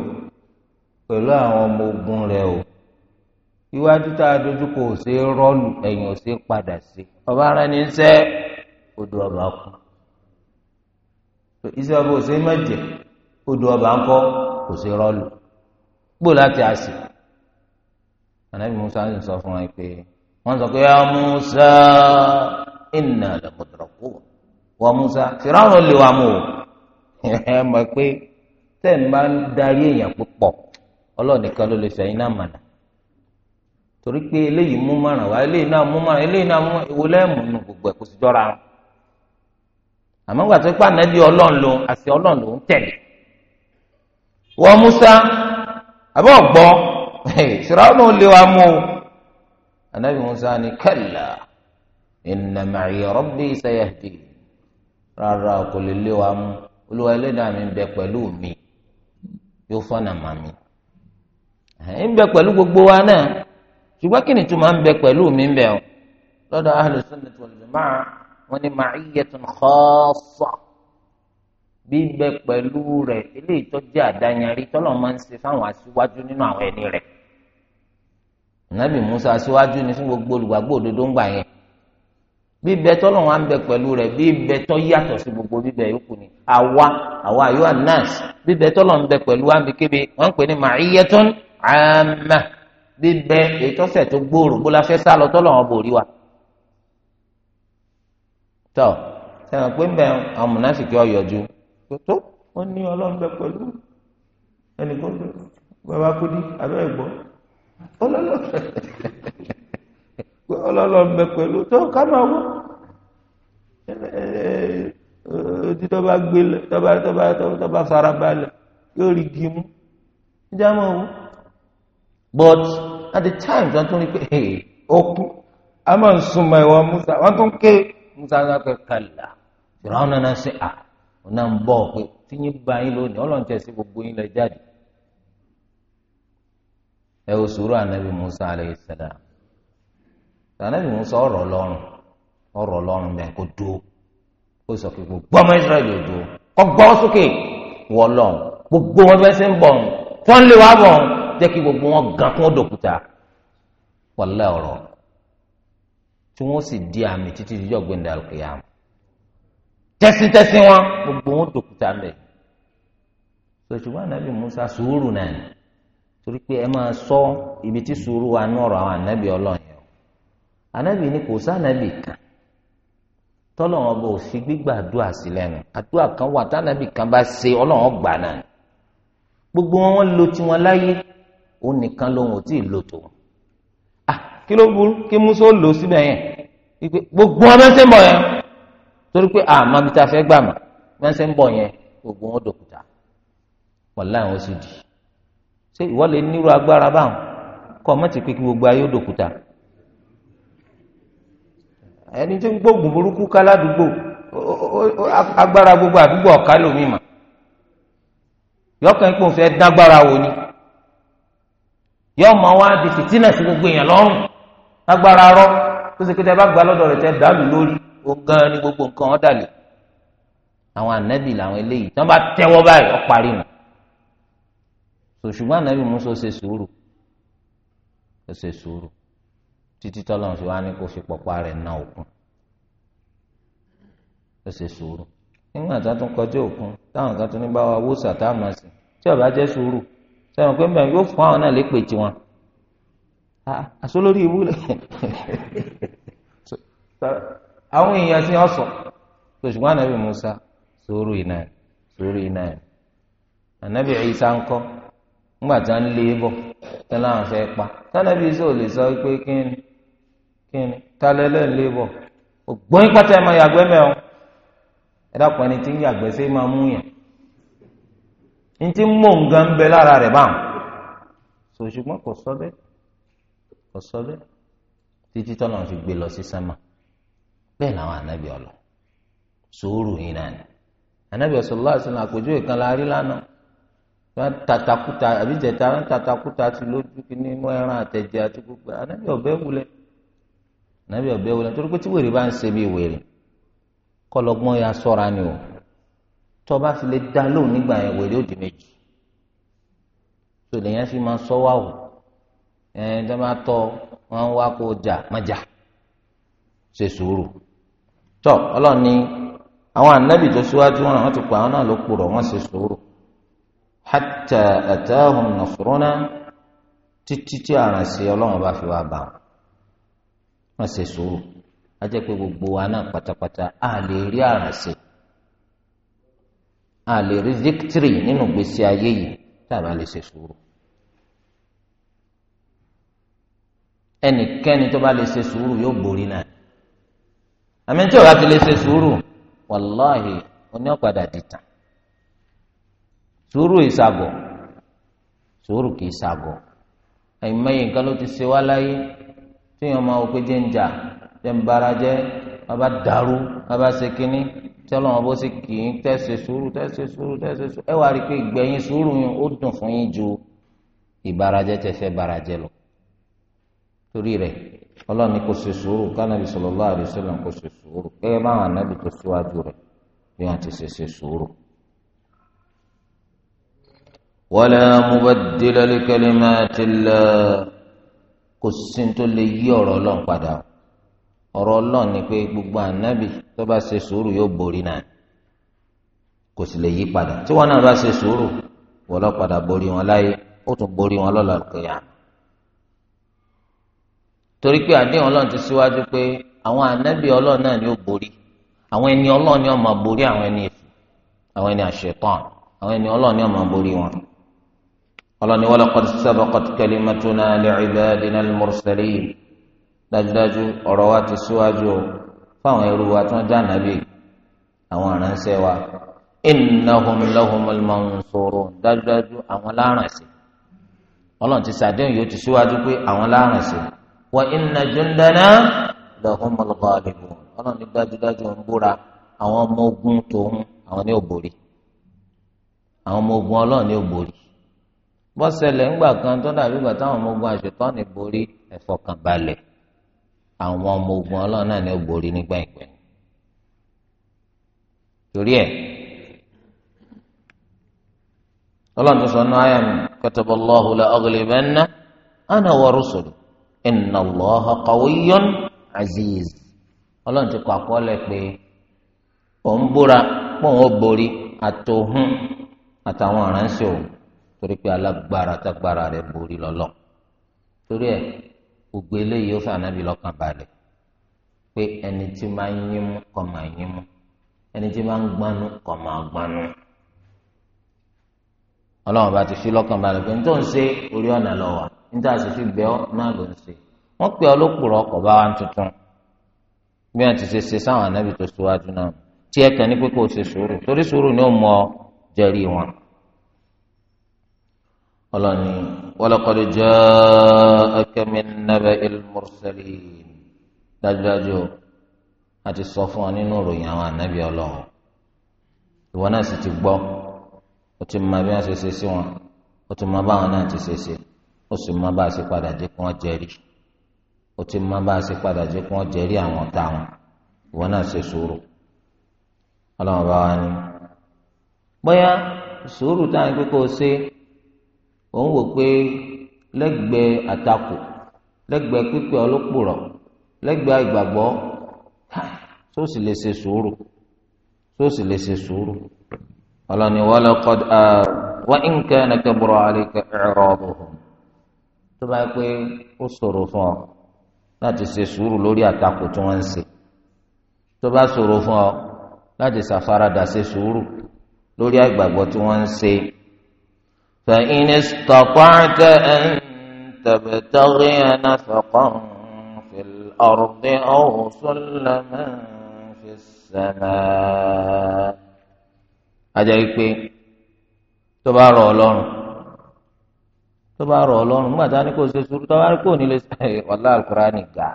pẹ̀lú àwọn ọmọ ogun rẹ̀ o iwájú tá a dojúkọ ò sí rọ́ọ̀lù ẹ̀yìn ò sí padà sí ọba ara ní ń sẹ́ odò ọba kù iṣẹ́ ọba ò sí mẹ́jẹ̀ odò ọba ńkọ́ kò sí rọ́ọ̀lù gbò láti àṣì ànábì Musa ń sọ fún wa pé wọ́n sọ pé ya Musa. iná lẹ́kọ̀tọ̀kọ̀ wọ́n musa fìràwọ̀ lè wà mú o ẹ mọ̀ pé tẹ̀ ń bá ń darí èèyàn púpọ̀ ọlọ́ọ̀nìkan ló lè mọ̀nà torí pé eléyìí mú márùn wá eléyìí náà mú márùn eléyìí náà mú lẹ́ẹ̀mú gbogbo ẹ̀ kò sì jọra wa mú Musa ni inna ma'i rabbi sayahdi rárá kò lè lé wa mú olúwa ẹlẹ́dàá mi ń bẹ pẹ̀lú mi yóò fọ́nà mà mí ń bẹ pẹ̀lú gbogbo wa náà ṣùgbọ́n kí ni tó máa ń bẹ pẹ̀lú mi ń bẹ o lọ́dọ̀ ahlu sunnah wal jama'ah wọ́n ní ma'iyyatun khassa bíbẹ pẹ̀lú rẹ̀ eléyìí tó jẹ́ àdáyanrí máa ń ṣe fáwọn aṣíwájú nínú àwọn ẹni nàbì Musa aṣíwájú ni fún gbogbo olùgbàgbọ́ bíbẹ tọ́lọ̀ wọn bẹ pẹ̀lú rẹ̀ bíbẹ tọ́ yàtọ̀ sí gbogbo bíbẹ yòókù ni àwa àwa yóò nas bíbẹ tọ́lọ̀ ń bẹ pẹ̀lú wa kébi wọ́n ń pè ní màáyẹ́tún àmà bíbẹ ètòsẹ̀ tó gbòòrò bó la fẹ́ sá lọ tọ́lọ̀ wọn bò rí wa. tọ́ sẹ́wọ̀n pé mbẹ́ àwọn mùnásìkì ọ̀yọ́jú tó ó ní ọlọ́run bẹ pẹ̀lú ẹnìkan bàbá kudi abẹ́ ẹ̀gbọ́n ọlọ́lọ́ pé ọlọ́lọ́run bẹ pẹ̀lú tó ká máa wọ́ tí tọ́ba gbélé tọ́ba tọ́ba tọ́ba farabalẹ̀ yóò rí gímú níjà máa wọ́ but at the time tí wọ́n tún rí pé ó kú a máa ń súnmọ́ ìwọ Musa wọ́n tún ké Musa ń pẹ́ kàlà ìrọ̀rùn náà ṣe à ọ̀nà ń bọ̀ pé tíyín bá yín lónìí ọlọ́run tẹ̀sí gbogbo yín lẹ jáde ẹ ò sùúrù ànábì Musa alayhi salam sànẹ́bí Mùsá ọ̀rọ̀ lọ́rùn ọ̀rọ̀ lọ́rùn bẹ́ẹ̀ kò dúró ó sọ pé gbogbo ọmọ Israẹli ò dúró kọ́ gbọ́ sókè wọ lọ́rùn gbogbo wọn bẹ́ẹ̀ sẹ́ ń bọ̀ fọ́n lé wa bọ̀ jẹ́ kí gbogbo wọn gan kún òdòkúta wàlẹ́ ọ̀rọ̀ tí wọ́n sì di àmì títí ìjọ gbẹ̀ndà kìyàm tẹ́sítẹ́sí wọn gbogbo wọn òdòkúta mẹ́ sọ̀tùmọ́ ànábì Mùsá sùúrù náà torí pé ẹ máa sọ ibi tí sùúrù wa ní ọ̀rọ̀ àwọn ànábì ọlọ́run anabi ni kò sànàbì kan tọ́lọ́run ọba fi gbígbà sí lẹ́nu àdúrà kan wà tànàbì kan bá ṣe gbà náà gbogbo wọn wọn lo tiwọn láyé ó nìkan ò tí ì lo tòun ah kí ló burú kí musa ó lò síbẹ̀ yẹn gbogbo wọn bá ń ya bọ̀ yẹn torí pé àmọ́ ah, bí ta fẹ́ gbogbo wọn dòkúta wọn sì dì ṣé nírú agbára báwọn kọ́ gbogbo ayé ó ẹni tó ń gbóògùn burúkú ká ládùúgbò agbára gbogbo àdúgbò ọ̀ká lómi mà yọkàn ìpò fẹ́ dágbára wò ni yọ ọmọ wa di fìtínà sí gbogbo èèyàn lọ́rùn lágbára rọ tó ṣe kéde bá gba lọ́dọ̀ rẹ̀ tẹ́ dàlú lórí òun gan ni gbogbo nǹkan ọ̀ dàlẹ̀ àwọn ànábì làwọn eléyìí tí wọ́n bá tẹ́wọ́ báyìí ọ̀ parí nù ṣùgbọ́n ànábì Mùsá ṣe sùúrù ṣe sùúrù. títí tọ́lọ́run fi wá ní kó fi na òkun ó ṣe sùúrù nígbà tún kọjá òkun táwọn kan tún ní bá wa wúsà táwọn máa tí ọba jẹ́ sùúrù sẹ́wọ̀n pé mẹ́rin yóò fún àwọn náà lépè ìwú àwọn èèyàn ànábì Musa sùúrù iná sùúrù iná Isa ńkọ́ tí wọ́n lé bọ̀ tí wọ́n fẹ́ pa tí kíni talẹ́lẹ̀ ń lébọ̀ ògbọ́n ìpàtà máa yàgbẹ́ mẹ́rin ẹ dákun ẹni tí ń yàgbẹ́ sí máa mú yàn ní ti mú nǹkan ń bẹ lára sọ kò sọ kò sọ lọ sí làwọn Anabi ọlọ yìí náà ni Anabi àṣìlá la rí lánàá wọn tatakuta wọn tatakuta ti lójú kí mọ ẹran àtẹjẹ àti gbogbo Anabi ọbẹ nàbí ọbẹ̀ wọlé nítorí pé tí wèrè bá ń ṣe bí wèrè kọlọgbọ́n ya sọ́ra ni o tọ́ba fi lè dá lóun nígbà yẹn wèrè ó di méjì tó lè yẹn fi máa sọ wá o ẹ̀ẹ́n tó bá tọ́ wọn wá kó jà má jà ṣe sùúrù tọ́ ọlọ́run ní àwọn ànábì tó síwájú wọn àwọn ti pa àwọn náà ló purọ́ wọn ṣe sùúrù hatta atahum nasruna títí tí àrànṣe ọlọ́run bá fi wá bá wọn wọn ṣe sùúrù ajẹ́ pé gbogbo wa náà pátápátá a lè rí àrànṣe a lè rí victory nínú gbèsè ayé yìí tá a bá lè ṣe sùúrù ẹnikẹ́ni tó bá lè ṣe sùúrù yóò borí náà àmì tí ọ̀rá ti lè ṣe sùúrù wàláhì oní ọ̀padà dìtà sùúrù ìsàgọ̀ sùúrù kì í ẹ̀yìn mẹ́yìn nǹkan ló ti ṣe wá láyé tí yẹn máa wò pé jẹ́ ń jà jẹ́ ń bara jẹ́ bàbá dàrú bàbá ṣe kínní tí ọlọ́run bó sì kì í tẹ̀sẹ̀ sùúrù tẹ̀sẹ̀ sùúrù tẹ̀sẹ̀ sùúrù ẹ wá rí i pé ìgbẹ̀yìn sùúrù yẹn ó dùn fún yín ju ìbarajẹ́ tẹ̀fẹ́ barajẹ́ lọ torí rẹ̀ ọlọ́run ní kò ṣe sùúrù kánàbì sallallahu alaihi wasallam kò ṣe sùúrù gẹ́gẹ́ báwọn ànábì tó síwájú rẹ̀ bí wọ́n ti ṣe ṣe sùúrù. wala mubaddila li kalimati llah. kò sí tó lè yí ọ̀rọ̀ ọlọ́run padà ọ̀rọ̀ ọlọ́run ni pé gbogbo ànábì tó bá ṣe sùúrù yóò borí náà kò sì lè yí padà tí wọn náà bá ṣe sùúrù wọn lọ padà borí wọn láyé ó tún borí wọn lọ́la kẹyà torí pé àdéhùn ọlọ́run ti síwájú pé àwọn ànábì ọlọ́run náà ni ó borí àwọn ẹni ọlọ́run ni ó borí àwọn ẹni èṣù àwọn ẹni àṣetán àwọn ẹni ọlọ́run ni ó borí wọn. ọlọ́ni wa laqad sabaqat kalimatuna li'ibadina al-mursalin dájúdájú ọ̀rọ̀ wa ti síwájú o fáwọn ẹrú wa tó ń já nàbí àwọn aránṣẹ́ wa innahum lahumul mansurun dájúdájú àwọn lárànṣẹ ọlọ́run ti sàdéhùn yóò ti síwájú pé àwọn lárànṣẹ wa inna jundana lahumul ghalibun ọlọ́run ní dájúdájú ń búra àwọn ọmọ ogun tòun àwọn àwọn ní bọ́sẹ̀lẹ̀ ńgbà kan tó dàbí ìgbà táwọn ọmọ ogun àṣetán ní borí ẹ̀fọ́kànbalẹ̀ àwọn ọmọ ogun ọlọ́run náà ni ó borí nígbẹ̀ngbẹ̀ torí ọlọ́run tó sọ ní mi aziz ọlọ́run ti kọ àkọọ́lẹ̀ pé òun búra borí àtòhún àtàwọn òun. torí pé alágbára tágbára rẹ̀ borí lọ́lọ́ torí ẹ̀ gbogbo eléyìí ó fànàbí lọ́kàn balẹ̀ pé ẹni tí máa ń yín mú kọ́ máa yín mú ẹni tí máa ń gbanú kọ́ máa gbanú ọlọ́run bá ti fi lọ́kàn balẹ̀ pé nítorí ṣe orí ọ̀nà lọ wà níta sì fi bẹ́ ọ náà ló ń ṣe wọ́n pe ọlọ́pùrọ̀ ọkọ̀ bá wa tuntun bí wọ́n ti ṣe ṣe sáwọn anábì tó ṣíwájú náà tí ẹ kàn ní pé kó o ṣe sùúrù torí sùúrù ni ó mọ jẹ́rìí wọn ọlọ́ni walaqad ja'aka min naba'il mursalin dájúdájú a ti sọ fún ọ nínú ìròyìn àwọn ànábì ọlọ́run ìwọ náà sì ti gbọ́ ó ti mọ bí wọ́n ṣe ṣe sí wọn ó ti mọ báwọn náà ti ṣe ṣe ó sì mọ bá a ṣe padà jẹ́ kí wọ́n jẹ́rìí ó ti mọ bá a ṣe padà jẹ́ kí wọ́n jẹ́rìí àwọn ọ̀tá wọn ìwọ náà ṣe sùúrù ọlọ́run bá wa ní bóyá sùúrù táwọn pé ṣe òun wò pé lẹ́gbẹ̀ẹ́ àtakò lẹ́gbẹ̀ẹ́ pípẹ́ ọlọ́pùrọ̀ lẹ́gbẹ̀ẹ́ ìgbàgbọ́ sóòsì lè ṣe sùúrù sóòsì lè ṣe sùúrù ọlọ́ni wọ́n lọ kọ́ wọ́n ń kẹ́ ẹnìkan bọ̀rọ̀ àríkẹ́ ẹ̀rọ ọ̀bùn tó bá yẹ pé ó ṣòro fún ọ láti ṣe sùúrù lórí àtakò tí wọ́n ń ṣe tó bá فإن استطعت أن تبتغي نفقا في الأرض أو سلما في السماء أجاي بي تبارو لون tó bá rọ Ọlọ́run nígbà tá a ní kó ṣe sùúrù tó bá rí kó nílé ṣe <laughs> eh, wàlá alukurani ga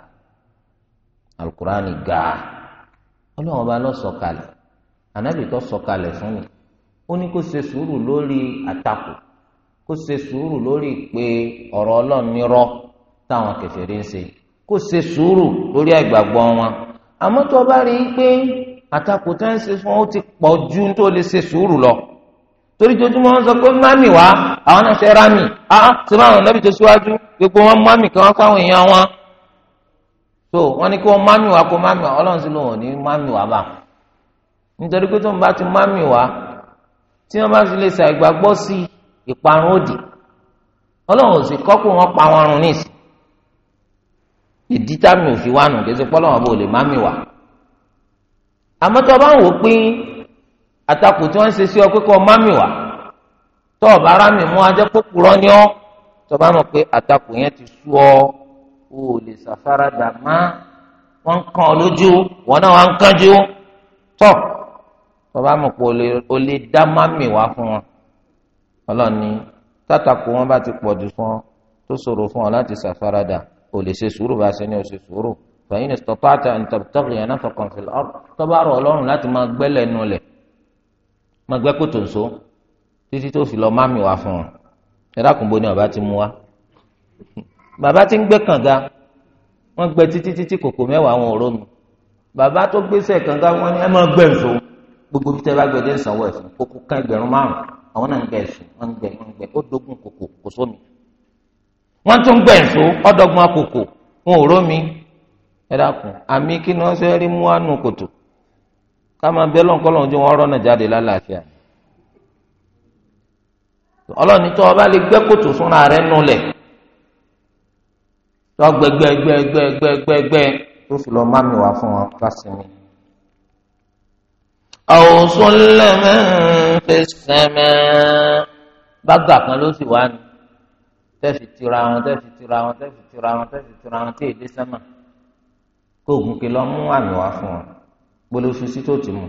alukurani ga Ọlọ́run ọba lọ sọ̀kalẹ̀ ànábì tó sọ̀kalẹ̀ fún mi ó ní kó ṣe sùúrù lórí àtakò kó ṣe sùúrù lórí pé ọ̀rọ̀ ọlọ́run nírọ́ táwọn kèfèrí ń ṣe kó ṣe sùúrù lórí àìgbàgbọ́ wọn àmọ́ tó o bá rí i pé àtakò tó ń ṣe fún ó ti pọ̀ ju tó lè ṣe sùúrù lọ torí jojúmọ́ wọn sọ pé mami wá àwọn náà fẹ́ rámì áá ṣe máa wọn tó síwájú gbogbo wọn mami kí wọ́n fáwọn èèyàn wọn tó wọn ni kí wọ́n mami wá kó mami wá ọlọ́run sì lòun ò ní mami wá bá nítorí pé tó ń bá ti mami wá tí wọ́n bá ti lè ṣàìgbàgbọ́ sí i ìparun òdì ọlọ́run ò sì kọ́kù wọn pa wọn run níìsì ìdí tàmí ò fi wá nù kí ẹ ti pọ́ lọ́wọ́ bó lè má mi wà. àmọ́ tó o bá ń wò pé àtakò tí wọ́n ṣe sí ọ pé kọ́ má mi wà tó o bá rá mi mú ajẹ́ kókùrọ́ ni ọ́ tó o bá mọ̀ pé àtakò yẹn ti sú ọ o ò lè ṣàfaradà má wọ́n ń kàn ọ́ lójú wọ́n náà wọ́n ń kánjú tó o bá mọ̀ pé o lè dá má mi wá fún wọn ọlọ́ni tátàkù wọn bá ti pọ̀jù fún ọ tó ṣòro fún ọ láti ṣàfaradà ò lè ṣe sùúrù bá ṣe ní o ṣe sùúrù fẹ̀yìn ní stọ̀pátà ntọ̀tọ̀rì yẹn náfọ̀ kọ̀ǹfìlì ọ̀r tó bá rọ̀ ọlọ́run láti máa gbẹ́lẹ̀ nu lẹ̀ máa gbẹ́ kòtò nso títí tó fi lọ mámi wá fún ọ ẹ̀dákùnbó ni bàbá ti mú wa bàbá ti ń gbẹ́ kànga wọ́n gbẹ́ títí títí kòkò mẹ́wàá wọn ò rómi bàbá tó gbéṣẹ́ kànga wọn ni ẹ máa gbẹ́ nso gbogbo fi tẹ́ bá gbẹ́dẹ́ sanwó ẹ̀fọ́ kókó ká ẹgbẹ̀rún márùn-ún àwọn náà ń gbẹ ẹ̀sùn wọ́n ń gbẹ wọ́n ń gbẹ ó dógún kòkò kò sómi wọ́n tún gbẹ ẹ̀sùn kòkò wọn ò rómi ẹ dákun àmì kí ni wọ́n ṣe rí mú àánú kòtò ká máa bẹ lọ́nkọ́lọ́n ojú wọn rọ́nà jáde lálàáfíà lè kòtò fúnra fún wọn fásitì mi. lẹ́mẹ̀ẹ́. fi sẹ́mẹ́ bágà kan ló sì wá ní tẹ́fì tura wọn tẹ́fì tura wọn tẹ́fì tura wọn tẹ́fì tura wọn tí èdè sẹ́mà kó ògùn kí lọ́ mú àmì wá fún wọn gbólóṣù sí tó ti mú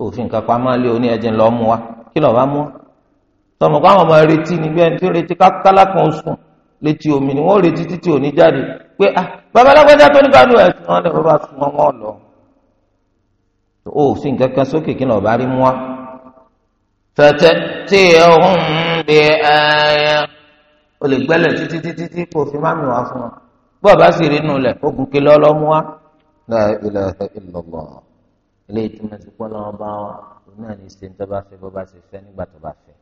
òfin kan pa máa lé oní ẹ̀jẹ̀ lọ́ mú wa kí lọ́ bá mú wa tọmọ kó ọmọ retí ní gbẹ́ni tí retí kákálá kan oṣù létí omi ni wọ́n retí títí òní jáde pé ah babalágbájá tó ní kánú ẹ̀sùn wọn lè rọra sùn wọn lọ òfin kankan sókè kí lọ́ bá rí mú wa. فتأتيهم بآية o lè gbẹ́lẹ̀ títí títí tí kò fi máa mi wá fún ọ bó o bá sì rí inú lẹ̀ ogun kele ọlọ́mú wa la ilaha illallah ilé ìtumọ̀ sí pọ́n lọ́wọ́ bá wa òun náà ní ṣe tó bá fẹ́ bó bá ṣe fẹ́ nígbà tó bá fẹ́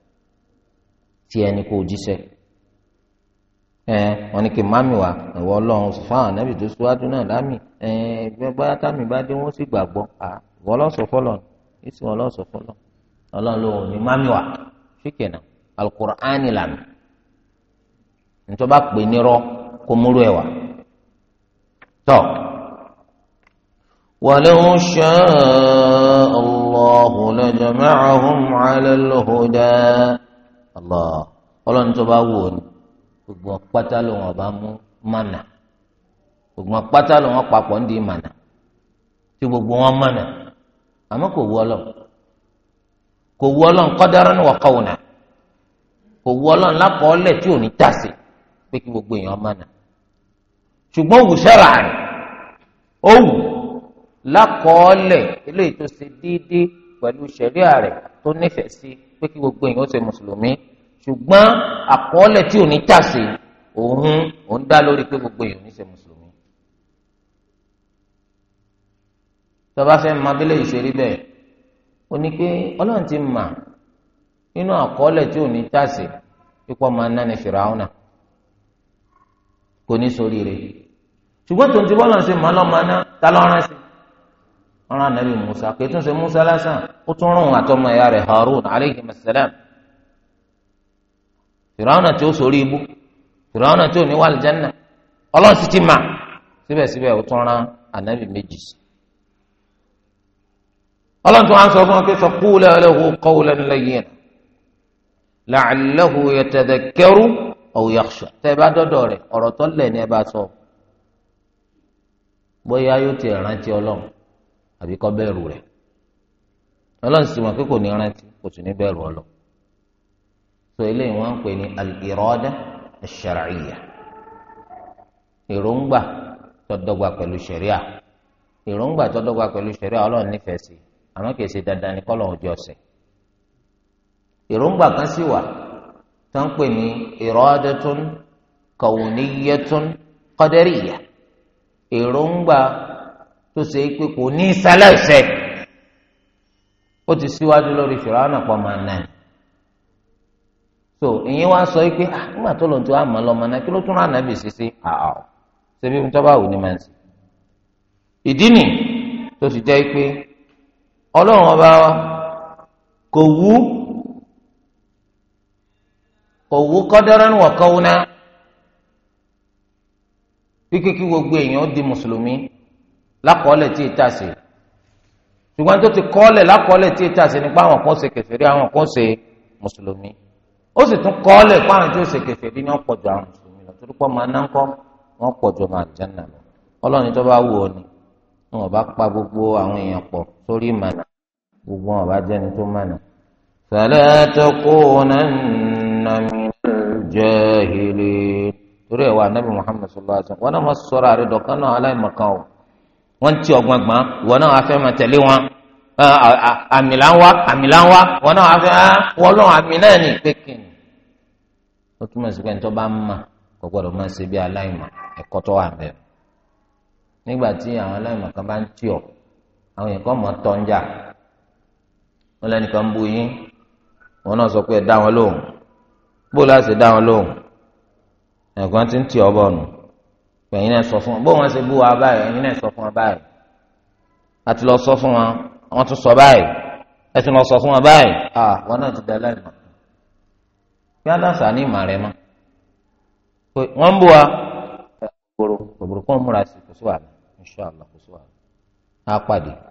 tí ẹni kò jíṣẹ́ ẹ wọn ni kì í má mi wá ẹ̀wọ́ ọlọ́run sì fáwọn anábì tó síwájú náà lámì ẹ bá támì bá dé wọn sì gbàgbọ́ à ìwọ ọlọ́sọ̀ fọlọ́ ìsìn ọlọ́sọ̀ fọlọ́ ọlọ́run lòun mami wa ṣíkè alukur'ani lànà nítorí pè ní rọ kó múrú ẹ wá tọ. ولو شاء الله لجمعهم على الهدى الله ọlọ́run tó bá wù ọ́ ni gbogbo pátá ló wọn bá mú mànà gbogbo pátá ló wọn papọ̀ ń di mànà tí gbogbo wọn mànà àmọ́ kò wù ọlọ́run kò wu ọlọ́run kọ́dára ni wọ́n kọ́ wọn náà kò wu ọlọ́run lákọọ́lẹ̀ tí ò ní tàsí pé kí gbogbo èèyàn máa nà ṣùgbọ́n wù sẹ́ra rẹ̀ ó wù lákọọ́lẹ̀ eléyìí tó ṣe déédéé pẹ̀lú ṣẹ̀ríà rẹ̀ tó nífẹ̀ẹ́ sí pé kí gbogbo èèyàn ó ṣe mùsùlùmí ṣùgbọ́n àkọọ́lẹ̀ tí ò ní tàsí òun òun dá lórí pé gbogbo èèyàn ò ní ṣe mùsùlùmí tọ́ba fẹ́ máa bẹ́lẹ̀ ìṣeré ó ní pé ọlọ́run ti mà nínú àkọọ́lẹ̀ tí ò ní tàsé pípọ́ máa ń náni fìràwọ́nà kò ní ṣoríire ṣùgbọ́n tó ń ti bọ́lọ̀ ṣe màá lọ́mọ aná ta lọ́rùn sí ọ̀rọ̀ ànábì Musa pé tó ń ṣe Musa lásán ó tún rún àtọmọ ẹ̀yà rẹ̀ Harun aleyhi masalam fìràwọ́nà tí ó sórí ibú fìràwọ́nà tí ò ní wà lìjánná ọlọ́run sì ti mà síbẹ̀síbẹ̀ ó tún rán ànábì méjì sí ọlọ́run tó wá ń sọ fún wọn pé sọkúlẹ ọlẹhu kọwulẹ nílẹyìn làálẹhu yẹtẹdẹ kẹrù ọwọyàṣọ tẹ bá dọdọ rẹ ọ̀rọ̀ tó lẹ ní ẹ bá sọ bóyá yóò ti rántí ọlọ́run àbí kọ bẹ̀rù rẹ ọlọ́run sì mọ̀ pé kò ní rántí kò sì ní bẹ̀rù ọlọ́run so eléyìí wọ́n ń pè ní al-irada èròǹgbà tó pẹ̀lú ṣẹ̀ríà èròǹgbà tó pẹ̀lú ṣẹ̀ríà ọlọ́run nífẹ̀ẹ́ sí i. àmọ́ kìí ṣe dandan ní kọ́lọ̀ ọjọ́ ọ̀sẹ̀ èròǹgbà kan sì wà tó ń pè ní iradatun kawniyatun qadariyya èròǹgbà tó ṣe pé kò ní ìsàlẹ̀ ẹ̀sẹ̀ ó ti síwájú lórí fìràwọ́nà pọ̀ máa nà so ìyẹn wá sọ pé ah, nígbà tó lòun tó àmọ́ lọ́mọ náà kí ló tún rán ànábì sísé ah, ah. àá ṣe bí mo bá wù ní ìdí nì tó ti jẹ́ pé. ọlọ́run ọba wa kò wú kò wú kọ́dọ́rọ́nù wọ̀kọ́wúná kíkí kí gbogbo èèyàn di mùsùlùmí lákọọ́lẹ̀ tí ì tàsé ṣùgbọ́n tó ti kọ́ọ́lẹ̀ lákọọ́lẹ̀ tí ì tàsé nípa àwọn kan ṣe àwọn kan ṣe mùsùlùmí ó sì tún kọ́ọ́lẹ̀ fún àwọn tí ó ṣe ní àwọn mùsùlùmí lọ torí pọ́ máa ná ń kọ́ wọ́n gbogbo àwọn èèyàn pọ̀ sórí ìmànà gbogbo wọn bá jẹni tó mànà. fala takunanna minal jahilin torí ẹ̀ wà nábì muhammed sallallahu alaihi wasallam wọn náà wọ́n sọ̀rọ̀ àrẹ dọ̀kan náà aláìmọ̀kan o wọ́n ti ọ̀gbọ̀n gbọ́n wọn náà wàá fẹ́ máa tẹ̀lé wọn àmì láńwá àmì láńwá wọn náà wàá fẹ́ wọ́n lọ́wọ́ àmì náà ní pékin. ó túmọ̀ sí pé ní tó bá ń mà kò gbọ́dọ̀ máa ṣe bí aláìmọ̀ ẹ̀kọ́ tó wà bẹ́ẹ̀ nígbà tí àwọn aláìmọ̀ kan bá ń tì ọ́ àwọn èèyàn kan mọ̀ tọ́njà wọn lẹ́nìkan bú yín wọn náà sọ pé ẹ dá wọn lóhùn bó láti dá wọn lóhùn ẹ̀gbọ́n ti ń tì ọ́ bọ̀nù ẹ̀yin náà sọ fún wọn bó wọn ṣe bú wa báyìí ẹ̀yin náà sọ fún wọn báyìí àti lọ sọ fún wọn wọn tún sọ báyìí ẹ tún lọ sọ fún wọn báyìí ah wọn náà ti da láì mọ̀ kí aláṣà ní ìmọ̀ rẹ mọ́ pé wọ́n ń bú wa gbòòrò gbòòrò kó ń múra sí kò sí wàhálà inṣọ́ọ̀lá kò sí wàhálà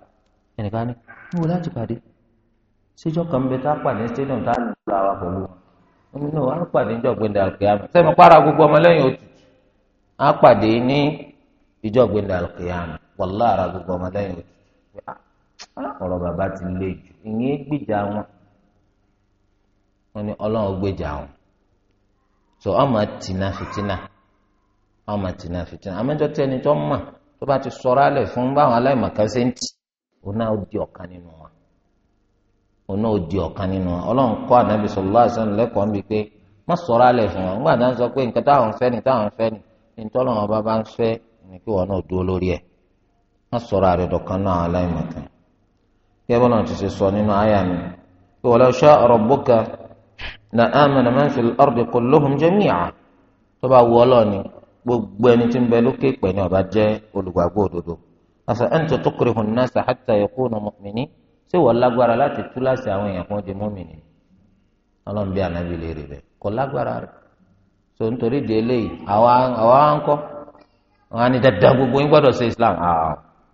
ẹnìkan ní níbo láti pàdé síjọ́ kan bẹ tá a pàdé stadium tá a pẹ̀lú náà pàdé gbẹ̀ndà sẹ́mi gbogbo á pàdé ní ìjọ́ gbẹ̀ndà àlùkìyàmù ara gbogbo ah, ọ̀rọ̀ bàbá ti jù ìyẹn gbèjà wọn wọn ni ọlọ́run gbèjà wọn ọmọ tìǹà ona odi di ọ̀kan nínú wọn òun náà di ọ̀kan nínú wọn ọlọ́run kọ́ ànábì sọlọ asan wasallam bi pé má sọ̀rọ̀ alẹ̀ fún wọn nsọ táwọn sọ pé nǹkan táwọn fẹ́ ni táwọn fẹ́ ni nítorí bá bá ń fẹ́ ni kí wọn náà dúró lórí ẹ̀ má sọ̀rọ̀ dọ̀kan náà aláìmọ̀kan kí ti ṣe sọ nínú àyà mi pé tó afa anta tukrihu an-nasa hatta yakunu mu'minin ṣé wọ́n lágbára láti tú láti àwọn èèyàn kan di mọ́mìnì ọlọ́run bí anabi lè rí bẹ́ẹ̀ kò lágbára rẹ̀ so nítorí di eléyìí wọn gbogbo yín islam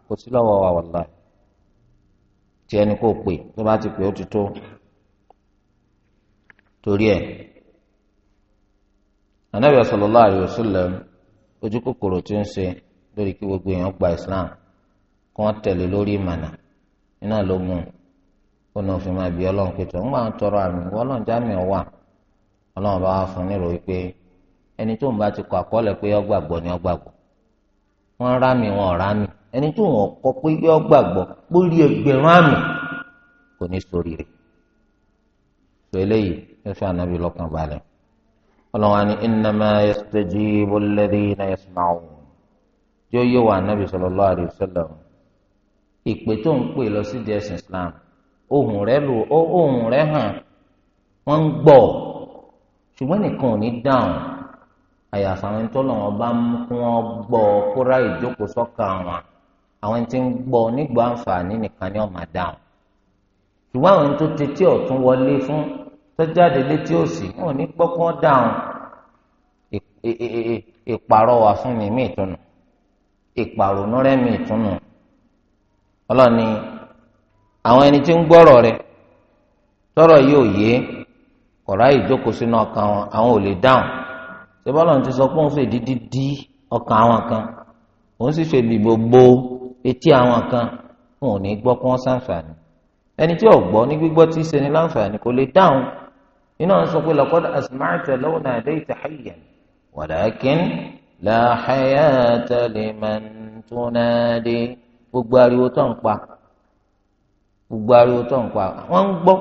kò sí lọ́wọ́ wa wàllá tí ẹni kò pè tó bá ti pè ó ti tó torí ẹ̀ anabi sallallahu alaihi wasallam ojú kòkòrò tí ń ṣe lórí kí islam. kí wọ́n tẹ̀lé lórí ìmọ̀nà iná ló mú kó náà fi máa bí ọlọ́run pé ń gbà ń tọrọ àmì ìwọ ọlọ́run jámì ọ ọlọ́run bá wá fún nírò wípé ẹni tó ń bá ti kọ àkọọ́lẹ̀ pé ó ni ó Wọn wọ́n wọn ẹni tó wọn kọ pé ó ẹgbẹ̀rún àmì kò ní sórí rẹ̀ tó eléyìí ànábì lọ́kàn balẹ̀ ọlọ́run ìpè tó ń pè lọ sí díẹ̀ Islam ohùn rẹ̀ lò ó ohùn rẹ̀ hàn wọ́n ń gbọ́ ṣùgbọ́n nìkan ò ní dáhùn àyàfà àwọn tó lọ́wọ́ bá ń mú kí wọ́n gbọ́ kóra ìjókòó sọ́kà wọn àwọn tí ń gbọ́ nígbà àǹfààní nìkan ni wọ́n máa dáhùn ṣùgbọ́n àwọn tó tetí ọ̀tún wọlé fún tọ́jáde létí òsì wọn ò ní gbọ́ kí wọ́n dáhùn ìpàrọwà fún mi mí ìtùnú ìpàrọ̀nù rẹ̀ mí ìtùnú ọlọ́ni àwọn ẹni tí ń gbọ́rọ̀ rẹ tọrọ yóò yé kọ̀ọ̀rá ìjókòó sínú ọkàn wọn àwọn ò lè dáhùn ṣé bọ́lá ti sọ pé òun fè dídí ọkàn àwọn kan òun sì fè gbogbo etí àwọn kan òun ò ní gbọ́ kí wọ́n sàǹfààní ẹni tí ò gbọ́ ní gbígbọ́ tí í ṣe láǹfààní kò lè dáhùn iná sọ pé laqad asma'ta law nadayta hayyan walakin la hayata liman tunadi gbogbo ariwo tó ń pa gbogbo ariwo tó ń pa wọ́n ń gbọ́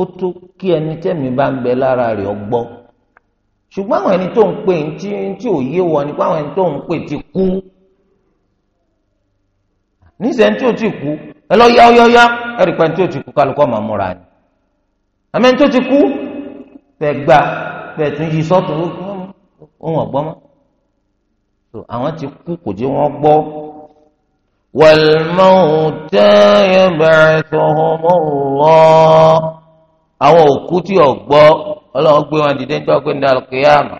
ó tó kí ẹni tẹ́mi bá ń bẹ lára rẹ̀ ọ gbọ́ ṣùgbọ́n àwọn ẹni tó ń pè tí tí ò yé wọ nípa àwọn ẹni tó ń pè ti kú níṣẹ́ tí ò ti kú ẹ lọ yá ọyọ́yá ẹ̀rì pẹ́ tí ò ti kú kálukọ́ máa múra ni àmì ẹni tó ti kú bẹ́ẹ̀ gbà bẹ́ẹ̀ tún yí sọ́tún ohun ọ̀gbọ́n mọ́ àwọn ti kú kò jẹ́ wọ́n gbọ́. wàlmọ́ọ̀tá yẹ̀bẹ̀rẹ̀tọ̀hún lọ. àwọn òkú tí ò gbọ́ ọlọ́run gbé wọn dìde níjọ́ pé nígbà kíyàmà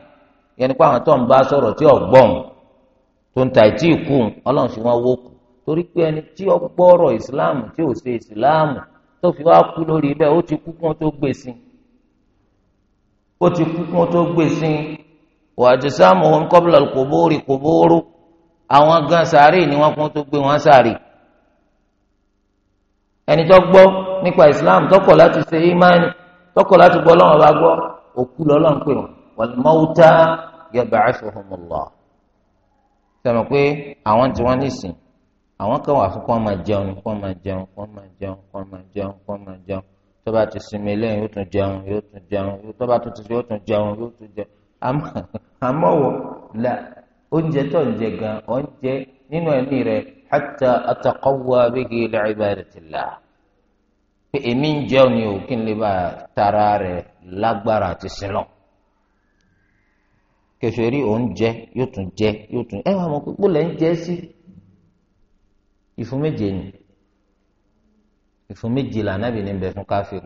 yẹn nípa àwọn tó ń bá sọ̀rọ̀ tí ò gbọ́n tó ń ta ìtì ìkú ọlọ́run sì wọ́n wó kù torí pé ẹni tí ó gbọ́rọ̀ ìsìláàmù tí o ṣe ìsìláàmù tó fi wá kú lórí bẹ́ẹ̀ ó ti kú kún tó gbé sí ó ti kú kún tó gbé sí wàjú sáàmù àwọn gan sàárè ni wọ́n kún tó gbé wọn sàárè ẹni tó gbọ́ nípa Islam tó kọ̀ láti ṣe imani tó kọ̀ láti gbọ́ lọ́wọ́ bá gbọ́ òkú lọ́lọ́run pè wọ́n wal mauta yab'athuhumullah sọ̀rọ̀ pé àwọn tí wọ́n nísìn àwọn kan wà fún kó máa jẹun kó máa jẹun kó máa jẹun kó máa jẹun kó máa jẹun tó bá ti sinmi lẹ́yìn yóò tún jẹun yóò tún jẹun tó bá tún ti yóò tún jẹun yóò tún jẹun àmọ́ wọ̀ la. oúnjẹ tó ń jẹ gan ọ̀ ń jẹ nínú ẹ̀mí rẹ hatta ataqawwa bihi li'ibadatillah pé èmi ń jẹun ni ò kí n lè bá tara rẹ lágbára àti sílọ kẹfẹẹri òun yóò tún jẹ yóò tún ẹ wàá mọ pé ń jẹ sí méje ni ìfun méje lànàbì ní bẹ fún káfíìn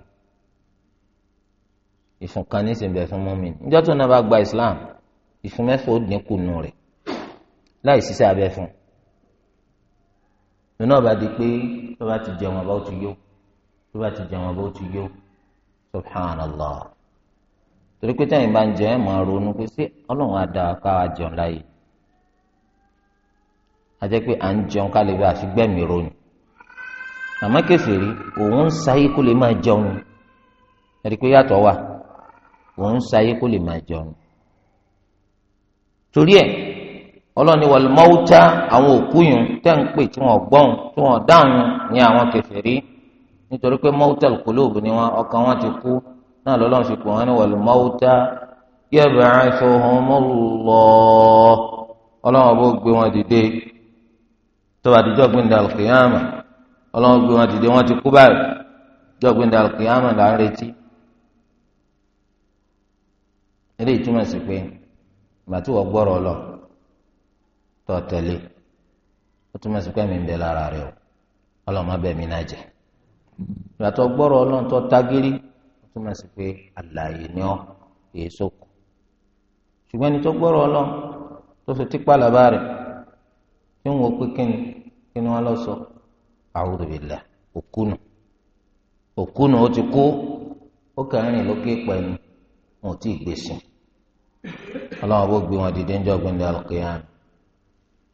ìfun kan ní sì fún mọmìn níjọ tó náà bá gba Islam ìfun mẹ́fà ó nù rẹ láì ṣiṣẹ́ abẹ fún un bá di pé tó bá ti jẹun àbá ó ti yó tó bá ti jẹun àbá ó ti yó subhanallah torí pé táyìn bá ń jẹ ẹ ronú pé ká jẹun láàyè a jẹ́ pé à ń jẹun ká lè bá a fi gbẹ̀mí ronú àmọ́ kẹfìrí òun ń sáyé kó lè máa jẹun pé wà òun ń sáyé kó lè máa jẹun torí ọlọ́ni wal mauta àwọn òkú yìí tẹ́ ń pè tí wọ́n gbọ́n tí wọ́n dáhùn ní àwọn kèfèrí nítorí pé mautal qulub ni wọn ọkàn wọn ti kú náà lọ́lọ́run fi pè wọ́n ní wal mauta yab'athuhumullah ọlọ́run bó gbé wọn dìde tó bá dijọ́ gbẹ̀ndà al-qiyama ọlọ́run wọn ti kú báyìí dijọ́ gbẹ̀ndà là ń retí eléyìí túmọ̀ sí pé ìgbà tí wọ́n gbọ́rọ̀ ọlọ́run. tó tẹ̀lé ó túmọ̀ sí pé mi ń bẹ lára rẹ o ọlọ́mọ bẹ̀ mí náà jẹ́ ìyàtọ̀ gbọ́rọ̀ ọlọ́run tó tágírí ó túmọ̀ sí pé àlàyé ni ọ́ èyí sóko ṣùgbọ́n ẹni tó gbọ́rọ̀ ọlọ́run lọ sọ òkúnu òkúnu ó ti kú ó kẹrin lókè pẹ̀lú wọn ò tí ì gbèsè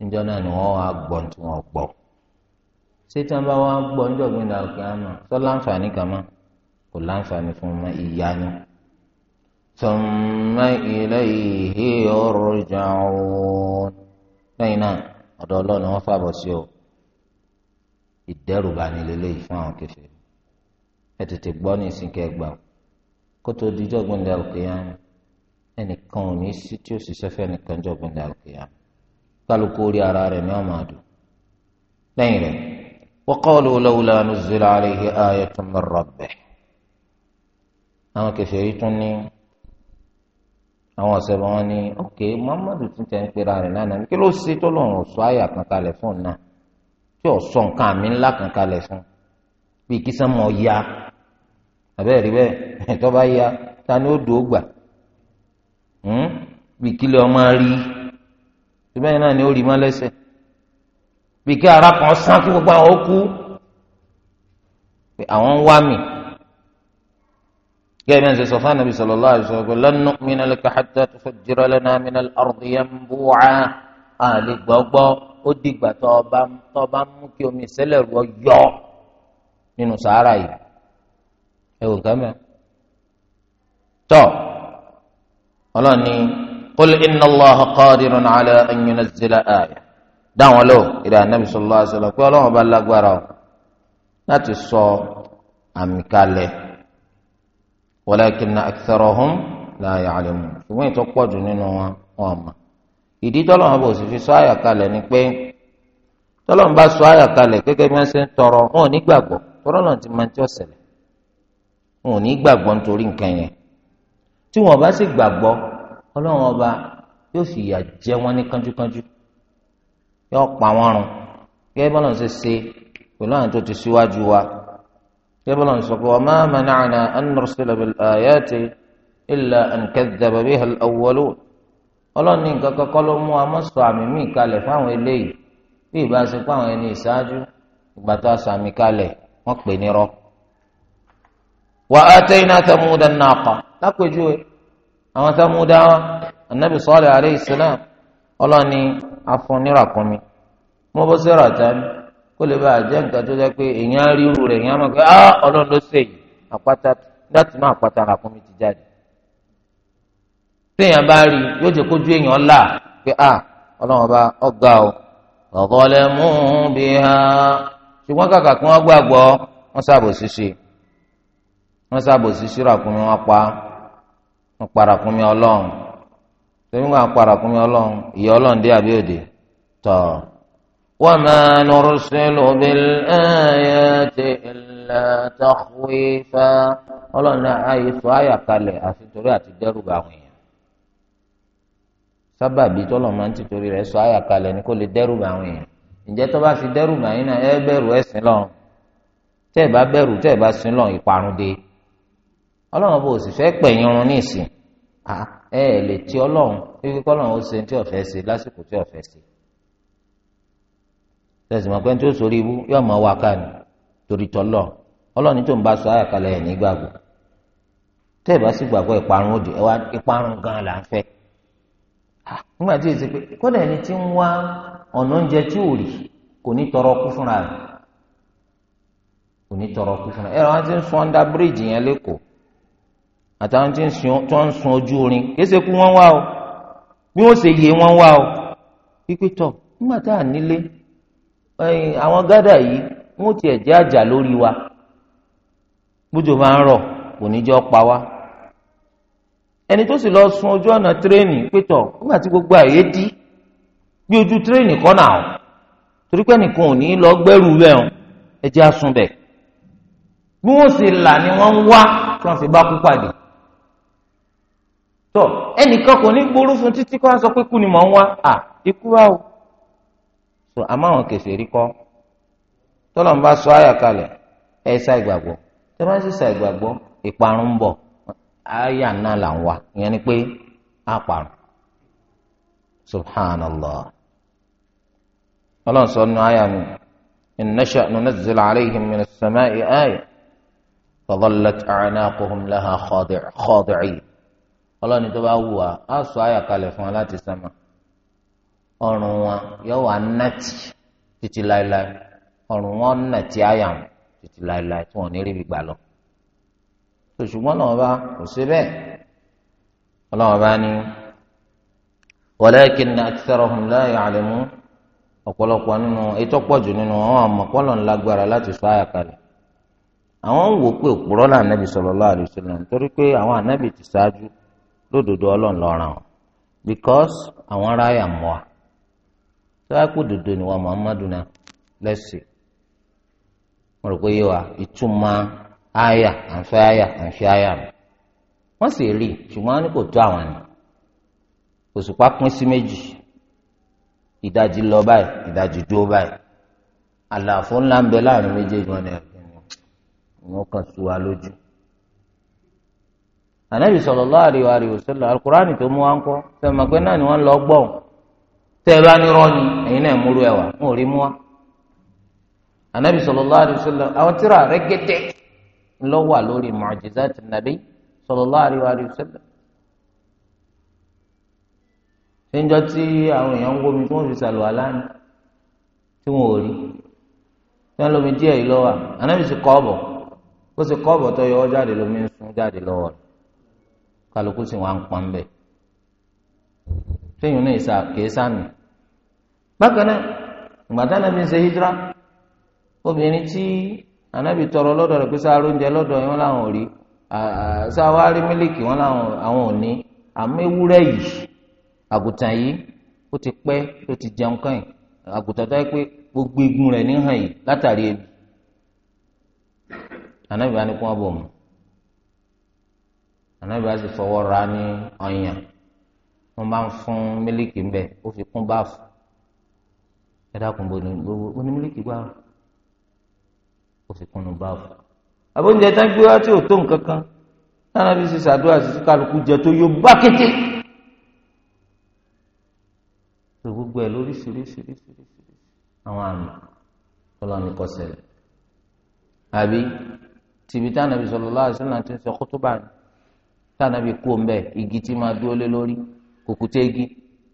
níjọ́ náà ni wọ́n wá gbọ́ tí wọ́n gbọ́ ṣé tí wọ́n bá wá gbọ́ níjọ́ gbẹ̀dà òkè àmọ́ sọ láǹfààní kan kò láǹfààní fún ọmọ ìyá ni. ثم إليه يرجعون lẹ́yìn náà ọ̀dọ̀ ọlọ́run wọ́n fàbọ̀ sí o ìdẹ́rùbà ni lélẹ́yìí fún àwọn kẹfẹ́ ẹ tètè gbọ́ ní ìsìnkẹ́ ẹgbà kó tó di jọ́gbọ́n dàrú kéèyàn ẹnìkan ò ní sí tí ó ṣiṣẹ́ fẹ́ nìkan jọ́gbọ́n dàrú kéèyàn kálukú orí ara rẹ̀ ní ọmọ àdùn lẹ́yìn rẹ̀ waqalu lawla nuzzila alayhi ayatun min rabbih àwọn kèfèrí tún ní àwọn ọ̀sẹ̀ wọn ní ok muhammadu tún tẹ̀ ń pera rẹ̀ lánàá kí ló ṣe tó lọ́rùn ọ̀sọ́ àyà kan kalẹ̀ fún un náà tí ọ̀sọ́ nǹkan àmì ńlá kan fún un bí kí sánmọ̀ ya àbẹ́ẹ̀ rí bẹ́ẹ̀ tó ya ta ni ó dòó gbà hmm? bí kílẹ̀ ọmọ rí síbẹ̀ náà ni ó rí mọ́ lẹ́sẹ̀ bí kí ara kan sán kí gbogbo àwọn ó kú pé àwọn ń wá mi gẹ́gẹ́ bí wọ́n ṣe sọ fún anabi sallallahu alaihi wasallam lan nu'mina laka hatta tufajjira lana minal ardi yanbu'a àlè gbọ́gbọ́ ó dìgbà tó o bá mú kí omi ìṣẹ̀lẹ̀ rọ yọ nínú sahara yìí ẹ wò ká tọ́ ọlọ́ọ̀ni. قل إن الله قادر على أن ينزل آية dáwọn lò ìdá anabi sallallahu alaihi wasallam pé Ọlọ́run bá lágbára o láti sọ àmì kalẹ̀ walakinna aktharahum la ya'lamun ṣùgbọ́n ìtọ́ pọ̀jù nínú wọn wọn bò sì sọ àyà kalẹ̀ ni pé bá sọ àyà kalẹ̀ gẹ́gẹ́ bí wọ́n ṣe ń tọrọ wọn ò ní gbàgbọ́ náà ti máa ń tí ó ṣẹlẹ̀ wọn ọlọ́run ọba yóò sì yà jẹ wọn ní kánjúkánjú yóò pa wọn run gẹ́gẹ́ bọ́lá ṣe ṣe pẹ̀lú àwọn tó ti síwájú wa gẹ́gẹ́ bọ́lá ṣe pé wa ma mana'na an nursila bil ayati illa an kadhdhaba biha al-awwalun ọlọ́run ní nǹkan kọ́kọ́ ló mú amọ́sọ àmì míì kalẹ̀ fáwọn eléyìí bí ìbá ṣe pé àwọn ẹni ìṣáájú ìgbà tó aṣọ àmì kalẹ̀ wọ́n pè ní rọ́ wa atayna Thamuda an-naqa lápèjúwe àwọn sámúdá anabi sọ́ọ̀lẹ̀ alayhi salam ọlọ́ni afọ́niràkùnmi mọ́bọ́sẹ̀rọ̀ àtàmì kó lè bá àjẹ́ nǹkan tó jẹ́ pé èèyàn ríru rẹ̀ èèyàn mọ̀ pé á ọlọ́run ló ṣe yìí àpáta láti má àpáta ràkúnmi ti jáde. téèyàn bá rí yóò jẹ́ kójú èèyàn là pé á ọlọ́run ọba ọ̀gá o ọ̀gọ́lẹ̀ mú bí ha ṣùgbọ́n kàkà kí wọ́n gbàgbọ́ wọ́n ṣàbòsí ṣe wọ́n ṣàbòsí ṣe ràkúnmi wọn pa á. wọn parakùnmi ọlọ́run torí wọn ọlọrun ìyá ọlọ́run dé àbí òde tọ̀. وما نرسل بالآيات إلا تخويفا ọlọ́run náà ayé sọ ayà kalẹ̀ àfi torí àti dẹ́rùbà àwọn èèyàn tọ́lọ̀ máa ń ti rẹ̀ sọ ayà kalẹ̀ ni lè dẹ́rùbà àwọn èèyàn ǹjẹ́ tó bá fi dẹ́rùbà yín náà ẹ bẹ̀rù ẹ̀sìn bá ọlọ́run bò sì fẹ́ n'isi oorun ní ìsìn ẹ ẹ lè ti ọlọ́run wípé kọ́lọ́run ó ṣe tí ọ̀fẹ́ ṣe lásìkò tí ọ̀fẹ́ ṣe tẹ̀sí mọ̀ pé tí ó sórí ibú yóò mọ̀ wá ká ni torí tó ń bá sọ àyàkálẹ̀ gan là ń fẹ́ nígbà tí èsì pé ẹni tí ń wá ọ̀nà oúnjẹ tí ò rí kò àtàwọn tí wọ́n ń sun ojú orin kése kú wọ́n wá o bí wọ́n ṣe yé wọ́n wá o pípé tọ̀ nígbà tá à nílé àwọn gádà yìí wọ́n tiẹ̀ jẹ́ àjà lórí wa bójú máa ń rọ̀ kò ní jọ pa wá ẹni tó sì lọ sun ojú ọ̀nà tírẹ́ẹ̀nì pétọ̀ nígbà tí gbogbo àyè dí bí ojú tírẹ́ẹ̀nì kọ́ nà ó torí pé nìkan ò ní lọ gbẹ́rù bẹ́ẹ̀ o ẹ jẹ́ àsun bí wọ́n sì là ni wọ́n wá tí wọ́n fi bá kú pàdé tọ ẹnìkan kò ní gbóró fún títí kó a sọ pé kú ni mò ń wá à ikú wa o tó àmọ́ rí ń bá sọ àyà kalẹ̀ ẹ̀ ṣá ìgbàgbọ́ tẹ́ bá sì ṣá ìgbàgbọ́ ìparun ń bọ̀ àyà náà là ń wà ìyẹn ni pé á parun subhanallah ọlọ́run sọ nù àyà mi in nasha ọlọ́ni tó bá wù wá á sọ àyà kalẹ̀ fún wa láti sánmà ọrùn wọn yóò wá nàtì títí láéláé ọrùn wọn nàtì àyà wọn títí láéláé tí wọn ní rí gbígbà lọ. ṣùgbọ́n náà bá kò sí bẹ́ẹ̀ ọlọ́wọ́n bá ní walakinna aktharahum ọ̀pọ̀lọpọ̀ nínú ètò sọ kalẹ̀ àwọn ń wò pé òpùrọ́ nítorí pé àwọn ti lódodo ọlọ́run lọ́ràn o because àwọn ará yà mọ́ a tó bá kú dodo ni wọn muhammadu náà lẹ́sìn wọn rò pé yé wa ìtumọ̀ àyà àǹfẹ́ àyà àǹfẹ́ àyà mi wọ́n sì rí ṣùgbọ́n ní kò tó àwọn ni òṣùpá pín sí méjì ìdajì lọ báyìí ìdajì dúró báyìí àlàfo ńlá ń bẹ láàrin méjèèjì wọn ni wọn kàn sí wa lójú ànábì sallallahu alaihi wa sallam alukurani tó mú wa ń kọ́ sẹ́mi pé náà ni wọ́n lọ gbọ́ tẹ́ ẹ bá ní rọ́ọ̀nì ẹ̀yin náà múru ẹ̀wà wọn ò rí mú wa ànábì sallallahu alaihi wa sallam àwọn tíra rẹ́gẹ́dẹ́ ńlọ wà lórí mu'jizati nàbí sallallahu alaihi wa sallam níjọ tí àwọn èèyàn ń gómi tí wọ́n fi sàlùwà lánàá tí wọ́n rí tí wọ́n lómi kálukú sì wà ń pọn bẹ fẹyìn náà ìsà kìí sàmì bákan náà ìgbàdá nàbí ń ṣe hijira obìnrin tí anábì tọrọ lọ́dọ̀ rẹ̀ pé sáré oúnjẹ lọ́dọ̀ yẹn làwọn ò rí sáwárí mílíkì wọn làwọn àwọn ò ní àmọ́ ewúrẹ́ yìí àgùntàn yìí ó ti pẹ́ ó ti jẹun kàn yìí àgùntàn tó yẹ pé gbogbo egun rẹ̀ níhàn yìí látàrí ebi anábì wa ni kí wọ́n bọ̀ mọ́ ànábì á sì fọwọ́ ra ní ọyàn wọn bá ń fún mílíkì ń bẹ ó fi kún báàfù ẹ dákun bò ní gbogbo ó ní mílíkì gbà ó fi kún báàfù àbóúnjẹ tán gbé wá tí ò tó nǹkan kan náà bí sísè àdúrà sí kálukú jẹ tó yó bá kété tó gbogbo ẹ lóríṣiríṣiríṣi àwọn àmì tọ́lá ní kọsẹ̀ àbí tìbítà nàbì sallallahu alaihi wasallam ti ń sọ kótó báyìí tànàbí kú ọ̀nbẹ igi tí máa dúró lé lórí kòkúté igi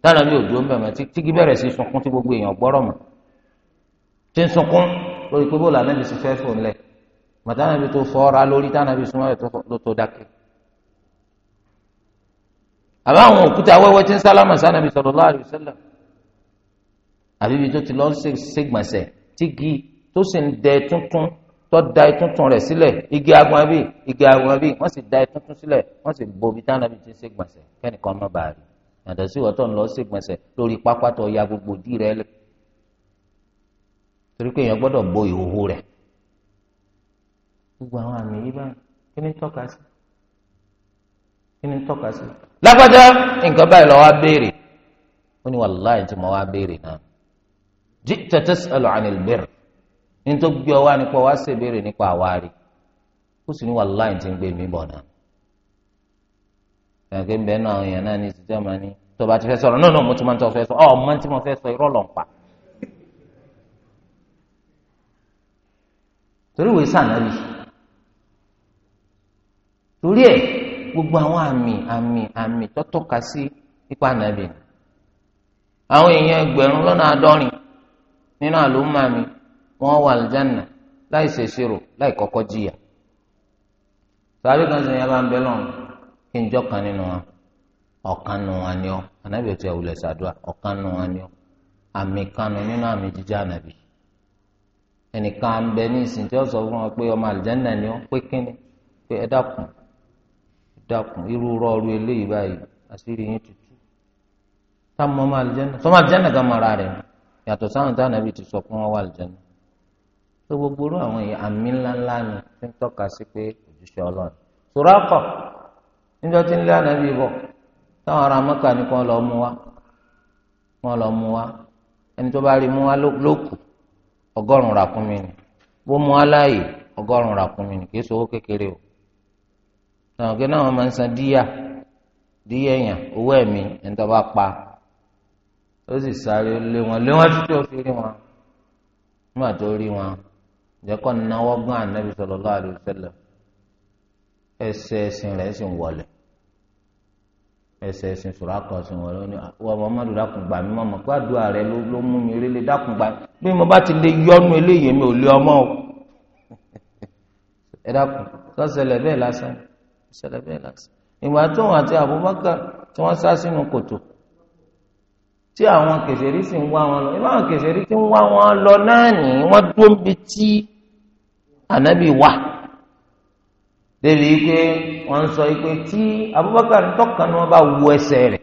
tànàbí òdúró ọ̀nbẹ mọ tí igi bẹ̀rẹ̀ sí sunkún tí gbogbo èèyàn gbọ́rọ̀ mọ̀ tí ń sunkún lórí pé bóòlù ànábì sì fẹ́ fòun lẹ̀ mọ̀ tànàbí tó fọ́ra lórí tànàbí súnmọ́ ẹ̀ tó tó dákẹ́. àbá àwọn òkúta wẹ́wẹ́ tí ń sálámà sànàbí sallallahu alaihi wasallam àbíbi tó ti lọ ṣègbọ̀nsẹ̀ tí tó sì ń dẹ tuntun tó da ìtuntun rẹ̀ sílẹ̀ igi agbọn bí igi agbọn bí wọ́n sì da ìtuntun sílẹ̀ wọ́n sì bo ibi táwọn ẹbí ti ń ṣègbọ̀nsẹ̀ kẹ́nìkan má bàa rí yàtọ̀ sí wọ́n tó ń lọ ṣègbọ̀nsẹ̀ lórí pápá tó ya gbogbo dí rẹ̀ lẹ̀ torí pé èèyàn gbọ́dọ̀ bo ìhòhò rẹ̀ gbogbo àwọn àmì yìí báyìí kí ni tọ́ka sí kí ni tọ́ka sí. lágbájá nǹkan báyìí lọ́wọ́ á ó ní wàláhì tí wá béèrè náà n'i tó gbé ọ wá nípa wá ṣèbéèrè nípa àwárí ó sì ní wàláhì tí ń gbé mi bọ̀ náà gbàgbé ń bẹ náà àwọn náà ní ìtìjọ́ máa ní tó bá ti fẹ́ sọ̀rọ̀ náà náà mo máa ń tọ́ torí torí gbogbo àwọn àmì àmì àmì sí ipa àwọn èèyàn ẹgbẹ̀rún lọ́nà àádọ́rin nínú àlùmọ́ àmì wọ́n wà láì ṣèṣirò láì jìyà kan bá ń bẹ kí n kan nínú ọ̀kan nù ni ọ ànábì ni ọ àmì nínú àmì ànábì ẹnìkan ń bẹ ní ìsìn tí ó sọ fún ọ pé ọmọ àlìjánà ni ọ pé kíni pé ẹ dákun ẹ dákun irú rọọrù eléyìí báyìí àṣírí yín tutù táwọn ọmọ sọmọ gan mọ ara rẹ yàtọ̀ sáwọn ànábì ti sọ fún ọ wà tó gbogbo irú àwọn àmì ńláńlá ni tí ń tọ́ka sí pé òjíṣẹ́ ọlọ́run Sùrákọ̀ níjọ́ tí ń lé ànábì bọ̀ táwọn ará mọ́kà ní kí wọ́n lọ mú wa wọ́n lọ mú wa ẹni tó bá rí mú wa lókù ọgọ́rùn-ún ràkúnmí ni bó mú wa láàyè ọgọ́rùn ràkúnmí ni kì sowó kékeré o àwọn kí náà wọ́n máa ń san díyà díyà èèyàn owó ẹ̀mí ẹni tó bá pa ó sì sáré lé wọn lé wọn títí ó fi rí wọn nígbà tó rí wọn jẹ́kọ́ náwó gán ànábì sallallahu alaihi wasallam ẹsẹ̀ ẹ̀sìn rẹ̀ sì ń wọlé ẹsẹ̀ ẹ̀sìn sùràkọ̀ sì ń wọlé ó ní wọ́n Muhammadu dákun gbà mí mọ́mọ́ pé àdúrà rẹ̀ ló mú mi rí lé dákun gbà mí bí mo bá ti lè yọnu eléyìí mi ò lé ọmọ o ẹ dákun sọ́sẹ̀lẹ̀ bẹ́ẹ̀ lásán sọ́sẹ̀lẹ̀ bẹ́ẹ̀ lásán ìgbà tóun àti Abubakar tí wọ́n sá sínú kòtò tí àwọn kèfèrí sì ń wá wọn lọ ìbá àwọn kèfèrí tí ń wá wọn lọ náà nì wọ́n dúró níbi tí ànábì wà débi pé wọ́n ń sọ pé tí Abubakar tọ́kàn ni wọ́n bá wu ẹsẹ̀ rẹ̀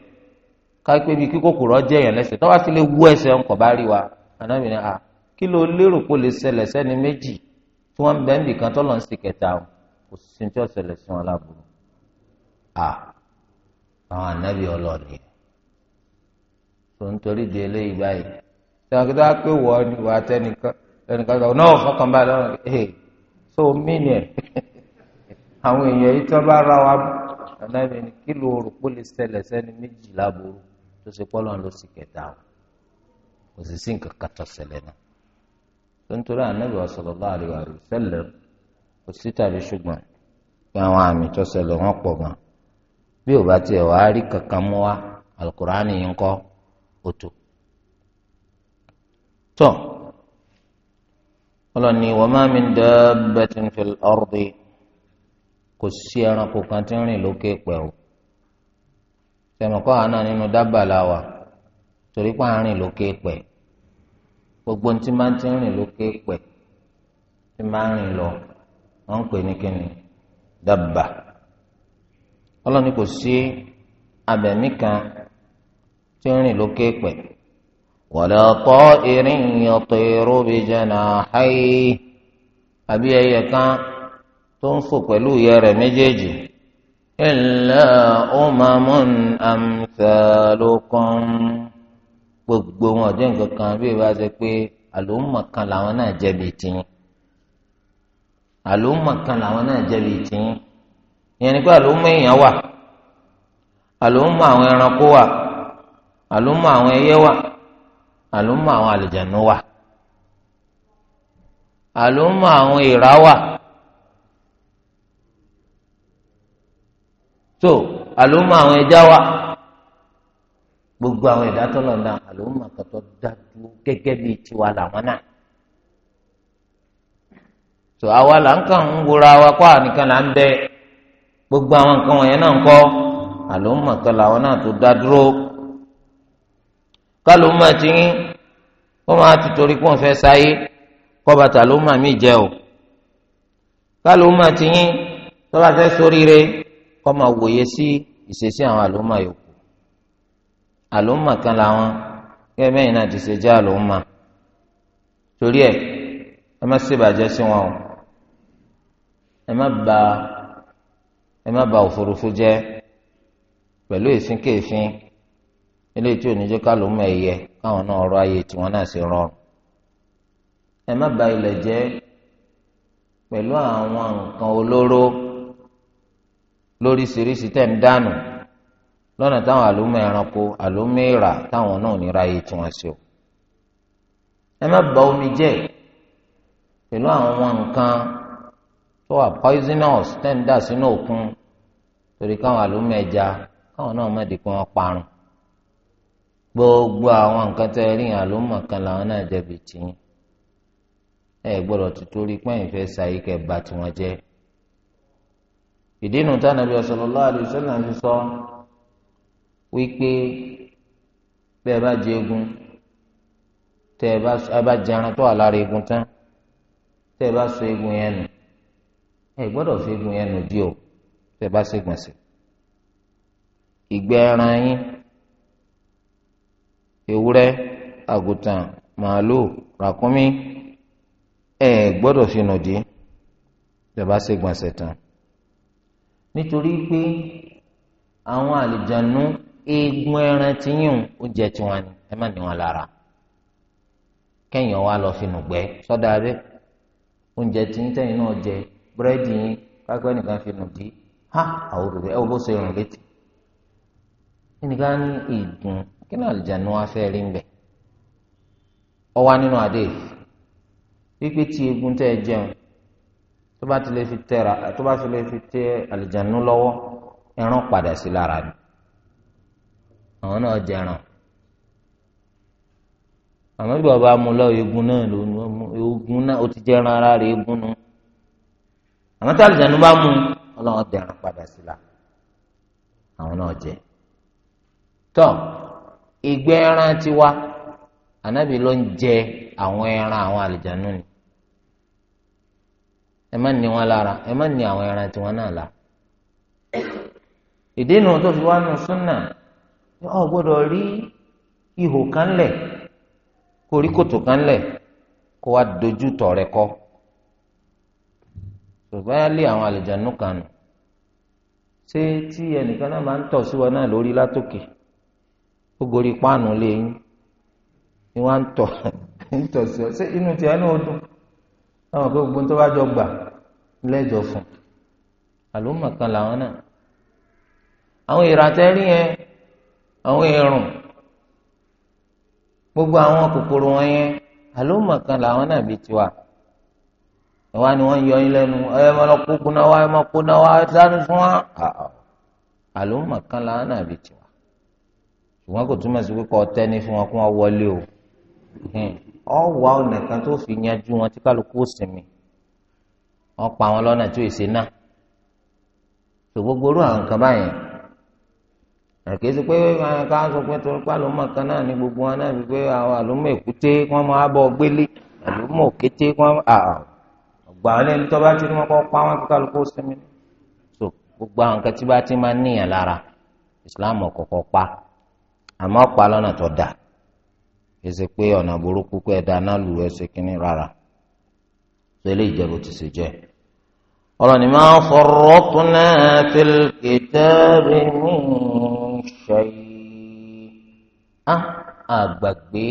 káyọ̀ pé bí kíkòkòrò ọjẹ́ èèyàn lẹ́sẹ̀ tọ́wọ́ sí lè wu ẹsẹ̀ ńkọ̀ bá rí wa ànábì ni à kí ló lérò kó lè ṣẹlẹ̀ sẹ́ni méjì tí wọ́n ń bẹ́ẹ̀ nìkan tọ́lọ́ ń sì kẹta o kò sí ní tí ó ṣẹlẹ̀ sí wọn láburú à àwọn ànábì ọlọ́ọ̀ni tó ń torí di eléyìí báyìí tàkìtà pé wọ ni wà á tẹnìkan sọ náà fọkàn bá lọrùn ẹ tó mí ni <laughs> àwọn èèyàn yìí bá ra wa ọ̀nàmì ni kí ló rò pé lè ṣẹlẹ̀ sẹ́ni tó ṣe pọ́ o kò sì sí nǹkan ṣẹlẹ̀ náà tó ń torí òtò. tó ọlọ́ni wa ma min dabbatin fil ardi kò sí ẹranko kan tí ń rìn lókè pẹ̀ o tẹmọkọ nínú dábàá la wà torí pé àárín lókè pẹ̀ gbogbo tí máa ti ń rìn lókè pẹ̀ tí máa ń rìn lọ wọ́n ń pè tí ń rìn lókè pẹ̀ wala ta'irin yatiru bi janahihi àbí ẹyẹ kan tó ń fò pẹ̀lú ìyẹ́ rẹ̀ méjèèjì illa umamun amsalukum gbogbo wọn ọjọ́ nǹkan kan bí ìbá ṣe pé àlòmọ̀ làwọn náà jẹ̀bi tìyín àlòmọ̀ làwọn náà jẹ̀bi tìyín ìyẹn ni pé àlòmọ̀ èèyàn wà àlòmọ̀ àwọn ẹranko wà àlùmọ́ àwọn ẹyẹ wà àlùmọ́ àwọn àlùjànnú wà àlùmọ́ àwọn ìrà wà tó àlùmọ́ àwọn ẹja wà gbogbo àwọn ẹ̀dá tọ́lọ̀ náà àlùmọ́ àkọ́tọ́ dájú gẹ́gẹ́ bíi tiwa làwọn náà tó àwa là ń kàn ń wura wa kó àníkan là ń bẹ gbogbo àwọn nǹkan wọ̀nyẹn náà ń kọ́ àlùmọ́ kan làwọn náà tó dá dúró kálọ̀ máa ti yín kó máa ti torí pọ́n fẹ́ sáyé kọ́ba tà ló máa mí jẹ́ o kálọ̀ máa ti yín tọ́ba fẹ́ sóríire kọ́ máa wòye sí ìṣesí àwọn àlùmọ̀ yòókù àlùmọ̀ kan làwọn kẹ́ mẹ́yìn náà ti ṣe jẹ́ àlùmọ̀ torí ẹ̀ ẹ má ṣèbàjẹ́ sí wọn o ẹ má ba ẹ má ba òfurufú jẹ́ pẹ̀lú ìfínkèéfín ilé tí oníjẹ́ kálùmọ̀ ẹ̀yẹ káwọn náà rọ ayé tiwọn náà sì rọrùn. ẹ má bà ilẹ̀ jẹ́ pẹ̀lú àwọn nǹkan olóró lóríṣiríṣi tẹ̀ ń dànù lọ́nà táwọn àlùmọ̀ ẹranko àlùmọ̀ ìrà táwọn náà ní ra ayé tiwọn sí o. ẹ má bà omi jẹ́ pẹ̀lú àwọn nǹkan tó wà poisonous tẹ̀ ń dà sínú òkun torí káwọn àlùmọ̀ ẹja káwọn náà má di pé wọ́n parun gbogbo àwọn nǹkan tẹ́ rí yàn ló mọ̀ kan làwọn náà jẹ̀bi tìyín ẹ gbọ́dọ̀ tuntun rí pẹ́yìn fẹ́ ṣàyí kẹ́ bá tiwọn jẹ́ ìdínú tánàbí sallallahu alaihi wasallam fi sọ wípé bẹ́ẹ̀ bá jẹ egun tẹ́ ẹ bá jẹran tó wà lára egun tán tẹ́ ẹ bá so egun yẹn nù ẹ gbọ́dọ̀ fi egun yẹn nù díò tẹ́ ẹ bá ṣègbọ̀nsẹ̀ ìgbẹ́ ẹran yín. ewúrẹ́ àgùntàn màálù ràkúnmí ẹ gbọ́dọ̀ fi nù dí ìjọba ṣe gbọ̀nsẹ̀ tán nítorí pé àwọn àlìjànú eegun ẹran ti yín oúnjẹ tiwọn ni ẹ má wa lọ finugbe gbẹ sọdá rẹ oúnjẹ tí ń tẹ̀yìn náà jẹ búrẹ́dì yín kápẹ́ nìkan ha àwòrán rẹ ẹ wò bó ṣe létí kí náà àlùjánu wá fẹ́ rí nbẹ ọ wá nínú adé wípé tí egun tẹ́ ẹ jẹun tó bá ti lè fi tẹra tó bá ti lè fi tẹ àlùjánu lọ́wọ́ ẹran padà sí lára ni àwọn náà jẹran àmọ́ bí bàbá mu lọ egun náà ló ń mú egun náà ó ti jẹran ara rẹ̀ egun nu àmọ́ tí àlùjánu bá mú ọlọ́run dẹran padà sí la àwọn náà jẹ tọ́ ìgbẹ́ ẹran tiwa ànábì ló ń jẹ àwọn ẹran àwọn àlìjánu ni ẹ má ní wọn lára ẹ má ní àwọn ẹran tiwọn náà lára ìdí nu tó fi wá nu súnà ọ gbọ́dọ̀ rí ihò kan lẹ̀ kó rí kòtò kan kó wá dojú tọ̀ rẹ kọ́ ṣùgbọ́n yá lé àwọn àlìjánu kan nù ṣé tí ẹnìkan náà máa ń tọ̀ sí wọn náà lórí látòkè ó gorí páànù lẹ́yìn ni wọ́n á ń tọ̀ <laughs> ń tọ̀ sí ọ ṣé inú tiẹ̀ náà ó dùn táwọn pé gbogbo tó bá jọ gbà lẹ́jọ́ fún àlùmọ̀ kan làwọn náà àwọn ìràtẹ́rí yẹn àwọn ẹ̀rùn gbogbo àwọn kòkòrò wọn yẹn àlùmọ̀ kan làwọn náà bí tiwa ìwà ni wọ́n ń yọ yín lẹ́nu ẹ máa lọ kó kuná wá ẹ máa kó náà wá ẹ sáré fún wa àlùmọ̀ kan làwọn náà bí tiwa ṣùgbọ́n kò túmọ̀ sí pé kọ́ tẹ́ni fún wọn kó wọn wọlé o ọ hmm. wà ọ̀nà kan tó fi yanjú wọn tí kálukú ó sinmi wọn pa wọn lọ́nà tí ò ṣe náà tó gbogbo orú àwọn nǹkan báyẹn àkèé sí pé ká sọ pé torí pé àlùmọ̀ kan náà ní gbogbo wọn náà fi pé àwọn àlùmọ̀ èkúté wọn máa bọ̀ gbélé àlùmọ̀ òkété wọn ọgbà wọn lẹ́nu tó bá ti ní wọn kọ́ pa wọn kí kálukú sinmi so gbogbo àwọn nǹkan tí bá ti máa níyàn lára Islam ọ̀kọ̀ọ̀kọ̀ pa àmọ́ pa lọ́nà tó dáa kì í ṣe pé ọ̀nà burúkú pé ẹ̀dá náà lù ẹ́ ṣe kínní rárá ṣe lè jẹ́ bó ti ṣe jẹ́ ọlọ́ni máa ń fọ̀rọ̀ tún náà fi kìtẹ́rì ní ṣẹ́yí. àgbàgbé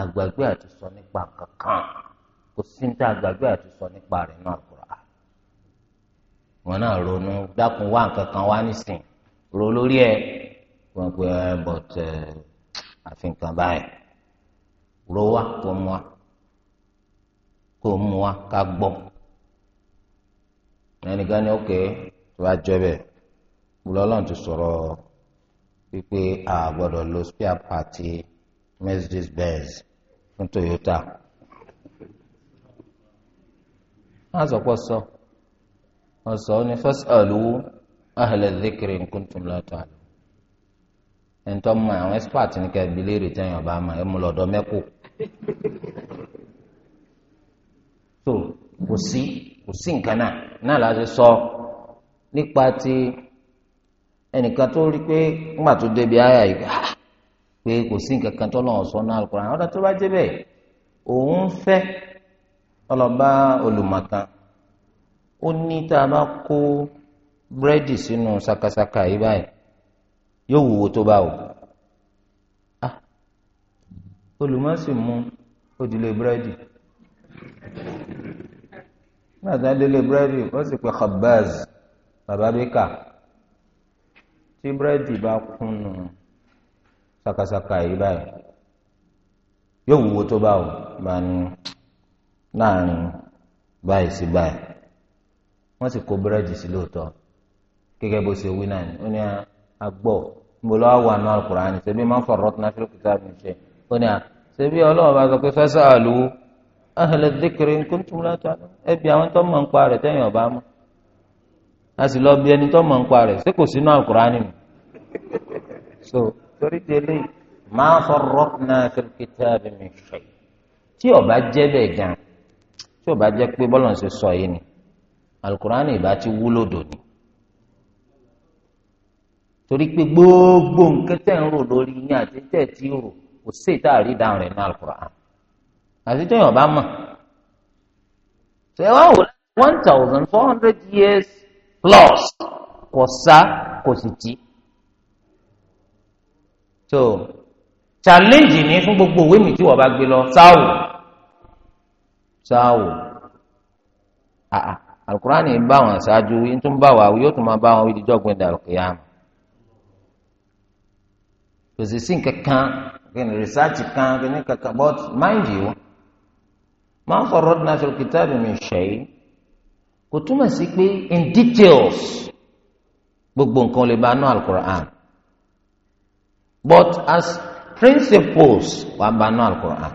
àgbàgbé àti sọ nípa kankan kò sí ní àgbàgbé àti sọ nípa rẹ̀ náà kúrò á. wọn náà ronú dákun wá nǹkan kan wá nísìn ro lórí ẹ wọn pe ẹ bọt ẹ eh, àfihàn báyìí ro wa kó mu wa kó mu wa ká gbọ́ ẹnìkan ní òkè tó bá jẹ bẹ́ẹ̀ gbọlọlọrun ti sọ̀rọ̀ wípé a lo spare part Mercedes Benz fún Toyota wọn sọ pé sọ wọn sọ ọ ní first alu ahlẹ dhikri nkuntum la ta'ala. ẹnitọ́ mọ àwọn expert ní ká ibi léèrè tẹ́yìn ọba àmọ́ ẹ mú lọ́dọ̀ mẹ́kù so kò sí kò sí nǹkan náà náà sọ nípa ti ẹnìkan tó rí pé ńgbà tó débi àyà yìí pé kò sí nǹkan kan tó lọ́wọ́ sọ náà Al-Qur'an ọ̀dà tó bá jẹ́ bẹ́ẹ̀ òun fẹ́ ọlọ́ba ó ní tá a bá kó búrẹ́dì sínú yóò wúwo tó bá o ah olùmọ̀sí mu òdìlé búrẹ́dì nígbà tí wọ́n búrẹ́dì wọ́n sì pé khabaz bàbá bíkà tí búrẹ́dì bá kúnnù sakasaka yìí báyìí yóò wúwo tó bá o máa ní láàrin báyìí sí báyìí wọ́n sì kó búrẹ́dì sí lóòótọ́ gẹ́gẹ́ bó ṣe wí náà ni ó ní agbọ́ gbolo awa nu alukur'ani ṣebí ma farratna fil kitabi min shay ó ní à ṣebí Ọlọ́run bá sọ pé fasalu ahla dhikri in kuntum la ta'lamun ẹbí àwọn tó mọ̀ nípa rẹ̀ tẹ́yìn ọba mọ̀ a sì lọ bí ẹni tó mọ̀ nípa rẹ̀ alukur'ani mu so torí délé ma farratna fil kitabi min shay tí ọba jẹ́ bẹ́ẹ̀ gan tí ọba jẹ́ pé bọ́lọ̀ ń ṣe sọ ni alukur'ani ìbá ti wúlò dòní torí pé gbogbo nǹkan tẹ̀ ń rò lórí yín àti tẹ̀ tí rò kò sí ìta àrídà rẹ̀ ní alukur'an àti tó yàn bá mọ̀ ṣé wọ́n wò one thousand four hundred years plus kò sá kò sì jí so challenge ni fún gbogbo òwe mi tí wọ́n bá gbé lọ sáwò sáwò àà alukur'an yìí ń bá wọn ṣáájú yìí tún bá wà yóò tún máa bá wọn wí díjọ́ gbẹ̀dẹ̀ àlùkìyàmù kò sì sí kankan kìnìún rìsáàtì kan kìnìún kankan but mind you máa ń fọ̀rọ̀ dín náà kìtàbí mi ṣe é kò túmọ̀ sí pé in details gbogbo nǹkan lè bá nú alukur'an but as principles wà bá nú alukur'an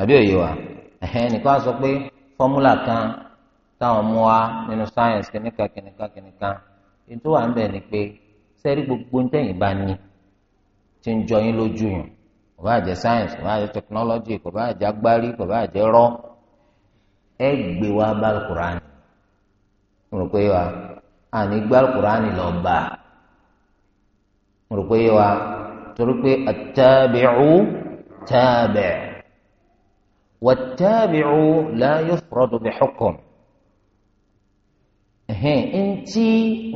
àbí òye wa ẹ̀hẹ́n nìkan sọ pé fọ́múlà kan táwọn mú wa nínú sáyẹ̀nsì kìnìkan kìnìkan kìnìkan ètò wà ń bẹ̀ ni pé. sẹ́rí gbogbo ntẹ́yìn bá ní ń jọ yín lójú yàn kò bá jẹ́ science kò bá jẹ́ technology kò bá jẹ́ agbárí kò bá jẹ́ rọ́ ẹ gbé wa bá mo rò wa àní lọ bá mo rò pé wa torí pé àtàbí'u tàbí' wàtàbí'u la yufradu bi ẹ̀hìn ntí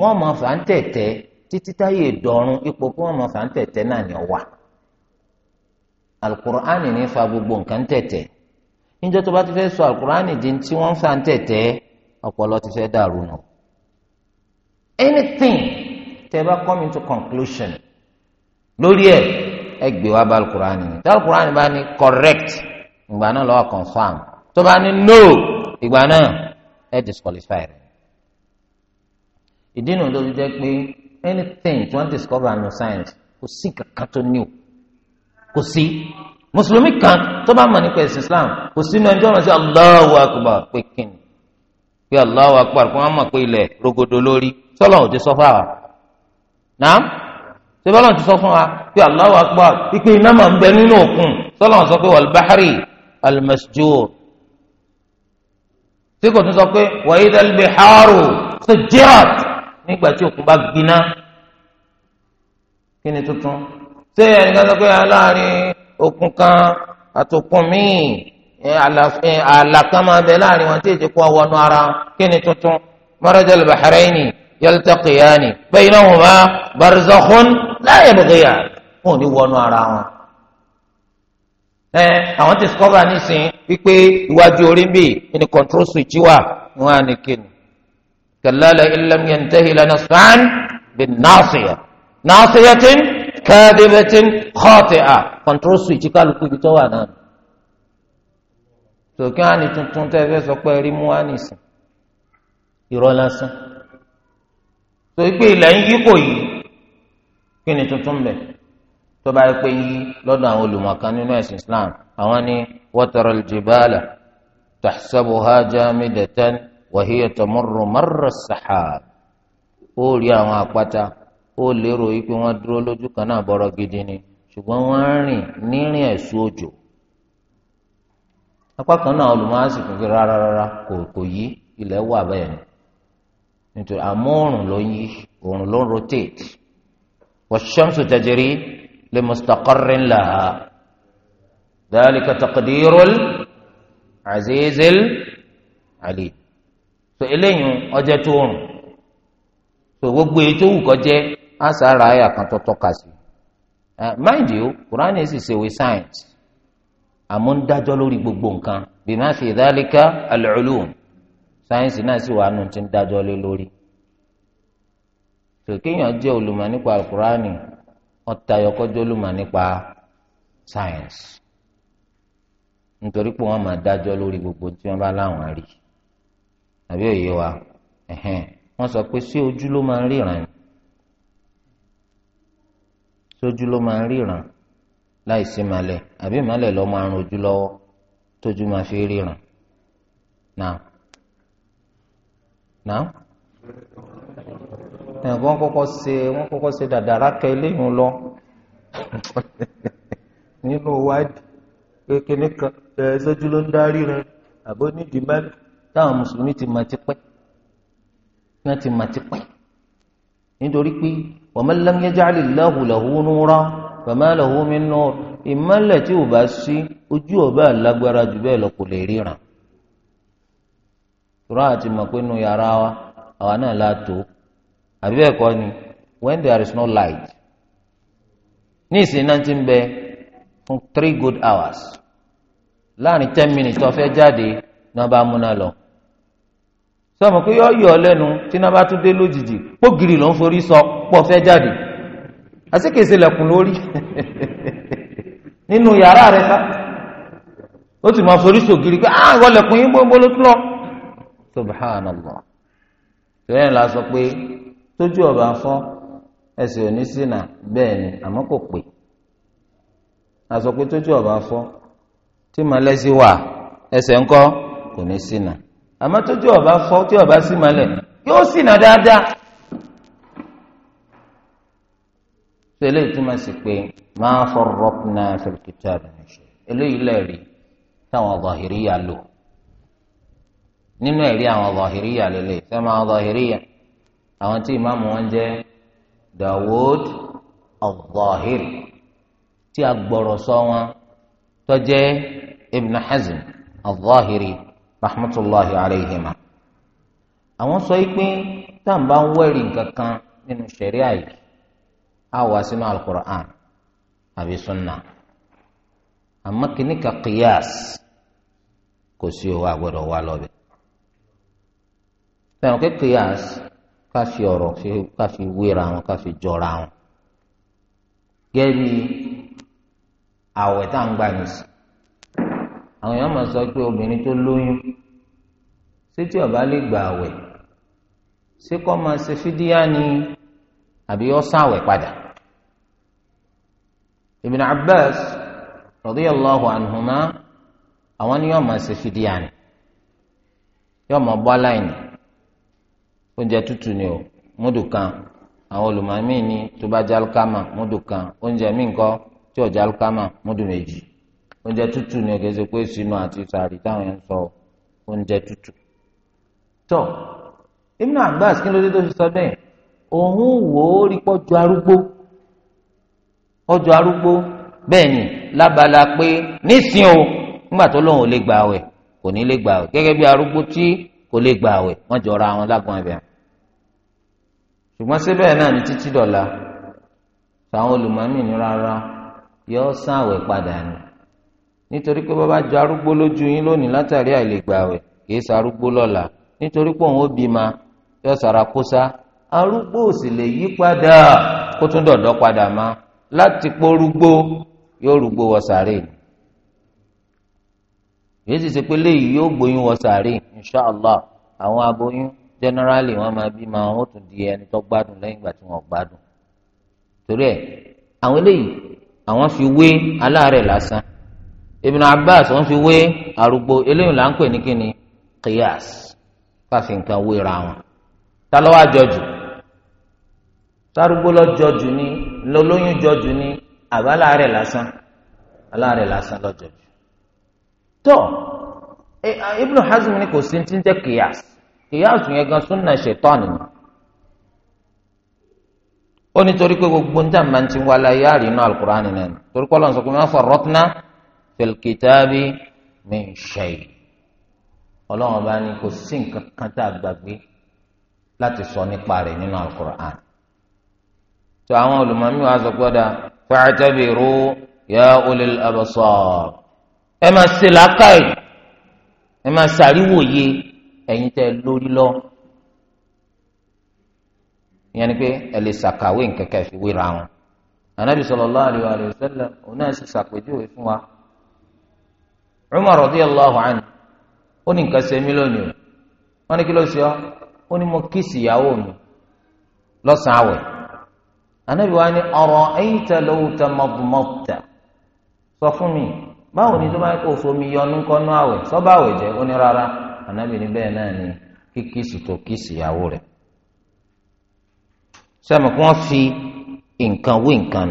wọ́n máa fà ń tẹ̀tẹ̀. títí táyé dọ̀run ipò kí wọ́n mọ̀ fà ń tẹ̀tẹ̀ náà ni ọ wà alukur'ani ní fa gbogbo nǹkan tẹ̀tẹ̀ níjọ́ tó bá ti fẹ́ sọ alukur'ani di tí wọ́n fà ń tẹ̀tẹ̀ ọpọlọ ti fẹ́ dàrú nù. anything tẹ́ bá come into conclusion lórí ẹ̀ ẹ gbé wá bá alukur'ani ní tí alukur'ani bá ní correct ìgbà náà lọ́wọ́ confam tó bá ní no ìgbà náà ẹ disqualify rẹ̀ ìdí nu ló fi jẹ́ pé. anything tí wọ́n discover nù science kò sí kankan tó new kò sí mùsùlùmí kan tó bá mọ̀ nípa ẹ̀sìn islam kò sínú ẹni tó mọ̀ sí Allahu akbar pé kíni pé Allahu akbar kó wọ́n mọ̀ pé ilẹ̀ rogodo lórí sọ́lọ́ ò ti sọ fún wa náà sọ́lọ́ ò ti sọ fún wa pé Allahu akbar ipe iná máa ń bẹ nínú òkun sọ́lọ́ ò sọ pé wàlbáhárì almasjur tí kò tún sọ pé wàyí dàlbẹ̀ haaru sọ jihad nígbà tí òkú bá gbiná kí ni tuntun ṣé ẹnìkan sọ pé ah, láàrin òkun kan àtòkùn míì ààlà eh, eh, kan máa bẹ láàrin wọn tí èdè kó wọnú ara kí ni tuntun marajal bahraini yaltaqiyani baynahuma barzakhun la yabghiyan wọn ò ní wọnú ara wọn. ẹ eh, àwọn ti sọ́kà nísìnyí wípé iwájú orí ń bì ní control switch wà wọn á ní kíni كلا لئن لم ينتهي لنصفعا بالناصية ناصية كاذبة خاطئة كنترول سويتش كالكو بتوى نعم tòkí wani tuntun tẹ fẹ sọ pé rí mú wá nìsín irọ́ lásán tó pé ilẹ̀ ń yí kò yí kí ni tuntun bẹ̀ tó bá yẹ pé yí lọ́dọ̀ àwọn olùmọ̀kan nínú ẹ̀sìn Islam àwọn ni wataral jibala tahsabuha jamidatan wàhíyẹ tọmọrọ mọrọ sàhàb ó rí àwọn àpáta ó lérò wípé wọ́n dúró lójú kan náà bọrọ gidi ni ṣùgbọ́n wọ́n rìn nírìn ẹ̀sùn òjò apá kan náà olùmọ̀ọ́sìnkú fi rárá rárá kò kò yí ilẹ̀ wà bẹ́ẹ̀ ni nítorí àmọ́ òrùn ló ń yí òrùn ló ń rotate wash-shamsu tajri li mustaqarrin laha dhalika taqdirul azizil alim. so eléyìí ọjẹ tó rùn gbogbo èyí tó wù kọjẹ á sára àyà kan tó tọ́ka sí mind you Quran sì science gbogbo nǹkan bima fi dhalika al-ulum náà sì wà nù tí ń dájọ́ lé lórí so kéèyàn jẹ́ olùmọ̀ nípa alukurani ọ̀tayọ̀kọ́jọ́ olùmọ̀ nípa sáyẹ́nsì nítorí pé máa lórí gbogbo tí bá àbí òye wa ẹ̀hẹ́n wọ́n sọ pé sí ojú ló máa ń ríran ni sí ojú ló máa ń ríran láì sí malẹ̀ àbí malẹ̀ lọ́ máa ń rojú lọ́wọ́ tójú máa fi ríran náà náà wọ́n kọ́kọ́ ṣe wọ́n kọ́kọ́ ṣe dàdàrà kẹ eléyìí lọ <laughs> nínú wádìí pé kíní kan ẹ sójú ló ń darí rẹ àbó nídìí mẹ́lẹ̀ táwọn mùsùlùmí ti máa ti pẹ́ wọ́n ti máa ti pẹ́ nítorí pé wa man lam yaj'alillahu lahu nuran fama lahu min nur ìmọ́lẹ̀ tí ò bá sí ojú ọba lágbára jù bẹ́ẹ̀ lọ kò lè ríran tura àti mọ̀ yàrá wa àwa náà la tó àbí bẹ́ẹ̀ kọ́ ni when there is no light ní ìsìn náà ti ń bẹ fún three good hours láàrin ten minutes tó fẹ́ jáde náà bá múná lọ sọmọ pé yọ yọ lẹ́nu tí iná bá tún dé lójijì pọ́gìrì ló ń forí sọ pọ̀ fẹ́ jáde àsìkèsè lẹkùn lórí <laughs> nínú yàrá rẹ sá ó sì máa forí sògiri pé yín gbogbo ló tún àmọ́ tójú ọba fọ́ tí ọba sì malẹ̀ yóò sì nà dáadáa. sẹ́lẹ̀ túmọ̀ sí pé máa farratna fil kitabi min shay eléyìí lẹ́ẹ̀rí táwọn zahiriyya lò nínú ẹ̀rí àwọn zahiriyya lélẹ̀ sẹ́mi àwọn zahiriyya àwọn tí ìmáàmù wọn jẹ́ Dawud al-Zahiri tí agbọ̀rọ̀ sọ wọn tó Ibn Hazm al rahmatulahi alayhima àwọn sọ yìí pé tá à ń bá ń wẹ̀rì nǹkan kan nínú ṣẹ̀ríà yìí á wá sínú alukur'an àbí sunna àmọ́ kìíní ka qiyas kò sí owó àgbọ̀dọ̀ wá lọ́bẹ̀ sẹ́wọ̀n kí qiyas ká fi ọ̀rọ̀ ká fi wéra wọn ká fi jọra wọn gẹ́gẹ́ bí àwẹ̀ tá à gbà nìsí àwọn èèyàn máa sọ pé obìnrin tó lóyún ṣé tí ó bá lè gbà àwẹ̀ ṣé kó máa ṣe fídíà ni àbí ọ ṣàwẹ̀ padà Ibn Abbas radiyallahu anhuma àwọn ni yóò máa ṣe fídíà ni yóò máa bọ́ aláìní oúnjẹ tútù ni o múdù kan àwọn olùmọ̀mí ni tó bá jálùkámà múdù kan oúnjẹ míì kọ́ tí ò oúnjẹ tútù ni kì í ṣe pé sínú àti sàárì táwọn yẹn ń sọ oúnjẹ tútù. tó Ibn Abbas kí ló dé tó fi sọ bẹ́ẹ̀ òun wò ó rí pọ́jọ arúgbó ọjọ́ arúgbó bẹ́ẹ̀ ni lábala pé nísìn o nígbà tó lóun ò lè gbà wẹ̀ kò ní lè gbà wẹ̀ gẹ́gẹ́ bí arúgbó tí kò lè gbà wẹ̀ wọ́n jọra wọn lágbọ́n ibẹ̀ ṣùgbọ́n síbẹ̀ náà ní títí dọ̀la táwọn olùmọ̀mí ní rárá yọ sáwẹ̀ padà ni nítorí pé bàbá jọ arúgbó lójú yín lónìí látàrí àìlègbàwẹ̀ kì í ṣe arúgbó lọ́la nítorí pé òun ó bímọ yóò sara kósa arúgbó ò sì lè yí padà kó tún dọ̀dọ̀ padà má láti porúgbó yóò rúgbó wọ sàárè yìí sì ṣe pé léyìí yóò gbóyún wọ sàárè inshàlá àwọn aboyún generally wọn máa bímọ àwọn ó tún di ẹni tó gbádùn lẹ́yìn ìgbà tí wọn gbádùn torí ẹ àwọn eléyìí àwọn fi wé aláàárẹ̀ lásán Ibn Abbas wọ́n fi wé arúgbó eléyìí là ń pè ní kíni qiyas káfí nǹkan wéra wọn ta ló wá jọjù sárúgbó lọ jọjù ni lọlóyún jọjù ni àbáláàrẹ̀ lásán aláàrẹ̀ lásán lọ jọjù tó e, Ibn Hazm ni kò sí ti ń jẹ qiyas qiyas yẹn gan súnà ṣètọ́nù ni ó ní torí pé gbogbo ń tà máa ń ti wá láyé àrínú Al-Qur'an nìyẹn torí pé Ọlọ́run sọ pé wọ́n fọ rọ́tínà fil kitabi min shay ọlọ́run bá ní kò sí nǹkan kan tá a gbàgbé láti sọ nípa rẹ̀ nínú alukur'an tó àwọn olùmọ̀mí wa sọ gbọ́dọ̀ fa'tabiru ya ulil abasar ẹ máa ṣe làákàyè ẹ máa ṣàríwòye ẹ̀yin tẹ́ lórí lọ ìyẹn ni pé ẹ lè ṣàkàwé nǹkan kẹfì wéra wọn anabi sallallahu alaihi wa sallam òun náà sì ṣàpèjúwe fún wa. Umar radiyallahu anhu ó ní nǹkan ṣe mí lónìí o wọ́n ní kí ló ṣe ọ́ ó ní mo kíìsì ìyàwó mi lọ́sàn-án anabi wa ni ọ̀rọ̀ ẹ̀yìntà sọ fún mi báwo ni tó bá kó fomi yọnu kọ́nú àwẹ̀ sọ́ba àwẹ̀ jẹ́ ó ní rárá anabi ni náà ni ìyàwó kí fi nǹkan nǹkan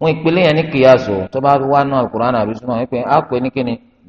nù ìpele yẹn ní kìyàsó tó bá wà nù àbí ní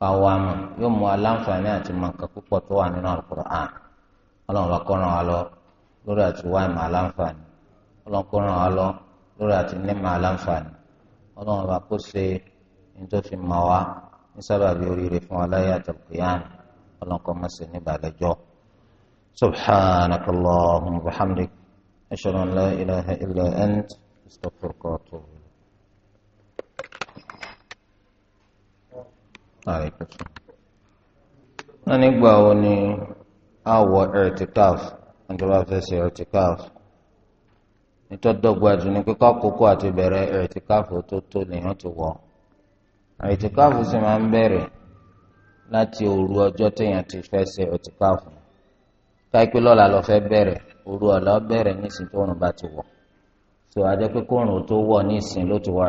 ká yóò mú aláǹfààní àti màkà púpọ̀ tó wà nínú Al-Qur'an ọlọ́run bá kọ́ran wa lọ lórí àti wá ìmọ̀ aláǹfààní ọlọ́run kọ́ran wa lọ lórí àti nímọ̀ aláǹfààní ọlọ́run bá kó ṣe nítòfin mọ̀ wá ní sábàbí oríire fún aláyé wọ́n nígbà wo ni a wọ ẹ̀rẹ̀tìkáf ẹni tó bá nítọ́dọ́gba jù ní kíkọ́ àkókò àti bẹ̀rẹ̀ ẹ̀rẹ̀tìkáf tó tó nìyẹn ti wọ̀ ẹ̀rẹ̀tìkáf sì máa ń bẹ̀rẹ̀ láti òru ọjọ́ téèyàn ti lọ́la lọ fẹ́ bẹ̀rẹ̀ òru ọ̀la bẹ̀rẹ̀ nísìnyí tó rùn bá ti wọ̀ tó a jẹ́ pé kóòrùn tó wọ̀ nísìnyí ló ti wọ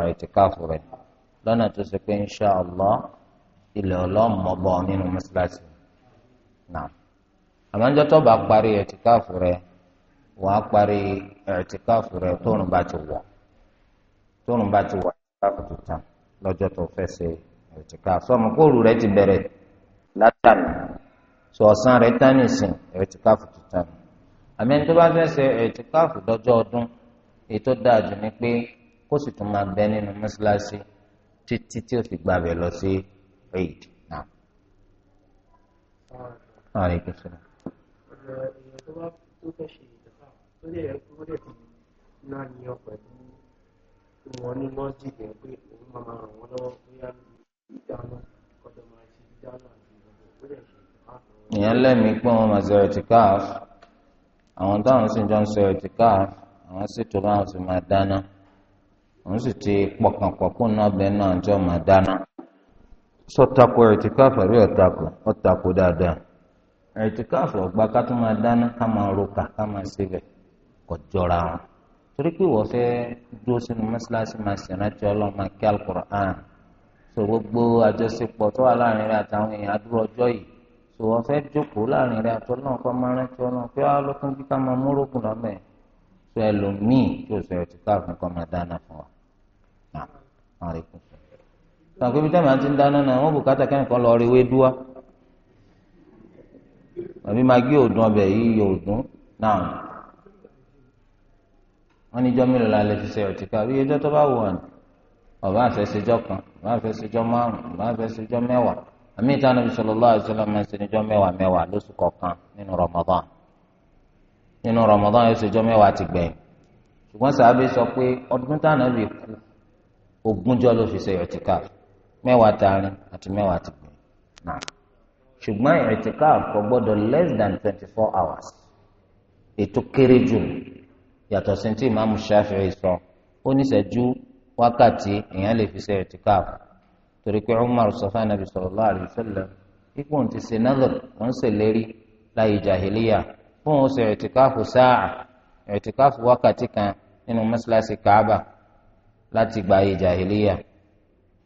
ilẹ̀ ọlọ́mọbọ nínú mọ́sálásí náà àmọ́jọ́ tó bá parí ẹ̀tìkáàfù rẹ wọ́n á parí ẹ̀tìkáàfù rẹ tóun bá ti wọ̀ tóun bá ti wọ̀ ẹ̀tìkáàfù tó tán lọ́jọ́ tó fẹ́ ṣe ẹ̀tìkáàfù sọmọ kóòrù rẹ ti bẹ̀rẹ̀ látàná sọ ọ̀sán rẹ tán nìsín ẹ̀tìkáàfù tó tán àmì ẹni tó bá fẹ́ ṣe ẹ̀tìkáàfù lọ́jọ́ ọdún èyí tó dáa jù ni pé kó sì tún máa bẹ nínú mọ́sálásí títí tí ó fi gbàbẹ̀ lọ sí العيد نعم عليكم السلام ìyẹn lẹ́mìí pé wọ́n máa zọrọ̀ ti káàf àwọn táwọn sì jọ ń zọrọ̀ ti káàf àwọn sì tó báwọn sì máa dáná òun sì ti pọkànpọ̀ kó náà bẹ́ẹ̀ náà jọ máa dáná sọtakọ ẹtìkáfọ àbí ọtakọ ọtakọ dáadáa ẹtìkáfọ ọgbà ká tó máa dáná ká máa roka ká máa ṣẹbẹ kò jọra wọn torí pé wọ́n fẹ́ dúró sínú mọ́ṣáláṣí máa ṣèrántí ọlọ́run kí Al-Qur'an so gbogbo àjọṣepọ̀ tó wà láàrin rẹ̀ àtàwọn èèyàn adúrò ọjọ́ yìí so wọ́n fẹ́ jókòó láàrin rẹ̀ àtọ́ náà kọ́ máa rántí ọlọ́run pé wàá ah, lọ́kùn bí ká máa múrógùn lọ́mọ ẹ̀ so ẹlòmíì tó sọ ẹ̀tìkáfọ kọ́ máa dáná fún wa. sọ pé bíjọ́ màá ti ń dáná náà wọ́n bùkátà kẹ́nìkan lọ rí ewédú Ma àbí magi òdùn ọbẹ̀ yìí yóò dùn náà wọ́n níjọ́ mélòó la fi ṣe ọ̀tíkà bí ẹjọ́ tó bá wù ọba kan ọba àfẹsẹjọ́ márùn ọba àfẹsẹjọ́ mẹ́wàá àmì lóṣù nínú nínú ti ṣùgbọ́n sọ pé ọdún kú ogúnjọ́ ló fi ṣe ọ̀tíkà mẹ́wàá taarin àti mẹ́wàá ti gbìn náà ṣùgbọ́n ìrètíkàf kò gbọ́dọ̀ less than twenty four hours ètò kéré jù yàtọ̀ sí ti ìmáàmù Ṣáfi'í sọ ó níṣẹ́jú wákàtí èèyàn lè fi ṣe ìrètíkàf torí pé Umar sọfà nàbì sallallahu alaihi wasallam ipò ti ṣe nálò wọ́n ṣe lérí láyé jàhìlíyà fún òun ṣe ìrètíkàf sáà ìrètíkàf wákàtí kan nínú mọ́ṣáláṣí Kaaba láti gba ayé jàhìlíyà.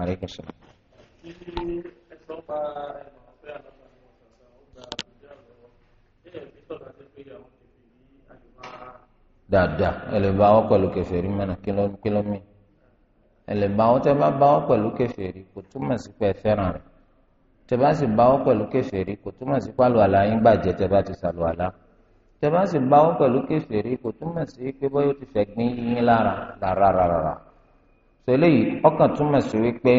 Alaikum salaam. dáadáa ẹ lè bá wọn pẹ̀lú kèfèrí mẹ́nà kílómì ẹ lè bá wọn tẹ́ bá bá wọn pẹ̀lú kèfèrí kò túmọ̀ sí pé ẹ fẹ́ràn rẹ̀ tẹ́ bá sì bá wọn pẹ̀lú kèfèrí kò túmọ̀ sí pálọ̀ àlá yín bàjẹ́ tẹ́ bá ti sàlùwàlá tẹ́ bá sì bá wọn pẹ̀lú kèfèrí kò túmọ̀ sí pé bọ́yọ̀ ti fẹ́ gbin yín lára rárá rárá sọ eléyìí ọkàn túmọ̀ sí wípé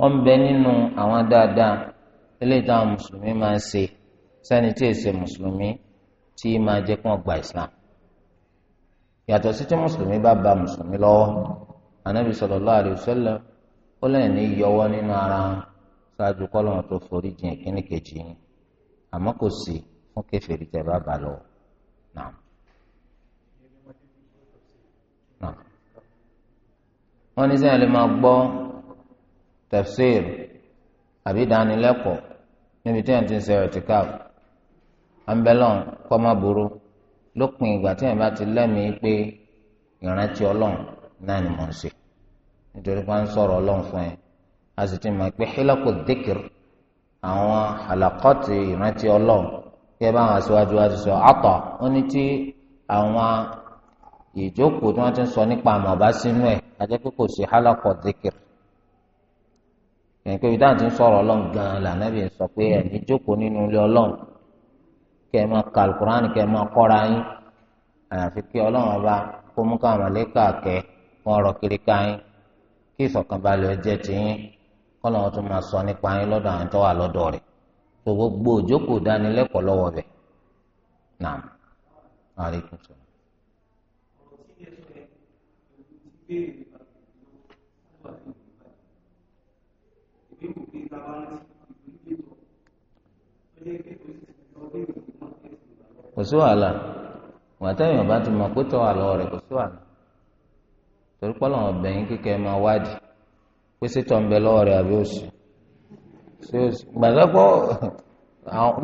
wọ́n bẹ nínú àwọn dáadáa eléyìí táwọn mùsùlùmí máa ń ṣe sẹ́ni tí èsè mùsùlùmí tí máa jẹ́ kó gba islam yàtọ̀ sí tí mùsùlùmí bá ba mùsùlùmí lọ́wọ́ anabi sallallahu alaihi wasallam ó lẹ́yìn ní yọwọ́ nínú ara wọn ṣáájú kọ́lọ́wọ́n tó forí jìn kíní kejì yín àmọ́ kò sí fún kèfèrí tẹ̀ bá ba lọ́wọ́ náà. wọ́n ní sẹ́yìn lè máa gbọ́ tafsir àbí ìdánilẹ́kọ̀ọ́ níbi tí wọ́n ti ń ṣe ẹ̀tìkáàfù àǹbẹ̀lọ́n kọ́ má burú lópin ìgbà tí wọ́n bá ti lẹ́mìí pé ìrántí ọlọ́run náà ni mò ń ṣe nítorí pé wọ́n ń sọ̀rọ̀ ọlọ́run fún ẹ a sì ti mọ̀ pé hílọ́kù díkìrì àwọn àlàkọ́tì ìrántí ọlọ́run kí bá àwọn aṣáájú wa ti sọ àtọ̀ ó ní tí àwọn ìjókòó tí wọ́n ti ń sọ nípa àmọ̀ bá sínú ẹ̀ ajẹ́ pé kò sí halakọ̀ zikir yẹn pé ibi ti ń sọ̀rọ̀ ọlọ́run gan-an lànàbì sọ pé ẹ̀mí jókòó nínú ilé ọlọ́run kẹ́ ẹ máa ka alukur'an kẹ́ ẹ máa kọ́ra yín àyàfi kí ọlọ́run ọba kó mú káwọn mọ̀lẹ́kà kẹ́ kó kiri ká yín kí ọjẹ́ ti yín máa sọ nípa yín lọ́dọ̀ fare e ma kò sí wàhálà wọn àtẹ̀yìn ọba ti mọ̀ pé lọ́wọ́ rẹ̀ kò sí torí ọ̀bẹ yín kíkẹ́ máa wádìí pé lọ́wọ́ rẹ̀ àbí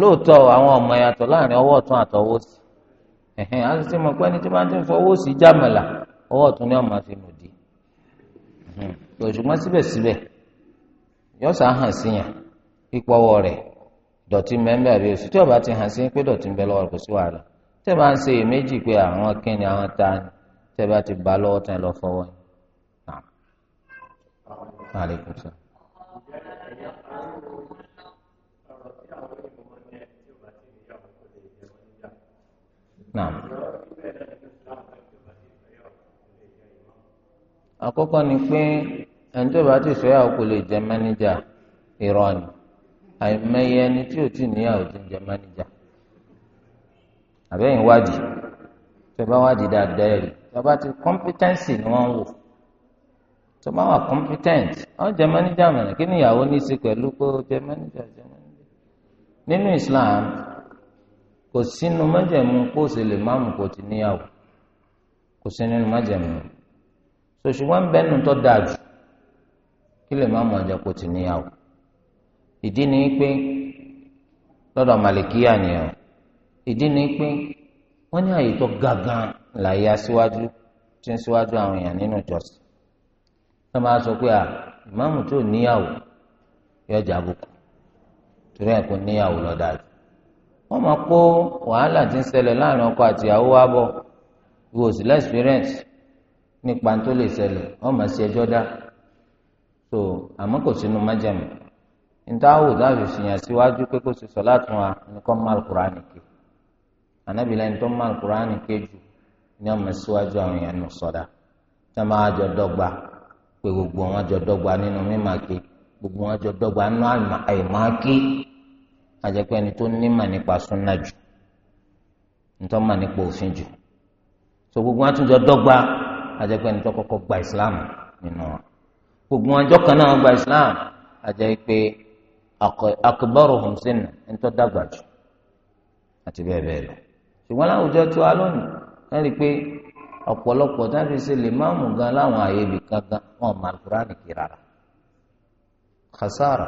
lóòótọ́ àwọn ọmọ yàtọ̀ láàrin ọwọ́ ọ̀tún àtọwọ́ sí ẹ̀hìn mọ̀ pé ẹni tí wọ́n ti ń fọwọ́ sí ṣùgbọ́n síbẹ̀síbẹ̀ yọ sá hàn sí yàn pípọ́wọ́ rẹ̀ dọ̀tí mẹ́mbẹ́ àbí oṣù tí ọba ti hàn sí pé dọ̀tí ń lọ́wọ́ kò sí wàhálà tẹ́ bá ń ṣe èméjì pé àwọn àwọn ta ni tẹ́ bá ti bá lọ́wọ́ tán lọ fọwọ́ Naam. àkọ́kọ́ ni pé ẹni tó bá ti sọ yà kó lè jẹ mẹ́nẹ́jà irọ́ ni àìmọye ẹni tí ò tí níyàwó ti ń jẹ mẹ́nẹ́jà àbẹ́yìn wádìí tó bá wádìí dáadáa ẹ̀rí tó bá ti competency ni wọ́n wò tó bá wà competent wọ́n jẹ mẹ́nẹ́jà mẹ́rin kí níyàwó ní í ṣe pẹ̀lú pé jẹ mẹ́nẹ́jà jẹ mẹ́nẹ́jà nínú Islam kò sínú májẹ̀mú kó o sì lè máàmù kó o ti níyàwó kò sínú májẹ̀mú so ṣùgbọ́n ń bẹ́nu tó dáa jù kí lè má mọ̀ ọjà kó ti níyàwó ìdí ni pé lọ́dọ̀ màlìkíyà nìyàwó ìdí ni pé wọ́n ní àyè tó gàgàn láyé aṣíwájú tí ń ṣíwájú àwọn èèyàn nínú ìjọsìn wọ́n máa sọ pé à ìmáàmù tó níyàwó yọjà àbùkù torí ẹ̀ kò níyàwó lọ́dà jù wọ́n máa kó wàhálà tí ń ṣẹlẹ̀ láàrin ọkọ àtìyàwó wa bọ̀ ìwòsílẹ̀ experience nípa tó lè ṣẹlẹ̀ ọmọ sí ẹjọ́ dá so àmọ́ kò sínú májàmú ntáwò dáàbò ṣìyàn síwájú pé kó ṣe sọ láti wọn nìkan má alukur'ani ké anábìlẹ̀ nìkan má alukur'ani ké jù ní ọmọ síwájú àwọn èèyàn nù sọdá tí wọn máa jọ dọ́gba pé gbogbo wọn jọ dọgba nínú mímà ké gbogbo wọn jọ dọgba nínú àìmá ké àjẹpẹ́ ẹni tó nímà nípa súnà jù nítọ́ mà nípa òfin jù so gbogbo wọn tún jọ dọ́gba. àjẹpẹ́ ẹni tó kọ́kọ́ gba islam nínú wọn gbogbo ọjọ́ kan náà gba islam àjẹpẹ́ akbaruhum sinna ẹni tó dàgbà jù àti bẹ́ẹ̀ bẹ́ẹ̀ lọ ṣùgbọ́n láwùjọ tí wàá lónìí ẹ rí i pé ọ̀pọ̀lọpọ̀ táfi ṣe lè máa mú gan láwọn àyè ibì kankan wọn mọ alukurani kì rárá khasara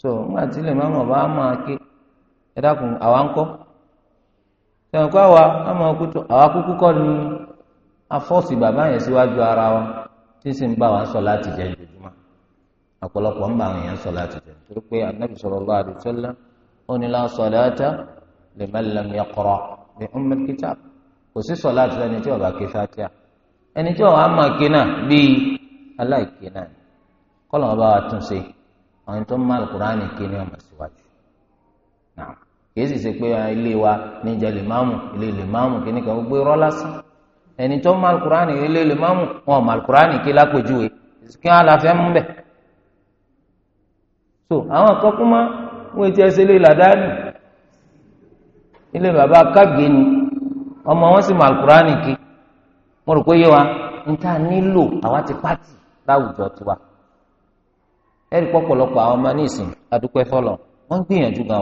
so ńgbà tí lè máa mọ bá máa ké ẹ dákun àwa ń kọ́ sẹ́wọ̀n kó àwa á máa kú tó àwa kúkú kọ́ ni afọ́ọ̀sì bàbá yẹn síwájú ara wa tí sì ń bá wa sọ láti jẹ jojúmọ́ ọ̀pọ̀lọpọ̀ ń bá àwọn èèyàn sọ láti jẹ torí pé anabi sallallahu alaihi wasallam ó ní la salata liman lam yaqra bi ummil kitab kò sí sọ láti ẹni tí ó bá ké fatia ẹni tí ọba máa ké náà bíi aláìké náà kọ́lọ̀ wọn bá wa tún ṣe àwọn tó ń má alukur'ani ké ní ọmọ síwájú náà kì í sì ṣe pé ilé wa níjà lè máàmù ilé lè máàmù kí ní kan gbé rọ́ lásán. ẹni tó mọ alukurani ilé lè má mú wọn mọ alukurani kí lápèjúwe kí wọn àlàfẹ mú bẹ so àwọn akọkọ wọn ti ẹsẹ ilé làdáni ilé bàbá kágbé ni ọmọ wọn sì mọ alukurani kí mo rò pé yé wa níta nílò àwa ti pàtì láwùjọ tiwa ẹrí pọpọlọpọ àwọn ọmọ nísìn adúpẹ́ fọlọ wọn gbìyànjú gan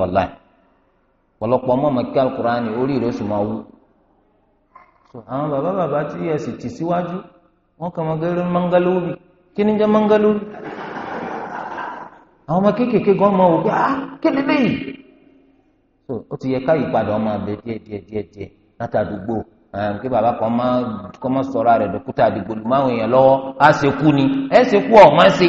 àwọn bàbá bàbá tí ẹ sì tì síwájú wọn kàn máa gẹrẹ mangalóbi kí ni jẹ mangalóbi àwọn ọmọ kéékèèké gan máa wò pé ah kí ni léyìí so ó ti yẹ ká ìpadà ọmọ abẹ díẹ̀ díẹ̀ díẹ̀ díẹ̀ látàdúgbò kí bàbá kan máa kọ́ máa sọ̀rọ̀ rẹ̀ dókítà àdìgbò lù máa ń yàn lọ́wọ́ á ṣe kú ni ẹ ṣe kú ọ̀ máa ṣe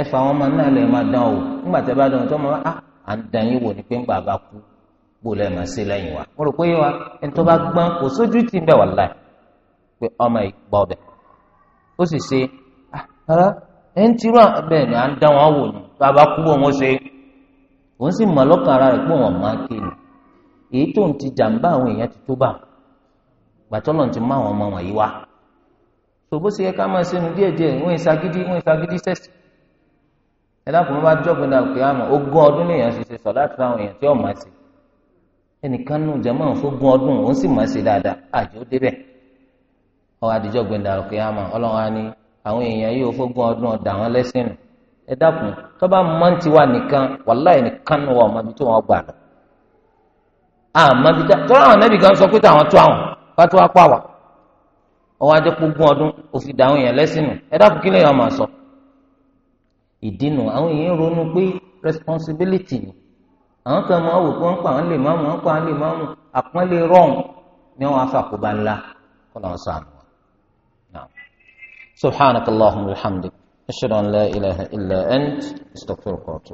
ẹ fà wọn máa náà lè máa dán o nígbà tí a bá dán o tó máa ah à ń dán yín wò ni pé ń bàbá kú bó lẹ́ẹ̀mọ́ sí lẹ́yìn wa mo rò pé wa ẹni tó bá gbọ́n kò sójú tì ń bẹ̀ wà láì pé ọmọ ìgbọ́ ọbẹ̀ ó sì ṣe ara ń tirú abẹ́ ni ń dá wọn wò ni bàbá kú sì ara rẹ̀ pé wọ́n máa ké ni èyí tó ń ti jàǹbá àwọn èèyàn ti tó bá gbàtọ́lọ̀ ọmọ wọn yìí wá sì yẹ ká máa ìṣagídí ìṣagídí ẹ dákun bá jọ́gbìn náà pé àmọ́ ogún ọdún láti èèyàn ẹnìkan nù jẹ́ máa ń fógun ọdún òun sì máa ṣe dáadáa àjò débẹ̀ ọwọ́ àdìjọ́ gbẹ̀ndà òkè àmọ́ ọlọ́run á ní àwọn èèyàn yìí fógun ọdún ọ̀dà wọn lẹ́sìn nù ẹ dákun tó bá máa ń tiwa nìkan wàláì nìkan nù wọn ọmọbi tó wọn gbà lọ. àmọ́bi tó ráwọn nẹ́bì kan sọ pé táwọn tó àwọn bá tó wá pàwà ọwọ́ adé fógun ọdún òfin dàwọn èèyàn lẹ́sìn nù ẹ dákun kí lèèyàn máa sọ ìdí nù àwọn èèyàn ronú pé responsibility ni àwọn kan máa wò pé wọ́n pa àwọn lè máa mú wọ́n pa àwọn lè máa mú àpọ́nlé rọ́ọ̀n ni wọ́n á ńlá kó náà sànù wọn. subhanakallahumma wa bihamdik ashhadu an la ilaha illa ant astaghfiruka